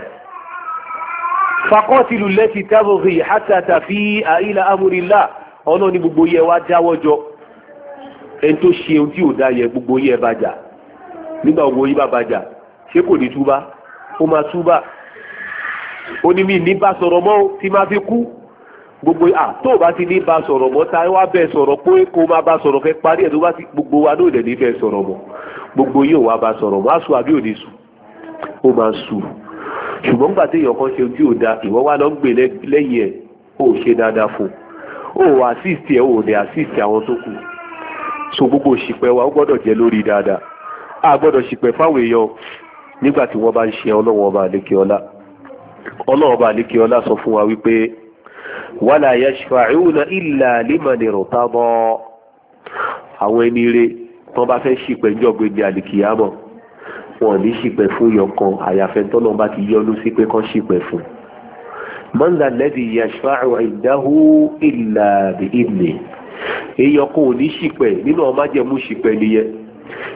fakọ́tìlù lẹ́tì tábòrì hátàtà fi àìlà amúrìlá ọlọ́run ní gbogbo yẹ wá jáwọ́ jọ ẹni tó ṣe gbogbo ah, tó o bá ti ní bá sọ̀rọ̀ mọ́ ta wá bẹ́ẹ̀ sọ̀rọ̀ pé kó o máa bá sọ̀rọ̀ kẹ́ parí ẹ̀ tó bá ti gbogbo wa náà dẹ̀ ní bẹ́ẹ̀ sọ̀rọ̀ mọ́ gbogbo yìí ò wá bá sọ̀rọ̀ mọ́ àṣù àbí òní sùn ó máa sùn ṣùgbọ́n nígbà tí èèyàn kan ṣe ojú ò da ìwọ́ wa lọ ń gbè lẹ́yìn ẹ̀ ó ṣe dáadáa fún ó wà assist ẹ̀ ó dẹ̀ assist àwọn tó kù so gbogbo òṣìpẹ́ wa ó gbọ́dọ̀ jẹ́ lórí dáadáa a gbọ́dọ̀ ṣìpẹ́ fáwọn èèyàn nígbà tí wọ́n bá ń ṣe ọlọ́wọ́n ọba àlékè ọlọ́wọ́n ọba àlékè sọ fún wa wípé wala yashfa'una illa liman irtada àwọn ẹni rẹ̀ tán bá fẹ́ ṣìpẹ̀ ní ọ̀gbẹ́ni àlìkìyàmọ̀ wọn ní ṣìpẹ̀ fún yọkan àyàfẹ́ tọ́nà bá ti yọnu sí pé kán ṣìpẹ̀ fún man alladhi yashfa'u indahu illa bi idni èèyàn kan ò ní ṣìpẹ̀ nínú ọmọ jẹ̀mú ṣìpẹ̀ nìyẹn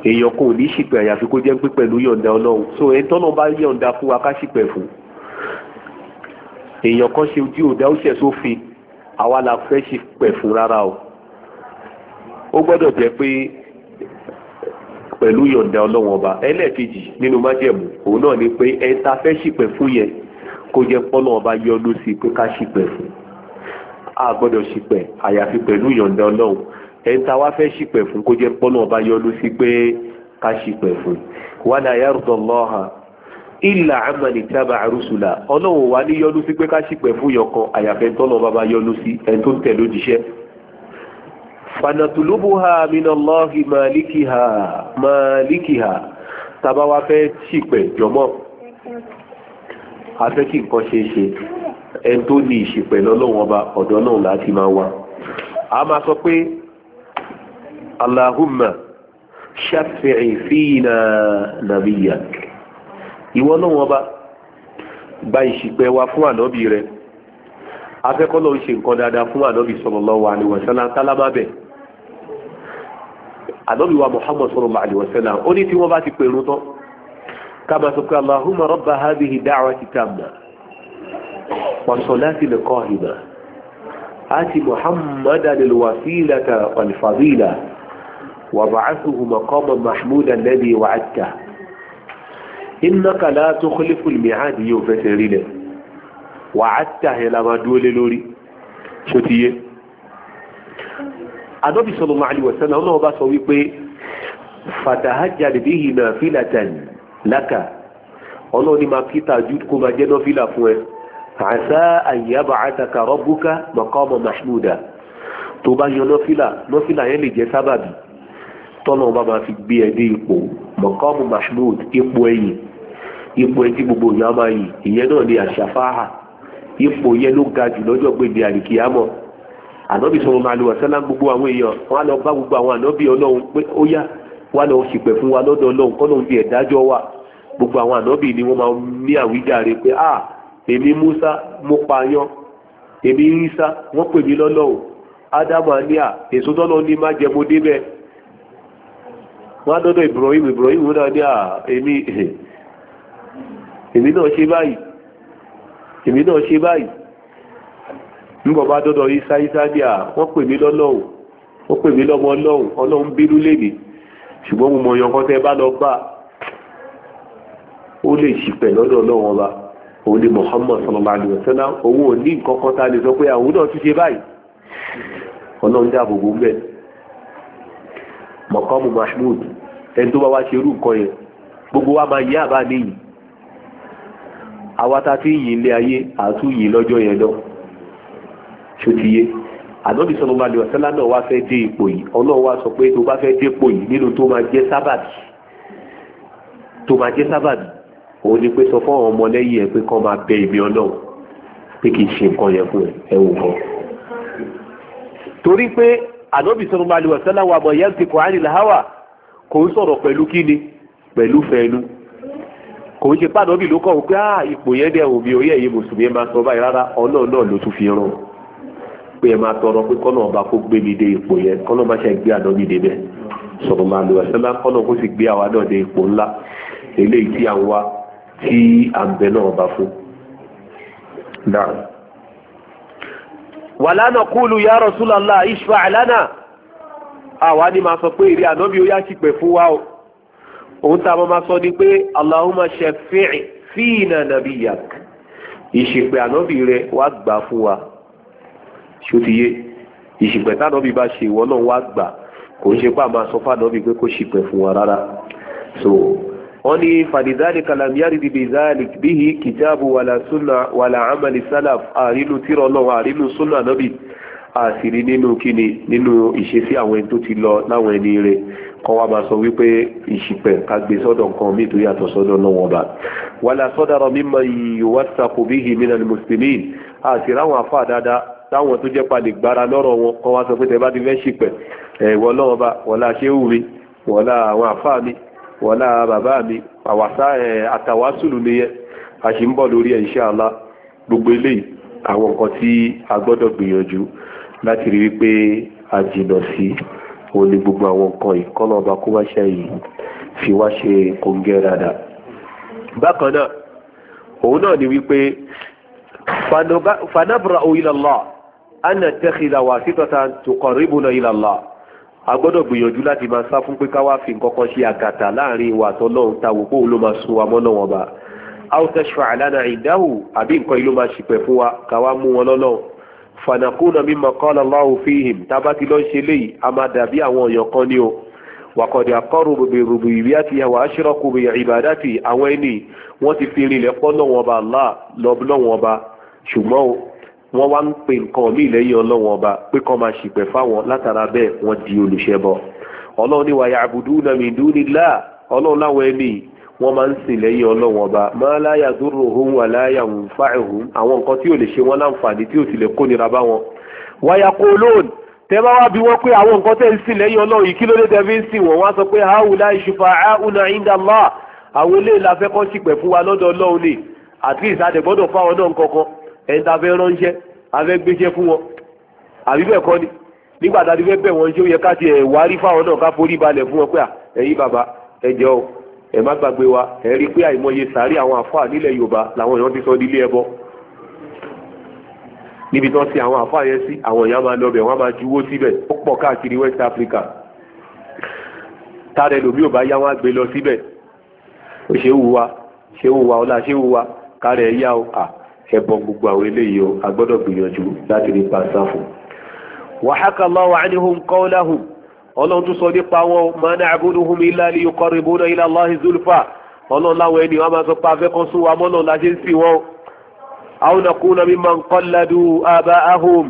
èèyàn kan ò ní ṣìpẹ̀ àyàfi kó jẹ́ pé pẹ̀lú yọ̀ǹda ọlọ́run so ẹ̀ńtọ́nà bá yọ̀ǹda fún wa ká ṣìpẹ̀ fún un èèyàn kan ṣe ojú òdá ó ṣẹ̀ sófin àwa la fẹ́ ṣe pẹ̀ fún rárá o ó gbọ́dọ̀ jẹ́ pé pẹ̀lú yọ̀ǹda ọlọ́wọ́n ọba ẹlẹ́ẹ̀kejì nínú májẹ̀mú òun náà ni pé ẹni tá fẹ́ ṣìpẹ̀ fún yẹn kó jẹ́ pọ́lọ́wọ́n ọba yọ́nú sí pé ká fún a gbọ́dọ̀ àyàfi pẹ̀lú yọ̀ǹda ọlọ́wọ́n wá fẹ́ fún kó jẹ́ sí pé ká ilà amani tí a bá arúsùlà ọlọ́run wa ní yọ́nú sí pé ká ṣìpẹ̀ fún yọkan àyàfẹ́ tọ́lọ́ bá bá yọ́nú sí ẹni tó ń tẹ̀ lójíṣẹ́. fanatulubuha minallahi malikiha malikiha tábà wá fẹ́ n'ụwa jọmọ́ afẹ́ kí nǹkan ṣe é ṣe ẹni tó ní ìwọ lóhun ọba gba ìṣìpẹ̀ wa fún ànábì rẹ afẹ́kọ́lọ́ ń ṣe nǹkan dáadáa fún ànábì sallallahu alaihi tálábàbẹ̀ ànábì wa Muhammad sallallahu alaihi ó ní tí wọ́n bá ti pèrún tán kama sọ pé Allahumma rabba hadhihi da'wati tamma wa salati qa'ima ati Muhammadan al-wasilata wal-fadila wa ba'athuhu maqaman mahmudan alladhi wa'adtahu innaka la tukhlifu al-mi'ad yóò fẹsẹ̀ rí lẹ̀ wà á tà yẹn la máa dúró lé lórí ṣó ti yé adọ́bí sallallahu alaihi wasallam náà bá sọ wípé fatahajjad bihi nafilatan laka ọlọ́ọ̀ni máa kí tahajjud kó máa jẹ́ nọ́fìlà fún ẹ àṣà àyàbà àtàkà rabbuka maqama mahmuda tó bá yan nọ́fìlà nọ́fìlà yẹn lè jẹ́ sábàbí tọ́lọ́ bá máa fi gbé ẹ dé ipò maqama mahmud ipò ẹ̀yìn ipò ẹtí gbogbo èèyàn máa yìí ìyẹn náà ni àṣàfáà ipò yẹn ló ga jù lọ́jọ́ gbèdé àríkìyàmọ̀ ànábì sọ̀rọ̀ màálù ọ̀sánlá gbogbo àwọn èèyàn wọn á lọ bá gbogbo àwọn ànábì ọlọ́run pé ó yá wọn á lọ ṣìpẹ̀ fún wa lọ́dọ̀ ọlọ́run kọ́ lóun ti ẹ̀dájọ́ wa gbogbo àwọn ànábì ni wọ́n máa ní àwíjàre pé a èmi Musa mo pààyàn èmi Isa wọ́n pè mí lọ́lọ́run Ádámù àníà èso tọ́lọ́ ní má jẹ mo á èmi náà ṣe báyìí èmi náà ṣe báyìí nígbà bá dọ́dọ̀ isa isa ní à wọ́n pè mí lọ́lọ́hùn wọ́n pè mí lọ́mọ ọlọ́hùn ọlọ́hùn bínú lèmi ṣùgbọ́n mo mọ ọyàn kan tẹ́ bá lọ bá ó lè ṣìpẹ̀ lọ́dọ̀ ọlọ́hùn ọba òun ni Muhammad sallallahu alaihi wasallam òun ò ní nǹkan kan a lè sọ pé àwọn náà ti ṣe báyìí ọlọ́run dáàbò bò ń bẹ̀ mọ̀kọ́mù mahmud ẹni tó bá wá ṣe àwa tá ti ń yìn ilé ayé àtún yìn lọ́jọ́ yẹn lọ ṣòtìyé ànábì sọ̀rọ̀ máa lè ọ̀sẹ́lá náà wá fẹ́ dé ipò yìí ọlọ́run wá sọ pé tó bá fẹ́ dé ipò yìí nínú tó máa jẹ́ sábàbí tó máa jẹ́ sábàbí òun ni pé sọ fún ọmọ lẹ́yìn ẹ̀ pé kán máa bẹ ìmí ọlọ́run pé kì í ṣe nǹkan yẹn fún ẹ wò kàn. torí pé ànábì sọ̀rọ̀ máa lè ọ̀sẹ́lá wa yẹn ti kọ̀ á nílẹ̀ kò ń sọ̀rọ̀ pẹ̀lú kíni pẹ̀lú fẹ́ẹ́nu kò ń ṣe pàdé òbí ló kọ̀ wípé ah ipò yẹn dẹ̀ òbí oyè yìí mùsùlùmí ẹ máa sọ báyìí rárá ọlọ́run náà ló tún fi rán pé ẹ máa tọrọ pé kọ́nà ọba kó gbé mi dé ipò yẹn kọ́nà má ṣe gbé àdọ́bí dé bẹ́ẹ̀ sọ̀rọ̀ máa lò ẹ̀sẹ̀ ńlá kọ́nà kó sì gbé àwa náà dé ipò ńlá eléyìí tí à ń wá tí à ń bẹ náà ọba fún. wàlá náà kúlù ya Rasulullah ìṣ òun tá a máa sọ ni pé Allahumma shafi' fina nabiyyak ìṣèpè ànábì rẹ wá gbà fún wa ṣòtìyé ìṣèpè tànábì bá ṣe ìwọ náà wá gbà kò ń ṣe pé àmà sọ fànábì pé kò ṣìpẹ̀ fún wa rárá so wọ́n ní fàdízáàlì kàlàmíyàrí dìbì záàlì bíhi kìjáàbù wàlà súnà wàlà àmàlì sálàf àrínú tírọ̀ náà àrínú súnà nábì àṣírí nínú kíni nínú ìṣesí àwọn ẹni tó ti lọ láwọn ẹni rẹ̀ kọ́ wa máa sọ wípé ìṣìpẹ̀ kagbe sọ́dọ̀ nǹkan míì tó yàtọ̀ sọ́dọ̀ náà wọn bá wàlá sọ́dọ̀rọ̀ mímọ ìyíwá sàkóbíhì minal muslimin àṣírí àwọn àfáà dáadáa táwọn tó jẹ́ palè gbára lọ́rọ̀ wọn kọ́ wa sọ pé tẹ bá ti fẹ́ ṣìpẹ̀ ẹ̀wọ́ náà bá láti rí wípé a jìnà sí o ní gbogbo àwọn nǹkan yìí kọ́nà ọba kó má ṣe yìí fi wá ṣe kòǹgẹ́ dáadáa bákan náà òun náà ni wípé fanabra ila Allah anna tẹ́kìlá wà sítọ́ta tuqarribuna ila Allah a gbọ́dọ̀ gbìyànjú láti máa sá fún pé káwá fi nǹkan ṣe àgàtà láàrin ìwà àtọ́lọ́run táwọn òpó ló máa sun wa mọ́nà wọn bá a ó tẹ́ṣọ́ àlànà ìdáhùn àbí nǹkan ìlú máa ṣìpẹ̀ fún wa káwá mú wọn lọ́lọ́run fanakuna mimma qala Allahu fihim tába ti lọ ṣe léyìí a máa dàbí àwọn èèyàn kan ní o wàkọ̀dé akọ́rù bèbèrèbè ìwé àti àwọn aṣírọ́kù bèyà ìbàdàtì àwọn ẹni wọ́n ti fi rinlẹ̀ pọ́ lọ́wọ́n ọba Allah lọ́wọ́n ọba ṣùgbọ́n wọ́n wá ń pè nǹkan mí lẹ́yìn ọlọ́wọ́n ọba pé kọ́ máa ṣìpẹ̀ fáwọn látara bẹ́ẹ̀ wọ́n di olùṣẹ́bọ ọlọ́run ní wàyà àbùdú nàmìdú nílá ọlọ́run láwọn ẹni wọ́n máa ń sìn lẹ́yìn ọlọ́wọ́n ọba máa láyà dúró ohun wà láyà ń fa ẹ̀hún àwọn nǹkan tí ò lè ṣe wọ́n láǹfààní tí ò sì lè kónira bá wọn. wáyà kó lóòn tẹ́ bá wá bí wọ́n pé àwọn nǹkan tẹ́ ń sìn lẹ́yìn ọlọ́run yìí kí ló dé tẹ́ fi ń sìn wọ́n wá sọ pé haula ìṣùfà hauna indala àwọn eléyìí la fẹ́ kọ́ fún wa lọ́dọ̀ ọlọ́run ni at least fáwọn náà ẹ má gbàgbé wa ẹ rí pé àìmọye sàárì àwọn àfáà nílẹ̀ Yorùbá làwọn èèyàn ti sọ nílé ẹbọ níbi tán sí àwọn àfáà yẹn sí àwọn èèyàn máa lọ bẹ̀ wọ́n máa juwó síbẹ̀ ó pọ̀ káàkiri West Africa tààrẹ lòmí ò bá yá wọn gbé lọ síbẹ̀ ó ṣe wù wá ṣe wù wá ọlá ṣe wù wá kárẹ̀ yá o à ẹ̀bọ̀n gbogbo àwọn eléyìí o a gbọ́dọ̀ gbìyànjú láti rí pa sáfù. wàhákàlá wàhánihùn kọ́ọ́láhùn ọlọ́run tún sọ nípa wọn ma na'buduhum illa liyuqarribuna ila Allahi zulfa ọlọ́run láwọn ẹni wọn máa sọ pé afẹ́kọ́ sún wa mọ́nà láṣẹ ń sìn wọn. aw nakuna mimman qalladu aba'ahum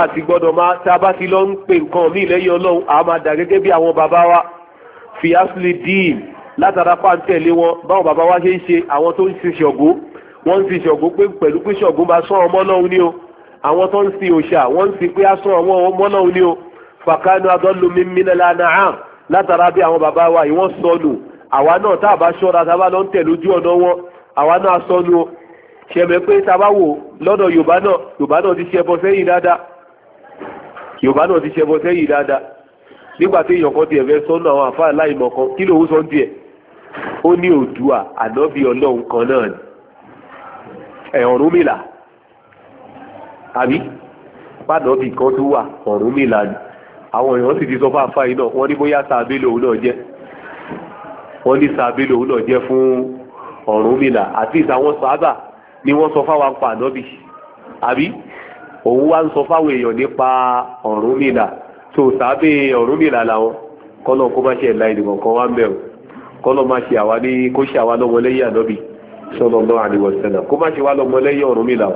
àti gbọ́dọ̀ máa tá a bá ti lọ ń pè nǹkan mí lẹ́yìn ọlọ́run àá máa dà gẹ́gẹ́ bí àwọn bàbá wa fi asli díìn látara pàǹtẹ̀lé wọn báwọn bàbá wa ṣe ń ṣe àwọn tó ń ṣe ṣọ̀gbó wọ́n ń fi ṣọ̀gbó pé pẹ̀lú pé ṣọ̀gbó máa sán ọmọ náà ní o àwọn tó ń sin òòṣà wọ́n ń sin pé á sán ọmọ náà ní o fàkánú adọ́lu mímínà lánàá látara bí àwọn bàbá wa yìí sọnù àwa náà tá a bá ṣọ́ra tá a bá lọ ń tẹ̀ lójú ọ̀nà wọn àwa náà sọnù o ṣẹ̀mẹ̀ pé tá a bá wò lọ́dọ̀ yorùbá náà yorùbá náà ti ṣẹbọ sẹ́yìn dáadáa yorùbá náà ti ṣẹbọ sẹ́yìn dáadáa nígbà tí èèyàn kan tiẹ̀ fẹ́ sọnù àwọn àfáà láìmọ̀ kan kí lòun sọ díẹ̀ ó ní òdùà ànábì ọlọ́run kan náà ni ẹ̀họ̀rún mìlà àbí pàdánù kan tó wà ọ̀rún mìlà ni àwọn èèyàn sì ti sọ fáfá yìí náà wọ́n ní bóyá sàbí lòun náà jẹ́ wọ́n ní sàbí lòun náà jẹ́ fún Ọ̀rúnmìlà àti ìsàwọn sábà ni wọ́n sọ fáwọn ń pa ànábì àbí òun wá ń sọ fáwọn èèyàn nípa Ọ̀rúnmìlà tó sàbí Ọ̀rúnmìlà làwọn kọ́nà kó má ṣe ẹ̀la ènìyàn kan wá ń bẹ̀rù kọ́nà má ṣe àwa ní kó ṣe àwa lọ́mọlẹ́yìn ànábì sallallahu alaihi wasallam kó má ṣe wá lọ́mọlẹ́yìn Ọ̀rúnmìlà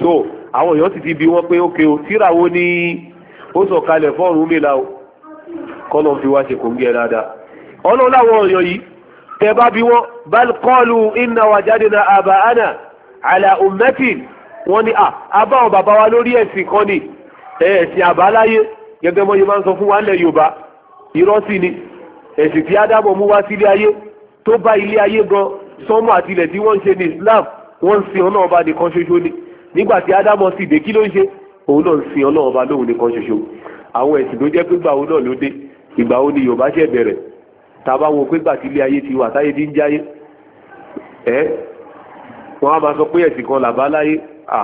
so àwọn èèyàn sì ti bi wọ́n pé ókè o tíra wo ni ó sọ kalẹ̀ fọ́ọ̀rún mìlá o kọ́nà fi wá ṣe kò ń gẹ́ dáadáa ọlọ́run láwọn ọ̀yọ́ yìí tẹ bá bí wọ́n bal qalu inna wajadna aba'ana ala ummatin wọ́n ní àbá wọn bàbá wa lórí ẹ̀sìn kan ní ẹ̀sìn àbáláyé gẹ́gẹ́ mọ́ yìí máa ń sọ fún wa ńlẹ̀ yorùbá irọ́ sí ni ẹ̀sìn tí ádámọ̀ mú wá sílé ayé tó bá ilé ayé gan sánmọ̀ àtilẹ̀ tí wọ́n ń ṣe ní islam wọ́n ń sin ọ̀nà ọba nìkan ṣoṣo ni nígbà tí ádámọ̀ sì dé kí ló ń ṣe òun náà ń sin ọlọ́run ọba lóhun nìkan ṣoṣo àwọn ẹ̀sìn tó jẹ́ pé gbà òun náà ló dé ìgbà òun ni yorùbá ṣẹ̀ bẹ̀rẹ̀ tá a bá wo pé gbà tí ilé ayé ti wà táyé ti ń jáyé ẹ́ wọ́n á máa sọ pé ẹ̀sìn kan làbá láyé à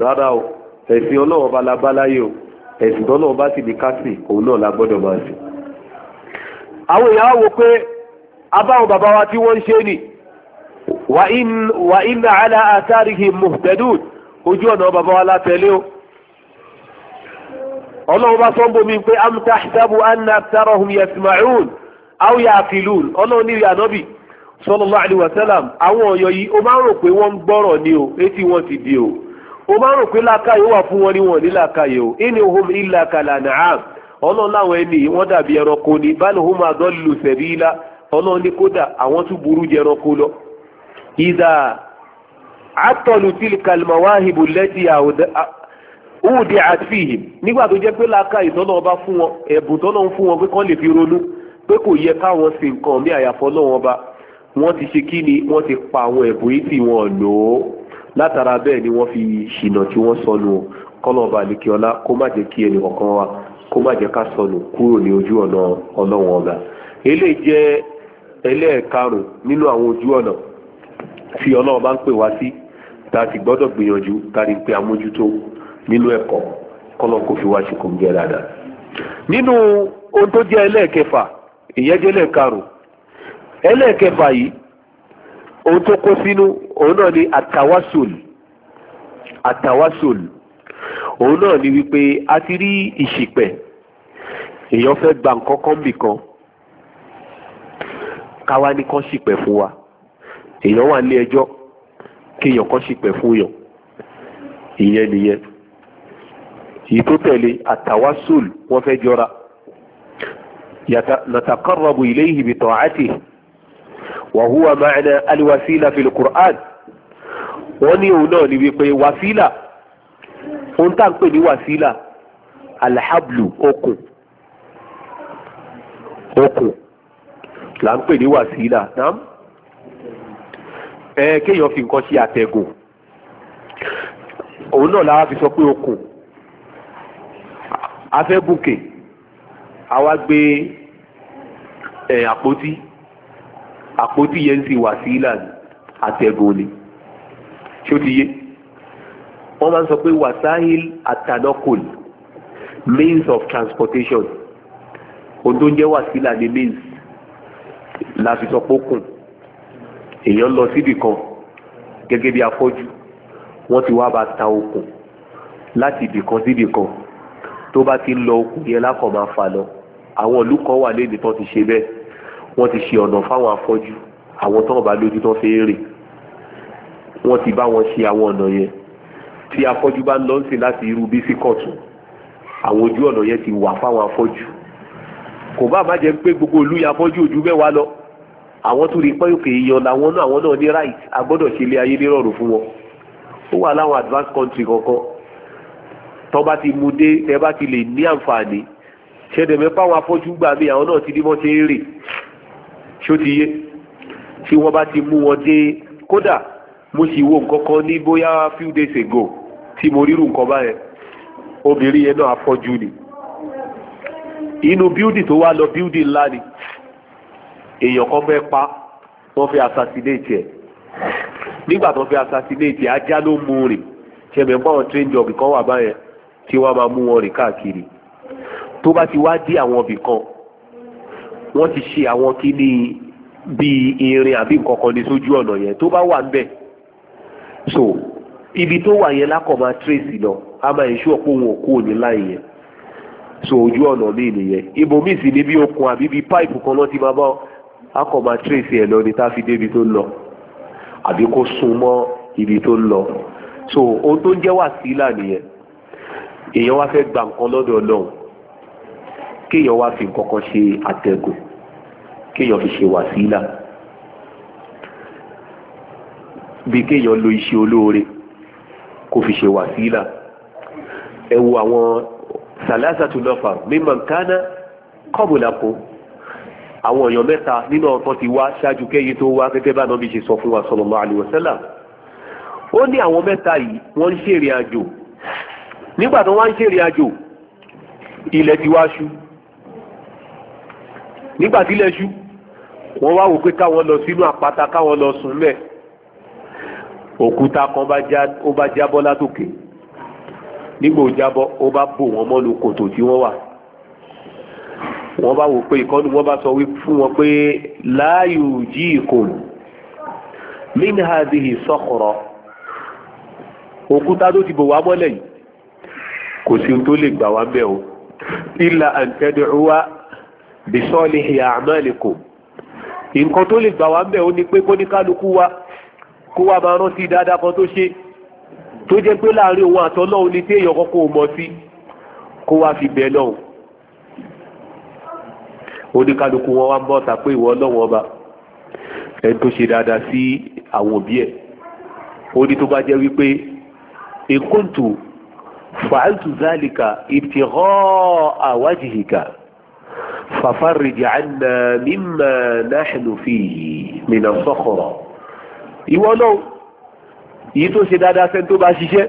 rárá o ẹ̀sìn ọlọ́run ọba làbá láyé o ẹ̀sìn tọ́lọ́run bá sì ní kásì òun náà la gbọ́dọ̀ máa sìn. àwọn èèyàn wo pé abáwọn bàbá wa tí wọ́n ṣe nì wà ìnà àlà àtàrí him muhtadun ojú ọ̀nà bàbá wa látẹ̀lé o ọlọ́run bá sọ́ńbó mi pé am tahsabu anna aktarahum yasma'un aw yaqilun ọlọ́run ní ànábì sallallahu alaihi àwọn ọ̀yọ́ yìí ó máa ń rò pé wọ́n ń gbọ́rọ̀ ni o etí wọn ti di o ó máa ń rò pé làákàyè wà fún wọn ní wọn ní làákàyè o ọlọ́run láwọn ẹni wọ́n dàbí ẹranko ni ọlọ́run ní kódà àwọn tún burú jẹ ẹranko lọ. ìdá àtọ̀lù òde àfihìm nígbà tó jẹ́ pé láka ìtọ́nà ọba fún wọn ẹ̀bùn tọ́nà ń fún wọn pé kán lè fi ronú pé kò yẹ káwọn sì nǹkan bí àyàfọ́ náà wọn bá wọ́n ti ṣe kí ni wọ́n ti pa àwọn ẹ̀bùn yìí tí wọ́n lò ó látara bẹ́ẹ̀ ni wọ́n fi ṣìnà tí wọ́n sọnù kọ́nà ọba àlekíọ́lá kó má jẹ́ kí ẹnì kọ̀ọ̀kan wa kó má jẹ́ ká sọnù kúrò ní ojú ọ̀nà ọlọ́run ọba eléyìí jẹ́ ẹlẹ́ẹ̀karùn nínú àwọn ojú ọ̀nà tí ọlọ́run bá ń pè wá sí tá ti gbọ́dọ̀ gbìyànjú tá ti ń pe àmójútó nílùú ẹ̀kọ́ kọ́lọ́ kò fi wá ṣe kò ń jẹ́ dáadáa. nínú ohun tó jẹ́ ẹlẹ́ẹ̀kẹfà ìyẹn jẹ́ ẹlẹ́ẹ̀karùn ẹlẹ́ẹ̀kẹfà yìí ohun tó kó sínú òun náà ni àtàwásùl àtàwásùl òun náà ni wípé a ti rí ìṣìpẹ̀ èèyàn fẹ́ gba nǹkan kan bì kan káwa ní kan ṣìpẹ̀ fún wa èèyàn wà nílé ẹjọ́ kéèyàn kan ṣìpẹ̀ fún yàn ìyẹn nìyẹn èyí tó tẹ̀lé àtàwásùl wọ́n fẹ́ jọra nàtàkọ́rọ̀bù ilayhi bi ta'atihi wa huwa ma'na aliwasila fil Qur'an wọ́n ní òun náà ni wípé wàsílà ohun tá à ń pè ní wàsílà alhablu okùn okùn là ń pè ní wàsílà náà ẹ kéèyàn fi nǹkan ṣe àtẹ̀gùn òun náà lára fi sọ pé okùn afẹ́ bùkè àwa gbé ẹ̀ àpótí àpótí yẹn sì wà sí ìlànà àtẹ̀gùn ni ṣé wọ́n máa ń sọ pé wasahil atanokol means of transportation ohun tó ń jẹ́ wàsílà ni means la fi sọ pé ó kùn èèyàn lọ síbì kan gẹ́gẹ́ bí afọ́jú wọ́n ti wá bá ta okùn láti ibì kan síbì kan tó bá ti lọ okùn yẹn lákọ̀ máa fà lọ àwọn ìlú kan wà lẹ́ni tó ti ṣe bẹ́ẹ̀ wọ́n ti ṣe ọ̀nà fáwọn afọ́jú àwọn tó bá lójú tó fi ń rìn wọ́n ti bá wọn ṣe àwọn ọ̀nà yẹn tí afọ́jú bá ń lọ sí láti irú bí sí kọ̀tún àwọn ojú ọ̀nà yẹn ti wà fáwọn afọ́jú kò bá má jẹ́ pé gbogbo ìlú yẹn afọ́jú ojú mẹ́wàá lọ àwọn tó rí pé òkè èèyàn làwọn náà àwọn náà ní right a gbọ́dọ̀ ṣe ilé ayé nírọ̀rùn fún wọn ó wà láwọn advanced country kankan tó bá ti mu dé tẹ́ bá ti lè ní àǹfààní ṣẹ̀dẹ̀mẹ́ fáwọn afọ́jú gbà mí àwọn náà ti ní wọ́n ṣe ń rè ṣó ti yé tí wọ́n bá ti mú wọn dé kódà mo sì wo nǹkan kan ní bóyá few days ago tí mo ríru nǹkan báyẹn obìnrin yẹn náà afọ́jú ni inú bíúdì tó wá lọ bíúdì ńlá ni èèyàn kan fẹ́ pa wọ́n fẹ́ assassinate ẹ̀ nígbà tó fẹ́ assassinate ajá ló mú rìn ṣẹ̀mẹ̀ báwọn train job kan wà báyẹn tí wọ́n máa mú wọn rìn káàkiri tó bá ti wá dé àwọn ibì kan wọ́n ti ṣe àwọn kíní bíi irin àbí nǹkan kan ní sójú ọ̀nà yẹn tó bá wà ń bẹ̀ so ibi tó wà yẹn lákọ̀ máa trace lọ a máa ń ṣú ọ̀pọ̀ òun òkú òní láì yẹn so ojú ọ̀nà míì nìyẹn ibòmíì sì ní bí okùn àbí bíi pipe kan lọ́ọ́ ti máa bá akọ̀ máa trace ẹ̀ lọ ni tá a fi débi tó ń lọ àbí kó sún mọ́ ibi tó ń lọ so ohun tó ń jẹ́ wàsílà nìyẹn èèyàn wá fẹ́ gba nǹkan lọ́dọ̀ ọlọ́run kéèyàn wá fi nǹkan kan ṣe àtẹ̀gùn kéèyàn fi ṣe wàsílà bí kéèyàn lo iṣẹ́ olóore kó fi ṣe wàsílà ẹ wo àwọn sàlásàtú lọ́fà mímọ̀ kánà kọ́bùlàpọ̀ àwọn èèyàn mẹ́ta nínú ọ̀tọ́ ti wá ṣáájú kẹ́yìn tó wá gẹ́gẹ́ bá nọ́bí ṣe sọ fún wa sallallahu alaihi wasallam ó ní àwọn mẹ́ta yìí wọ́n ń ṣèrìn àjò nígbà tó wá ń ṣèrìn àjò ilẹ̀ ti wá ṣú nígbà tí ilẹ̀ ṣú wọ́n wá wò pé káwọn lọ sínú àpáta káwọn lọ sùn mẹ́ òkúta kan ó bá jábọ́ látòkè nígbà ó ó bá bò wọ́n mọ́nu kòtò tí wọ́n wà wọ́n bá wò pé ìkọ́nù wọ́n bá sọ fún wọn pé láàyò jí ìkòrò min hadhihi sọ́kọ̀rọ̀ òkúta tó ti bò wá mọ́lẹ̀ yìí kò sí tó lè gbà wá bẹ́ẹ̀ o ilà àǹtẹ̀dùrúwá bisọ́ọ̀lì ìyá àmàlìkò nǹkan tó lè gbà wá bẹ́ẹ̀ o ni pé kó ní kálukú wa kó wá máa rántí dáadáa kan tó ṣe tó jẹ́ pé láàrin òun àtọ́lọ́hun ni tí èèyàn kọ́kọ́ mọ̀ sí kó wá fi bẹ̀ lọ́hùn oníkálukú wọn wá bọ́ ta pé ìwọ ọlọ́wọ́n ọba ẹni tó ṣe dáadáa sí àwọn òbí ẹ̀ ó ní tó bá jẹ́ wípé èkóǹtù فعلت ذلك ابتغاء وجهك fafarij عنا مما نحن فيه من as-sakhra ìwọ náà èyí tó ṣe dáadáa sẹ́ni tó bá ṣiṣẹ́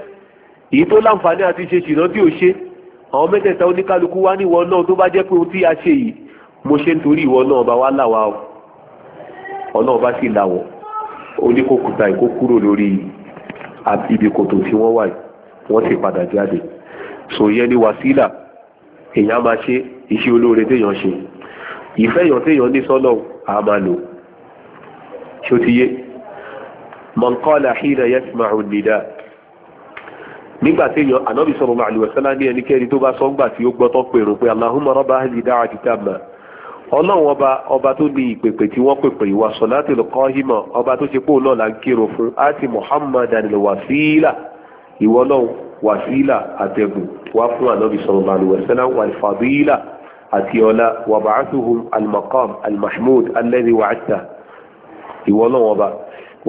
èyí tó láǹfààní àti ṣe ṣìnà tí ò ṣe àwọn mẹ́tẹ̀ẹ̀ta oníkálukú wá ní ìwọ náà tó bá jẹ́ pé ohun tí a ṣe yìí mo ṣe ń torí ìwọ náà bá wá o ọlọ́run bá sì làwọ̀ oníkókùtà ìkó lórí ibi kòtò tí wọ́n wà yìí wọ́n sì padà jáde so ìyẹn ni wàsílà èèyàn máa ṣe iṣẹ́ olóore téèyàn ṣe ìfẹ́ èèyàn téèyàn ní sọ́nà a lò ṣé ó ti yé mọ̀nkọ́lá hìnà yẹn máa hùn nìdá nígbà téèyàn ànábì sallallahu alaihi wasallam ní sọ ńgbà tí ọba ọba tó ní ìpèpè tí wọ́n pèpè ìwà salatil qa'ima ọba tó ṣe pé náà ń kírun fún ìwọ náà wàsílà àtẹ̀gùn wá fún ànábì sallallahu alaihi wasallam wal fadila àti ọlá wa ba'athuhum al-maqam al-mahmud alladhi wa'adta ìwọ náà wọ́n bá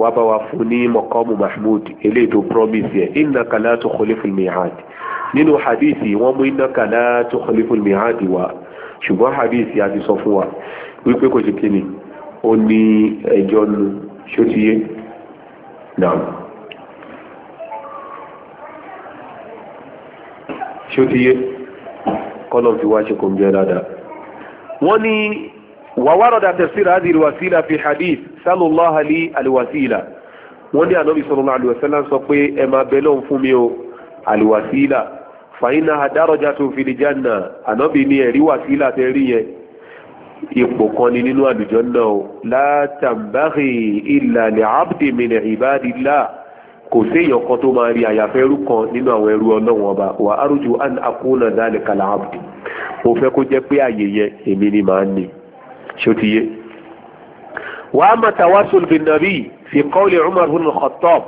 wá bá wa fún ní maqamu mahmud eléyìí tó promise yẹ innaka la tukhliful mi'ad nínú hadithi ṣe ó ti yé náà. ṣó ti yé kọ́lọ̀ fi wá ṣe kò ń jẹ́ dáadáa wọ́n ní wàwárọ̀dà tafsir hadhihi alwasila fi hadith sallallahu alaihi alwasila wọ́n ní ànábì sallallahu alaihi wasallam sọ pé ẹ máa bẹ lọ́hùn fún mi o alwasila fàyínà darajatun fil janna ànábì ní ẹ̀rí wàsílà tẹ́ rí yẹn ipò kan ni nínú àlùjànnà o la tambaghi illa abdi min ibadillah kò séèyàn kan tó máa rí ẹrú kan nínú àwọn ẹrú ọlọ́wọ́n ọba wà an akúnà dálẹ̀ kàlà mo fẹ́ kó jẹ́ pé àyè yẹn èmi ni màá ní ṣó ti yé. wà á máa tàwásùn nàbí fi Umar bin Khattab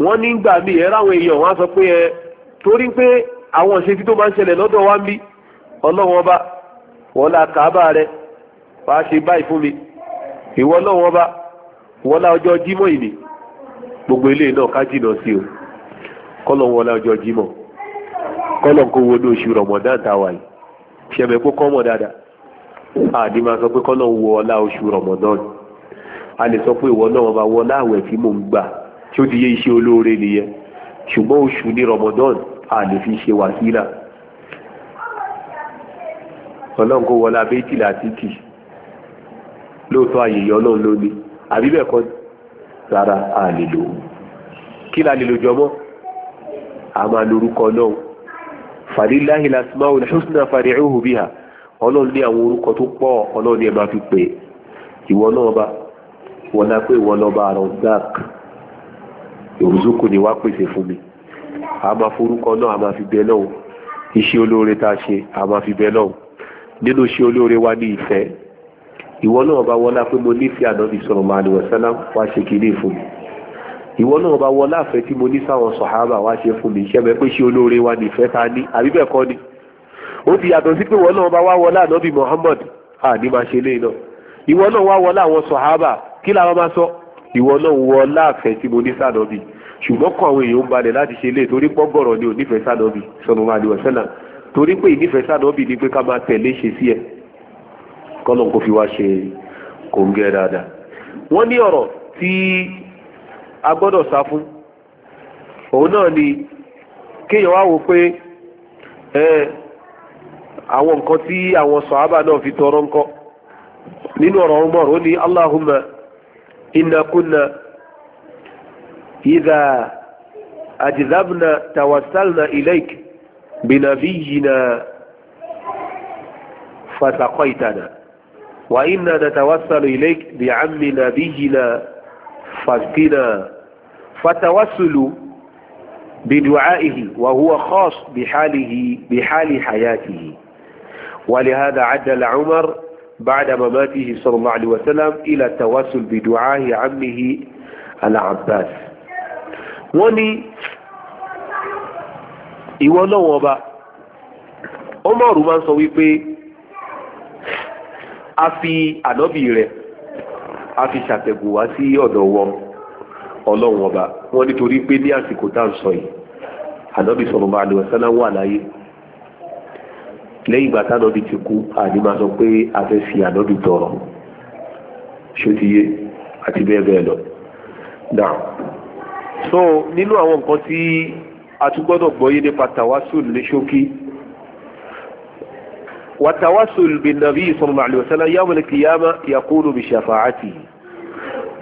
wọ́n ẹ̀rọ àwọn èèyàn wọ́n á sọ pé ẹ torí pé àwọn ìṣesí tó máa ń ṣẹlẹ̀ lọ́dọ̀ ń bí ọlọ́wọ́n ọba wọ́n la kàábà wàá ṣe báyìí fún mi gbogbo ilé náà ká jìnà sí o kọ́lọ̀ wọlé ọjọ́ jímọ̀ kọ́lọ̀ kó wo ní oṣù rọ̀mọ̀dán táwa yìí ṣẹ̀mẹ̀ kó kọ́mọ̀ dáadáa àdì máa sọ pé kọ́lọ̀ wọ ọlá oṣù rọ̀mọ̀dán a lè sọ pé ìwọ náà máa wọ láàwẹ̀ tí mò ń gbà tí ó ti yé iṣẹ́ olóore nìyẹn ṣùgbọ́n oṣù ní rọ̀mọ̀dán a lè fi ṣe wàsílà ọlọ́run kó wọlá bẹ́tìlá títì lóòótọ́ àyè yọ ọlọ́run lónìí àbí bẹ́ẹ̀ sára àlèlò kí la lè lò jọmọ́ a máa lórúkọ náà fàlíláhì lásìmáwò lẹ́sùnà fàdíhù bí ha ọlọ́run ní àwọn orúkọ tó pọ̀ ọlọ́run ní ẹ máa fi pè ìwọ náà bá wọn náà pé ìwọ náà bá ara zak òrùzókò ni wá pèsè fún mi a máa forúkọ náà a máa fi bẹ náà iṣẹ́ olóore tá a ṣe a máa fi bẹ náà nínú iṣẹ́ olóore wa ní ìfẹ́ ìwọ náà bá wọlá pé mo nífẹ̀ẹ́ ànábì sallallahu alaihi wasallam wá ṣe kínní fún mi ìwọ náà bá wọlá àfẹ́ tí mo ní sáwọn sọ̀hábà wá ṣe fún mi ṣẹ́mi pé ṣé olóore wa nìfẹ́ ta ní àbí bẹ́ẹ̀ kọ́ ni ó ti yàtọ̀ sí pé ìwọ náà bá wá wọlá ànábì Muhammad àní máa ṣe léyìn náà ìwọ náà wá wọlá àwọn sọ̀hábà kí làwọn máa sọ ìwọ náà wọlá àfẹ́ tí mo ní sànọ́bì ṣùgbọ́n kọ́ àwọn èèyàn ń balẹ̀ láti ṣe léyìn torí pọ́gọ́rọ̀ ni ò nífẹ̀ẹ́ sànọ́bì sallallahu alaihi wasallam torí pé ìnífẹ̀ẹ́ sànọ́bì ni pé ká máa tẹ̀lé ṣe sí ẹ̀ kọ́lọ̀ kó fi wá ṣe kòǹgẹ́ dáadáa wọ́n ní ọ̀rọ̀ tí a gbọ́dọ̀ sá fún òun náà ni kéèyàn wá wò pé àwọn nǹkan tí àwọn sọ̀hábà náà fi tọrọ ńkọ́ nínú ọ̀rọ̀ Umar ó ní Allahumma inna kunna idha ajizabna tawassalna ilayk binabiyyina fasaqaitana وإنا نتوسل إليك بعم نبينا فاذكنا فتوسل بدعائه وهو خاص بحاله بحال حياته ولهذا عدل عمر بعد مماته صلى الله عليه وسلم إلى التوسل بدعاء عمه العباس وني ìwọ náà wọn bá ọmọ a fi anọbi rẹ̀ a fi ṣàtẹ̀gùn wá sí ọ̀dọ̀ wọn ọlọ́run ọba nítorí pé ní àsìkò tá à ń sọ yìí ànábì sallallahu alaihi wasallam wà láyé lẹ́yìn ìgbà ti kú sọ pé a fẹ́ fi ànábì tọrọ ṣótiyé àti bẹ́ẹ̀ bẹ́ẹ̀ nínú àwọn nǹkan tí a tún gbọ́dọ̀ nípa wàtàwásùl bin nabi sallallahu alaihi wasallam yawmal qiyamah yakunu bi shafa'ati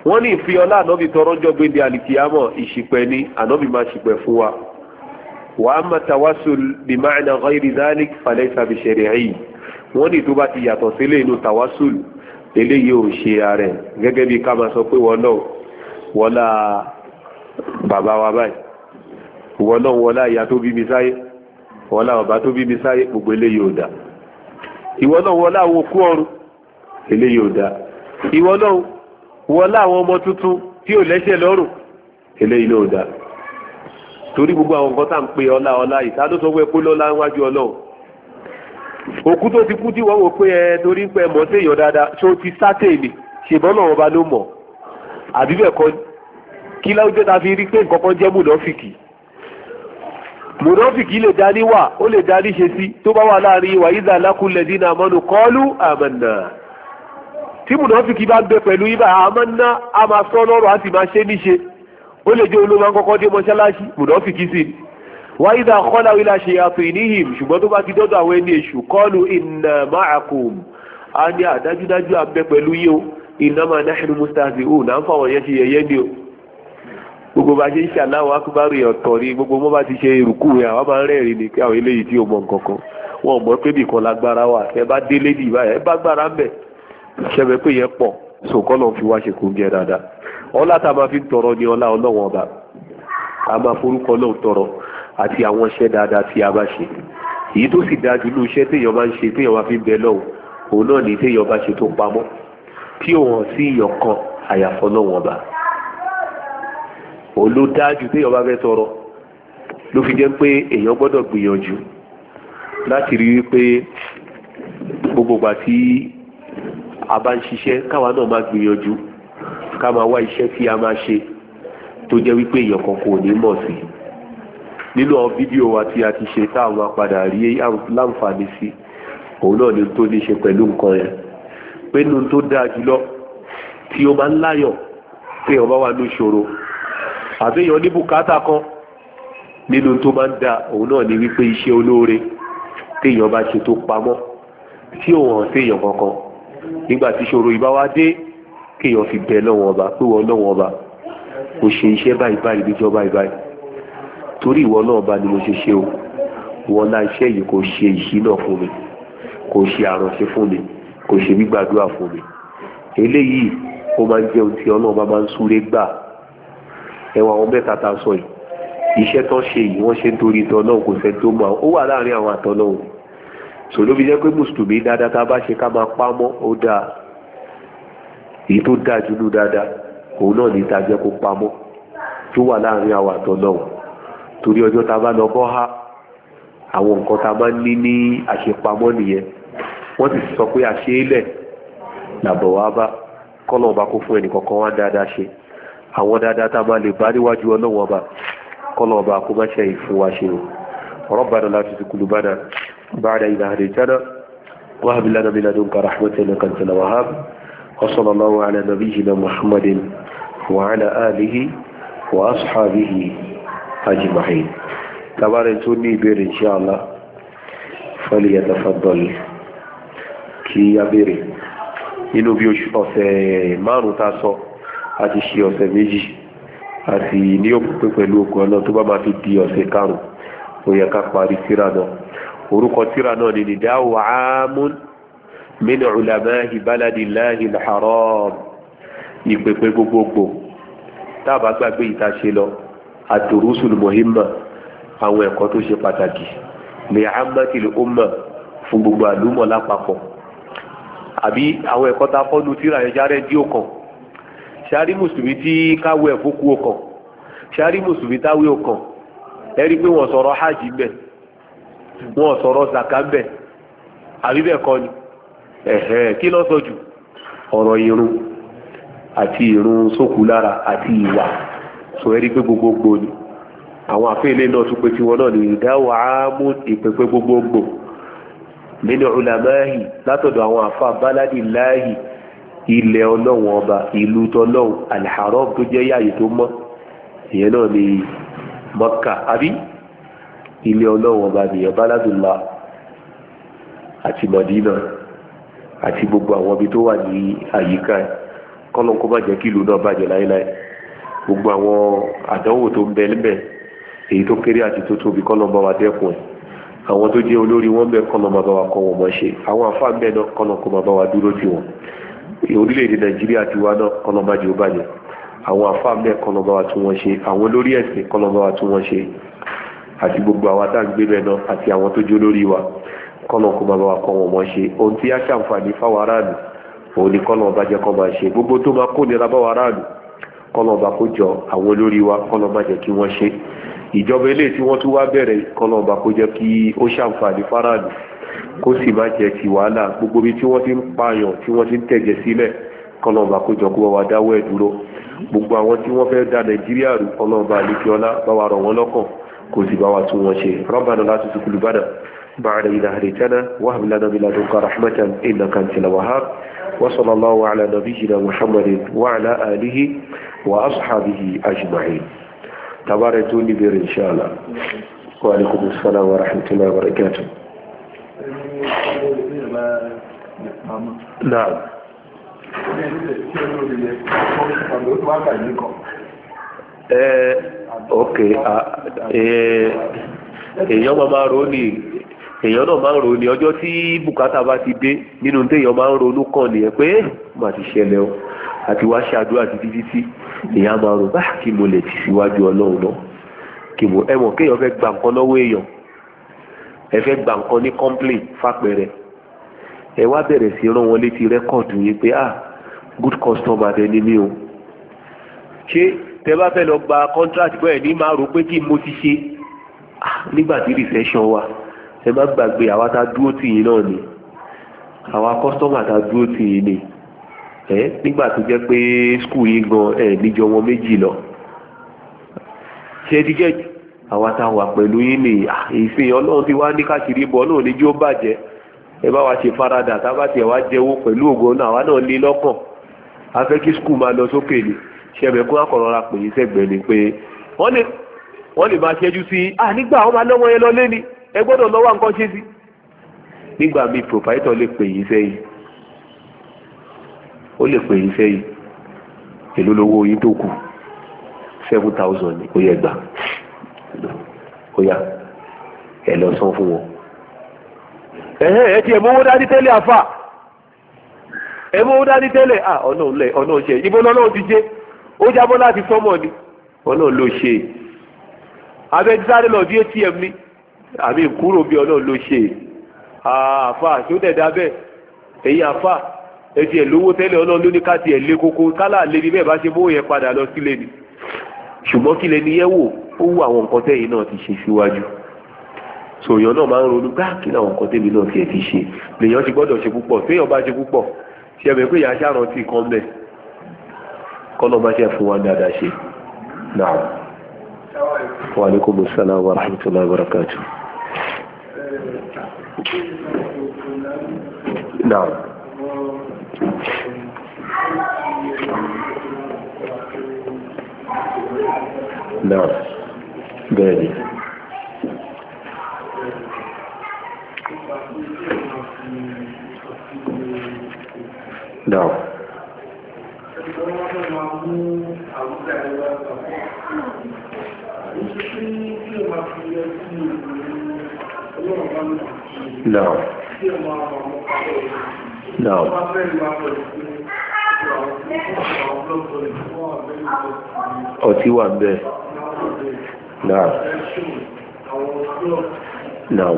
wọ́n ní ìfi ọlá ànábì tọrọ jọ gbé ní alìkìyàmọ̀ ìṣìpẹ̀ ni ànábì máa ṣìpẹ̀ fún wa wa amma tawassul bi ma'na ghayri dhalik falaysa bi shar'i wọ́n ní tó bá ti yàtọ̀ sílé inú tawassul eléyìí ò ṣe ààrẹ gẹ́gẹ́ bí ká máa sọ pé wọ́n náà wa báyìí wọ́n náà wọ́lá ìyá tó bí mi sáyé wọ́lá bàbá tó gbogbo eléyìí ò dáa ìwọ náà wọlé àwọn òkú ọ̀run eléyìí ò dáa ìwọ náà wọlé àwọn ọmọ tuntun tí ò lẹ́sẹ̀ lọ́rùn eléyìí náà ò dáa torí gbogbo àwọn nǹkan tá à ń pè ọlá ọlá ìta ló sọ pé pé lọ́lá ń wájú ọlọ́run òkú tó ti kú tí wọ́n wò pé ẹ torí pé mọ̀ sí èèyàn dáadáa ṣé ti sátẹ̀lì ṣèbọ́n náà ọba ló mọ̀ àbíbẹ̀ kọ́ kí láwùjọ ta fi rí pé nǹkan kan jẹ́ mùnàfìkì mùnàfíkì lè dání wà ó lè dání ṣe sí tó bá wà láàrin wa iza laqul ladina amanu qalu amanna tí mùnàfíkì bá ń bẹ pẹ̀lú ibà amanna a máa sọ lọ́rọ̀ a sì máa ṣe níṣe ó lè jẹ́ olóńgbà kọ́kọ́ dé mọ́ṣáláṣí mùnàfíkì sí ni wa iza khalu ila shayatinihim ṣùgbọ́n tó bá ti dọ́dọ̀ àwọn ẹni èṣù qalu inna ma'akum a ní àdájúdájú àbẹ pẹ̀lú yìí o náà ṣe yẹyẹ gbogbo bá ṣe ń ṣàláwọ̀ akúbárì ọ̀tọ̀ ni gbogbo wọn bá ti ṣe ìrùkù rẹ̀ àwọn máa ń rẹ́rìn ní káwọn eléyìí tí ò mọ nǹkan kan wọn ò mọ pé bìkan lágbára wà ẹ bá délé ní ìbáyà ẹ bá gbára ń bẹ̀ ṣẹbẹ pé yẹn pọ̀ sòkọ́ lọ́n fi wá ṣe kó ń jẹ dáadáa ọlá tá a máa fi ń tọrọ ni ọlá ọlọ́wọ́n ọba a máa forúkọ lọ́n tọrọ àti àwọn iṣẹ́ dáadáa tí a bá ṣe èyí tó sì dáa jùlọ iṣẹ́ téèyàn máa ń ṣe téèyàn máa fi bẹ lọ́hùn òun náà ní téèyàn bá ṣe tó pamọ́ tí òun sí ìyọ̀kan àyàfọ́ lọ́wọ́n ọba olódájú tí èèyàn bá fẹ́ tọrọ ló fi jẹ́ pé èèyàn gbọ́dọ̀ gbìyànjú láti rí wípé gbogbo ìgbà tí a bá ń ṣiṣẹ́ káwa náà máa gbìyànjú ká máa wá iṣẹ́ tí a máa ṣe tó jẹ́ wípé èèyàn kan kò ní mọ̀ sí nínú àwọn fídíò wa tí a ti ṣe táwọn máa padà rí láǹfààní sí òun náà ni tó ní ṣe pẹ̀lú nǹkan yẹn pé nu tó dáa jùlọ tí o máa ń láyọ̀ pé ọba wa ní ìṣòro àbẹ́yàn ní bùkátà kan nínú tó máa ń da òun náà ni wípé iṣẹ́ olóore téèyàn bá ṣe tó pamọ́ tí òun hàn séèyàn kankan nígbà tí ìṣòro ìbá wá dé kéèyàn fi bẹ̀ lọ́wọ́ ọba pé wọ́n lọ́wọ́ ọba mo ṣe iṣẹ́ báyìí báyìí níjọba ìbáyìí torí ìwọ náà bá ni mo ṣe ṣe o wọn náà iṣẹ́ yìí kò ṣe ìṣínà fún mi kò ṣe àránṣe fún mi kò ṣe gbígbàdúrà fún mi eléyìí ó máa ń jẹun tí ọlọ́run bá máa ń súré gbà ẹwà wọn mẹ́ta tá a sọ yìí iṣẹ́ tó ṣe yìí ṣe ń torí náà kò fẹ́ tó mọ ó wà láàrin àwọn àtọ́ náà sòlóbi jẹ́ pé mùsùlùmí dáadáa tá a bá ṣe ká máa pa mọ́ ó dáa èyí tó dáa jùlọ dáadáa òun náà ní kó wà láàrin àwọn náà torí ọjọ tá a ha àwọn nǹkan tá a máa ní ní àṣepamọ́ nìyẹn wọ́n sọ pé àṣeélẹ̀ làbọ̀ wá bá fún ẹnì wá dáadáa àwọn dáadáa tá a máa lè bá níwájú ọlọ́wọ́n ọba kọ́lọ́ ọba kó má ṣe ìfún wa ṣe ربنا لا تزغ قلوبنا بعد إذ هديتنا وهب لنا من لدنك رحمة إنك أنت الوهاب وصلى الله على نبينا محمد وعلى آله وأصحابه أجمعين tabarin tó ní ìbéèrè inṣáàlá fọ́lìyàtàfàdọ́lì kí a béèrè nínú bí ọ̀sẹ̀ márùn-ún ta sọ a ti ṣe ọ̀sẹ̀ méjì a sì ní òpópé pẹ̀lú okùn ọ̀nà tó bá máa fi di ọ̀sẹ̀ karùn ó yẹ ká parí tíra náà orúkọ tíra náà ni nìdáwò àámún min ulamahi baladillahi al-haram ìpèpè gbogbogbò tábà gbàgbé ìtaṣe lọ àdùrúsùl muhimma àwọn ẹ̀kọ́ tó ṣe pàtàkì lè hamatil umma fún gbogbo àlùmọ̀ lápapọ̀ àbí àwọn ẹ̀kọ́ tá a fọ́nu tíra ẹ̀já díò kan ṣàrí mùsùlùmí tí káwé ẹ̀ fókú ọkàn ṣàrí mùsùlùmí táwé ọkàn wọn sọrọ pé wọ́n sọ̀rọ̀ hajj bẹ̀ wọ́n sọ̀rọ̀ zaka bẹ̀ kọ́ ni ẹ̀hẹ́ kí lọ sọ jù ọ̀rọ̀ irun àti irun sókù lára àti ìwà sọ ẹ pé gbogbogbò ni àwọn àfẹ́lẹ́ náà tún pé náà ámú ìpẹ́pẹ́ gbogbogbò nínú látọ̀dọ̀ ilẹ̀ ọlọ́run ọba ìlú tọlọ́run alharam tó jẹ́ yáàyè tó mọ́ ìyẹn náà ni mọ́kà àbí ilé ọlọ́run ọba nìyẹn báládùnlá àti mọ̀dínà àti gbogbo àwọn ibi tó wà ní àyíká ẹ̀ kọ́lọ́n kó má jẹ́ kí ìlú náà bàjẹ́ láéláé gbogbo àwọn àdánwò tó ń bẹ níbẹ̀ èyí tó kéré àti tó tóbi kọ́lọ́n bá wa dẹ́kun ẹ̀ àwọn tó jẹ́ olórí wọn bẹ́ẹ̀ kọ́lọ́n bá wa kọ́ wọn mọ́ ṣe àwọn àfáà bẹ́ẹ̀ náà kọ́lọ́n kó máa bá wa dúró tì orílẹ̀-èdè nàìjíríà ti wá náà kọlọmba jù bàjẹ́ àwọn àfáàmẹ́ kọlọmba wa tún wọ́n ṣe àwọn olórí ẹ̀sìn kọlọmba wa tún wọ́n ṣe àti gbogbo àwa tá à ń gbé bẹ́ẹ̀ náà àti àwọn tó jó lórí wa kọlọ̀n kó bàbá wa kọ́ wọn mọ́ ṣe ohun tí a ṣàǹfààní fáwọn aráàlú òun ni kọlọ̀n bá jẹ́ máa ṣe gbogbo tó máa kó nira báwọn aráàlú kọlọ̀n kó jọ àwọn olórí wa kọlọ̀n bá jẹ́ kí wọ́n ṣe ìjọba eléyìí tí wọ́n tún wá bẹ̀rẹ̀ kọlọ̀n kó jẹ́ kí ó ṣàǹfààní fáráàlú kó sì má jẹ́ ti wàhálà gbogbo ibi tí wọ́n ti ń pààyàn tí wọ́n ti ń tẹ̀jẹ̀ sílẹ̀ kọlọ̀ọ̀bà kójọ kó wa dáwọ́ ẹ̀ dúró gbogbo àwọn tí wọ́n fẹ́ da nàìjíríà rú kọlọ̀ọ̀bà àlekíọ́lá bá wa rọ̀ wọ́n lọ́kàn kó sì bá wa tún wọn ṣe rabbana la tuzigh qulubana ba'da idh hadaytana wa hab lana min inshallah wa alaykum assalam wa rahmatullahi wa barakatuh Eh, eh, èèyàn máa máa ronú èèyàn náà máa ronú ọjọ́ tí bùkátà bá ti dé nínú téèyàn máa ronú kàn nìyẹn pé ma ti ṣẹlẹ̀ o àti wá ṣàdúrà títí títí èèyàn máa rò bá kí mo lè tì síwájú ọlọ́run náà kí mo ẹ̀wọ̀n kéèyàn gba nǹkan lọ́wọ́ èèyàn ẹ fẹ́ gba nǹkan ní complain fàpẹrẹ ẹ wá bẹ̀rẹ̀ sí rán wọn létí rẹ́kọ̀dù yìí pé ah good customer ni mi o ṣé tẹ bá fẹ́ lọ gba contract bọ́ẹ̀ ní máa rò pé kí mo ti ṣe ah, nígbà tí recession wà ẹ má gbàgbé àwa tá dúró tì yín náà ni àwa customer tá dúró tì yín ni ẹ nígbà tó jẹ́ pé school yìí gan ẹ níjọ wọn méjì lọ ṣe ti jẹ́ àwa tá a wà pẹ̀lú yín ni ìfẹ́ ọlọ́run ti wá ní káṣírí bọ́ náà ní jí ó bàjẹ́ ẹ bá wa ṣe faradà tá a bá tiẹ̀ wá jẹ́wọ́ pẹ̀lú ògo náà àwa náà ní lọ́kàn a fẹ́ kí skul máa lọ sókè ni ṣẹ̀mẹ̀kún akọ̀rọ̀ra pè é sẹ́gbẹ̀ẹ́ ni pé wọ́n lè máa ṣẹ́jú sí à nígbà àwọn máa lọ́wọ́ yẹn lọ lé ni ẹ gbọ́dọ̀ lọ́wọ́ nǹkan ṣe sí. nígbà míì proprietor lè pè yín sẹ́yìn ó lè pè yín sẹ́yìn èló lówó yín tó kù seven thousand ni ó yẹ gbà yá ẹ lọ san fún wọn. ẹ̀hẹ́ ẹ ti ẹ̀ mówó dání tẹ́lẹ̀ àfà ẹ mówó dání tẹ́lẹ̀ à ọ̀nà òun ọ̀nà òun ibo lọ́nà òun ti jẹ́ ó jábọ́ láti sọ́mọ̀ ni ọ̀nà òun ló ṣe abẹ́ sáré lọ bí atm ni àmì kúrò bí ọ̀nà òun ló ṣe àfà tó dẹ̀ dábẹ́ ẹ̀yìn àfà ẹ ti ẹ̀ lówó tẹ́lẹ̀ ọ̀nà òun ló ní ká ẹ̀ lé koko kálá lé ní bẹ́ẹ̀ bá ṣe mówó yẹn padà lọ sílé ni ṣùgbọ́n kí lẹni yẹ wò ó wù àwọn nǹkan tẹ́yìn náà ti ṣe síwájú sòyàn náà máa ń ronú gbá ah, kí làwọn nǹkan tẹ́mi náà tiẹ̀ ti ṣe lèèyàn ti gbọ́dọ̀ ṣe púpọ̀ téèyàn bá ṣe púpọ̀ ṣe ẹ̀mẹ̀ pé ìyá ṣàrántí kan bẹ̀ kọ́nà máa ṣe fún wa dáadáa ṣe náà wa alaikum salaam wa rahmatullahi wa barakatuh náà. náà bẹ́ẹ̀ ni. Now. Now. Now. Ọtí wà ń bẹ́ẹ̀ náà náà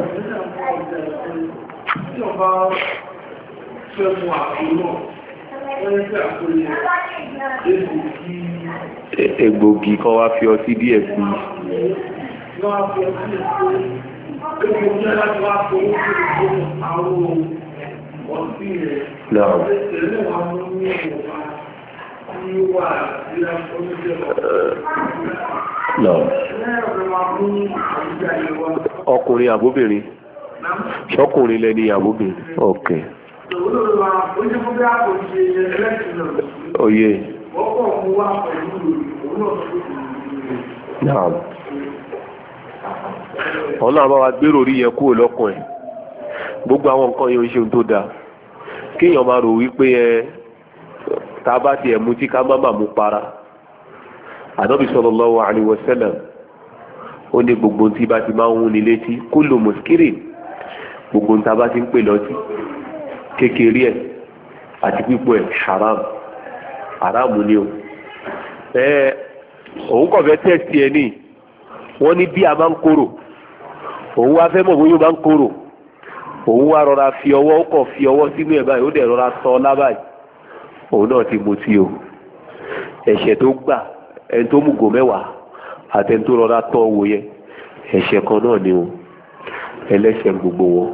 egbògi kan wá fi ọtí díẹ̀ sí náà ọkùnrin àbóbìnrin ṣọkùnrin lẹni àbóbìnrin ok. oye. naam ọlọ́run wa rí kúrò lọ́kàn ẹ̀ gbogbo àwọn nǹkan yẹn ṣe tó dáa máa wípé ẹ. ta bá ti ẹ̀mú mutí ká má má mú para ànábì sallallahu alaihi wasallam ó ní gbogbo tí bá ti máa ń wúni létí gbogbo tá bá ti ń pè lọ́tí kékeré ẹ̀ àti ẹ̀ haram haram ni o ẹ òun kọ̀ fẹ́ tẹ̀sí ẹ ní wọ́n ní bí a máa ń korò òun wá fẹ́ mọ̀ bóyá máa ń òun wá rọra fi ọwọ́ kọ̀ fi ọwọ́ sínú ẹ̀ báyìí ó dẹ̀ rọra sọ òun náà ti mutí o ẹ̀ṣẹ̀ tó gbà ẹni tó mùgò mẹ́wàá àtẹni tó rọra tọ́ wo ẹ̀ṣẹ̀ kan náà ni o ẹlẹ́ṣẹ̀ gbogbo wọn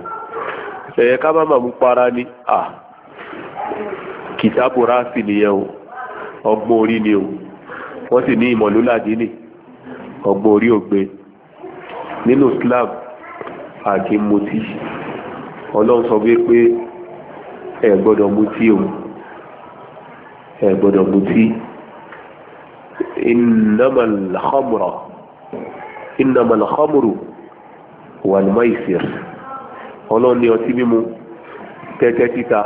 ẹ̀yẹ ká má para ni à kìtàbù ráàsì nìyẹn o ọgbọ́n orí ni o wọ́n sì ní ìmọ̀lúládìí ni ọgbọ́n orí ògbé nínú slam àti mutí ọlọ́run sọ wípé ẹ gbọ́dọ̀ mutí o. ẹ gbọ́dọ̀ mutí innamal khamra innamal khamru wal maisir ọlọ́ni ọtí mímu tẹ́tẹ́ títa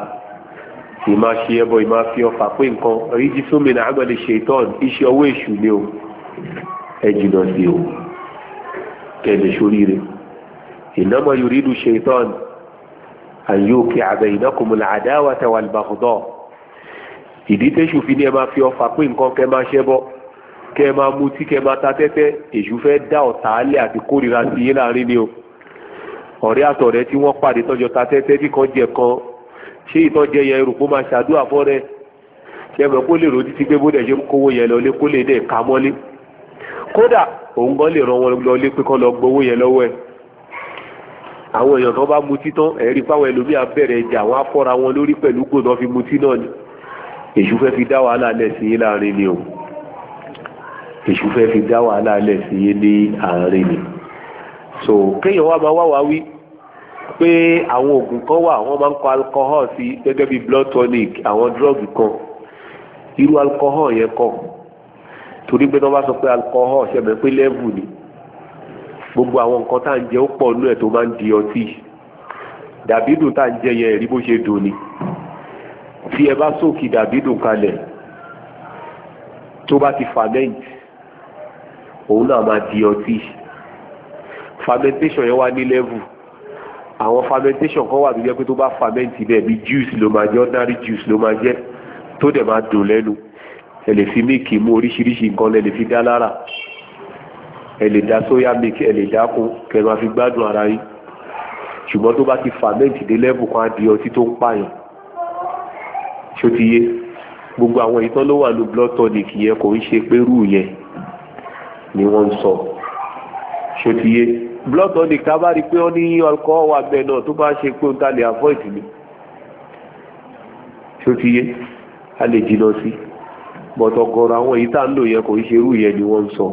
ìmá ṣe ẹbọ ìmá fi ọfà pé nǹkan ríjí sómi náà agbẹ̀lẹ̀ ṣètọ́n iṣẹ́ ọwọ́ èṣù ni o ẹ jìnà sí o kẹlẹ̀ ṣoríire innama yuridu ṣètọ́n an yuqi'a bainakumul adawata ìdí tẹ́sù fi ní ẹ máa fi ọfà pé nǹkan kẹ máa ṣẹbọ kẹ máa mutí kẹ máa ta tẹ́tẹ́ èṣù fẹ́ dá ọ̀tá alẹ́ àti kórìíra sí yín láàrin ni o ọ̀rẹ́ àtọ̀rẹ́ tí wọ́n pàdé tọ́jọ́ ta tẹ́tẹ́ tí kan jẹ kan ṣé ìtọ́jẹ yẹn rò kó máa ṣàdúrà fọ́rẹ́ ṣe mọ̀ kó lè rò títí pé bóde ṣe ń kówó yẹn lọlé kó lè dẹ̀ ká mọ́lé kódà òun gan lè ràn wọn lọlé pé kán lọ gbowó yẹn lọ́wọ́ ẹ̀ àwọn èèyàn kan bá mutí tán ẹ̀rí fáwọn ẹlòmíà bẹ̀rẹ̀ ẹ̀jẹ̀ àwọn afọ́ra wọn lórí pẹ̀lú gbòdàn fi mutí náà ni èṣù fẹ́ fi dá wàhálà lẹ̀ sí yé láàrin ni o èṣù fẹ́ fi dá wàhálà lẹ̀ yé ní àárín ni so kéèyàn wá máa wá wá wí pé àwọn oògùn kan wà wọ́n máa ń kọ alcohol sí gẹ́gẹ́ bí blood tonic àwọn drug kan irú alcohol yẹn kọ́ torí pé tí wọ́n bá sọ pé alcohol ṣẹ̀mẹ̀ pé level ni gbogbo àwọn nǹkan tá à ń jẹ ó pọ̀ nú ẹ̀ tó máa ń di ọtí dàbídùn tá à ń jẹ yẹn rí bó ṣe dùn ni tí ẹ bá sókè dàbí dùn kalẹ̀ tó bá ti ferment òun náà máa di ọtí fermentation yẹn wá ní level àwọn fermentation kan wà tó jẹ́ pé tó bá ferment bẹ́ẹ̀ bí juice ló máa jẹ́ ordinary juice ló máa jẹ́ tó dẹ̀ máa dùn lẹ́nu ẹ lè fi míìkì mú oríṣiríṣi nǹkan lẹ lè fi dá lára ẹ lè dá sóyá míìkì ẹ lè dá kún máa fi gbádùn ara yín ṣùgbọ́n tó bá ti ferment dé level kan á di ọtí tó ń pààyàn ṣó ti yé gbogbo àwọn ìtàn ló wà ló blood tonic yẹn kò ń ṣe pérú yẹn ni wọ́n ń sọ ṣó ti yé blood tonic tá a bá rí i pé ó ní alcohol wà bẹ́ẹ̀ náà tó bá ṣe pé ó ta lè avoid ni ṣó ti yé a lè jìnnà sí bọ̀tọ̀ gọ̀ọ̀rọ̀ àwọn èyí tá ń lò yẹn kò ń ṣe irú yẹn ni wọ́n ń sọ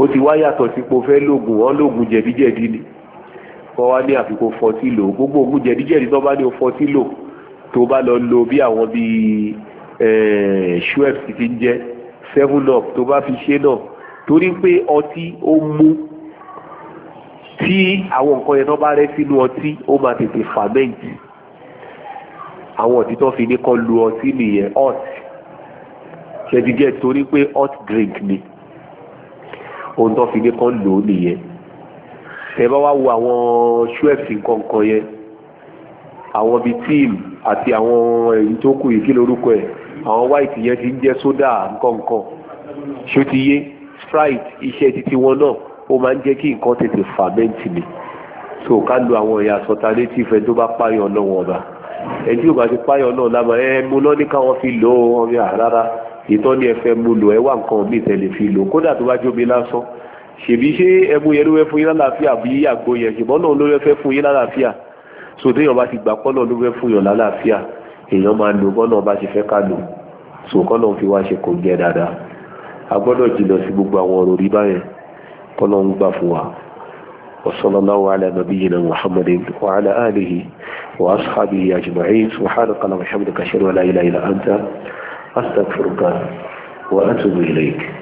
ó ti wá yàtọ̀ sí pé o fẹ́ lóògùn wọn lóògùn jẹ̀díjẹ̀dí ni wọ́n wá ní àfikún fọtí lò gbogbo ògùn jẹ̀díjẹ̀dí tó bá ní o fọtí lò tó bá lọ lo bí àwọn bíi ṣúẹ̀f eh, ti ti ń jẹ́ seven up tó bá fi ṣe náà torí pé ọtí ó mú tí àwọn nǹkan yẹn tó bá rẹ́ sínú ọtí ó máa tètè ferment àwọn ọtí tó fi ní kọ́ lu ọtí nìyẹn hot ṣẹ́dígẹ́ torí pé hot drink ni ohun tó fi ní kọ́ lò ó nìyẹn tẹ bá wá wo àwọn ṣúẹ̀fì kankan yẹn àwọn bíi tíìmù àti àwọn èyí tó kù yìí lórúkọ ẹ̀ àwọn white yẹn ti ń jẹ́ sódà nǹkankan ṣó ti yé sprite iṣẹ́ titi wọn náà ó máa ń jẹ́ kí nǹkan tètè fàmẹ́ǹtì ni so ká lo àwọn ẹ̀yà alternative ẹ̀ tó bá páyọ̀ náà wọn ọba ẹ̀ tí ò bá ti páyọ̀ náà lábàá ẹ̀ mú lọ́ ní káwọn fi lò ó wọn yà rárá ìtọ́ ni ẹ fẹ́ mú lò ẹ wà nǹkan mi tẹ̀lé fi lò kódà tó bá jómi lásán ṣèbí ṣé ẹmu yẹn ló fẹ́ fún yín lálàáfíà bí àgbo yẹn ṣùgbọ́n náà ló fẹ́ fún yín lálàáfíà so téèyàn bá ti gbà kọ́nà ló fẹ́ fún yàn lálàáfíà èèyàn máa lò kọ́nà bá ṣe fẹ́ ká lò so kọ́nà fi wá ṣe kò jẹ dáadáa a gbọ́dọ̀ jìnnà sí gbogbo àwọn ọ̀rọ̀ rí báyẹn kọ́nà ń gbà fún wa وصلى الله على نبينا محمد وعلى آله وأصحابه أجمعين سبحانك اللهم وبحمدك أشهد أن لا إله إلا أنت أستغفرك وأتوب إليك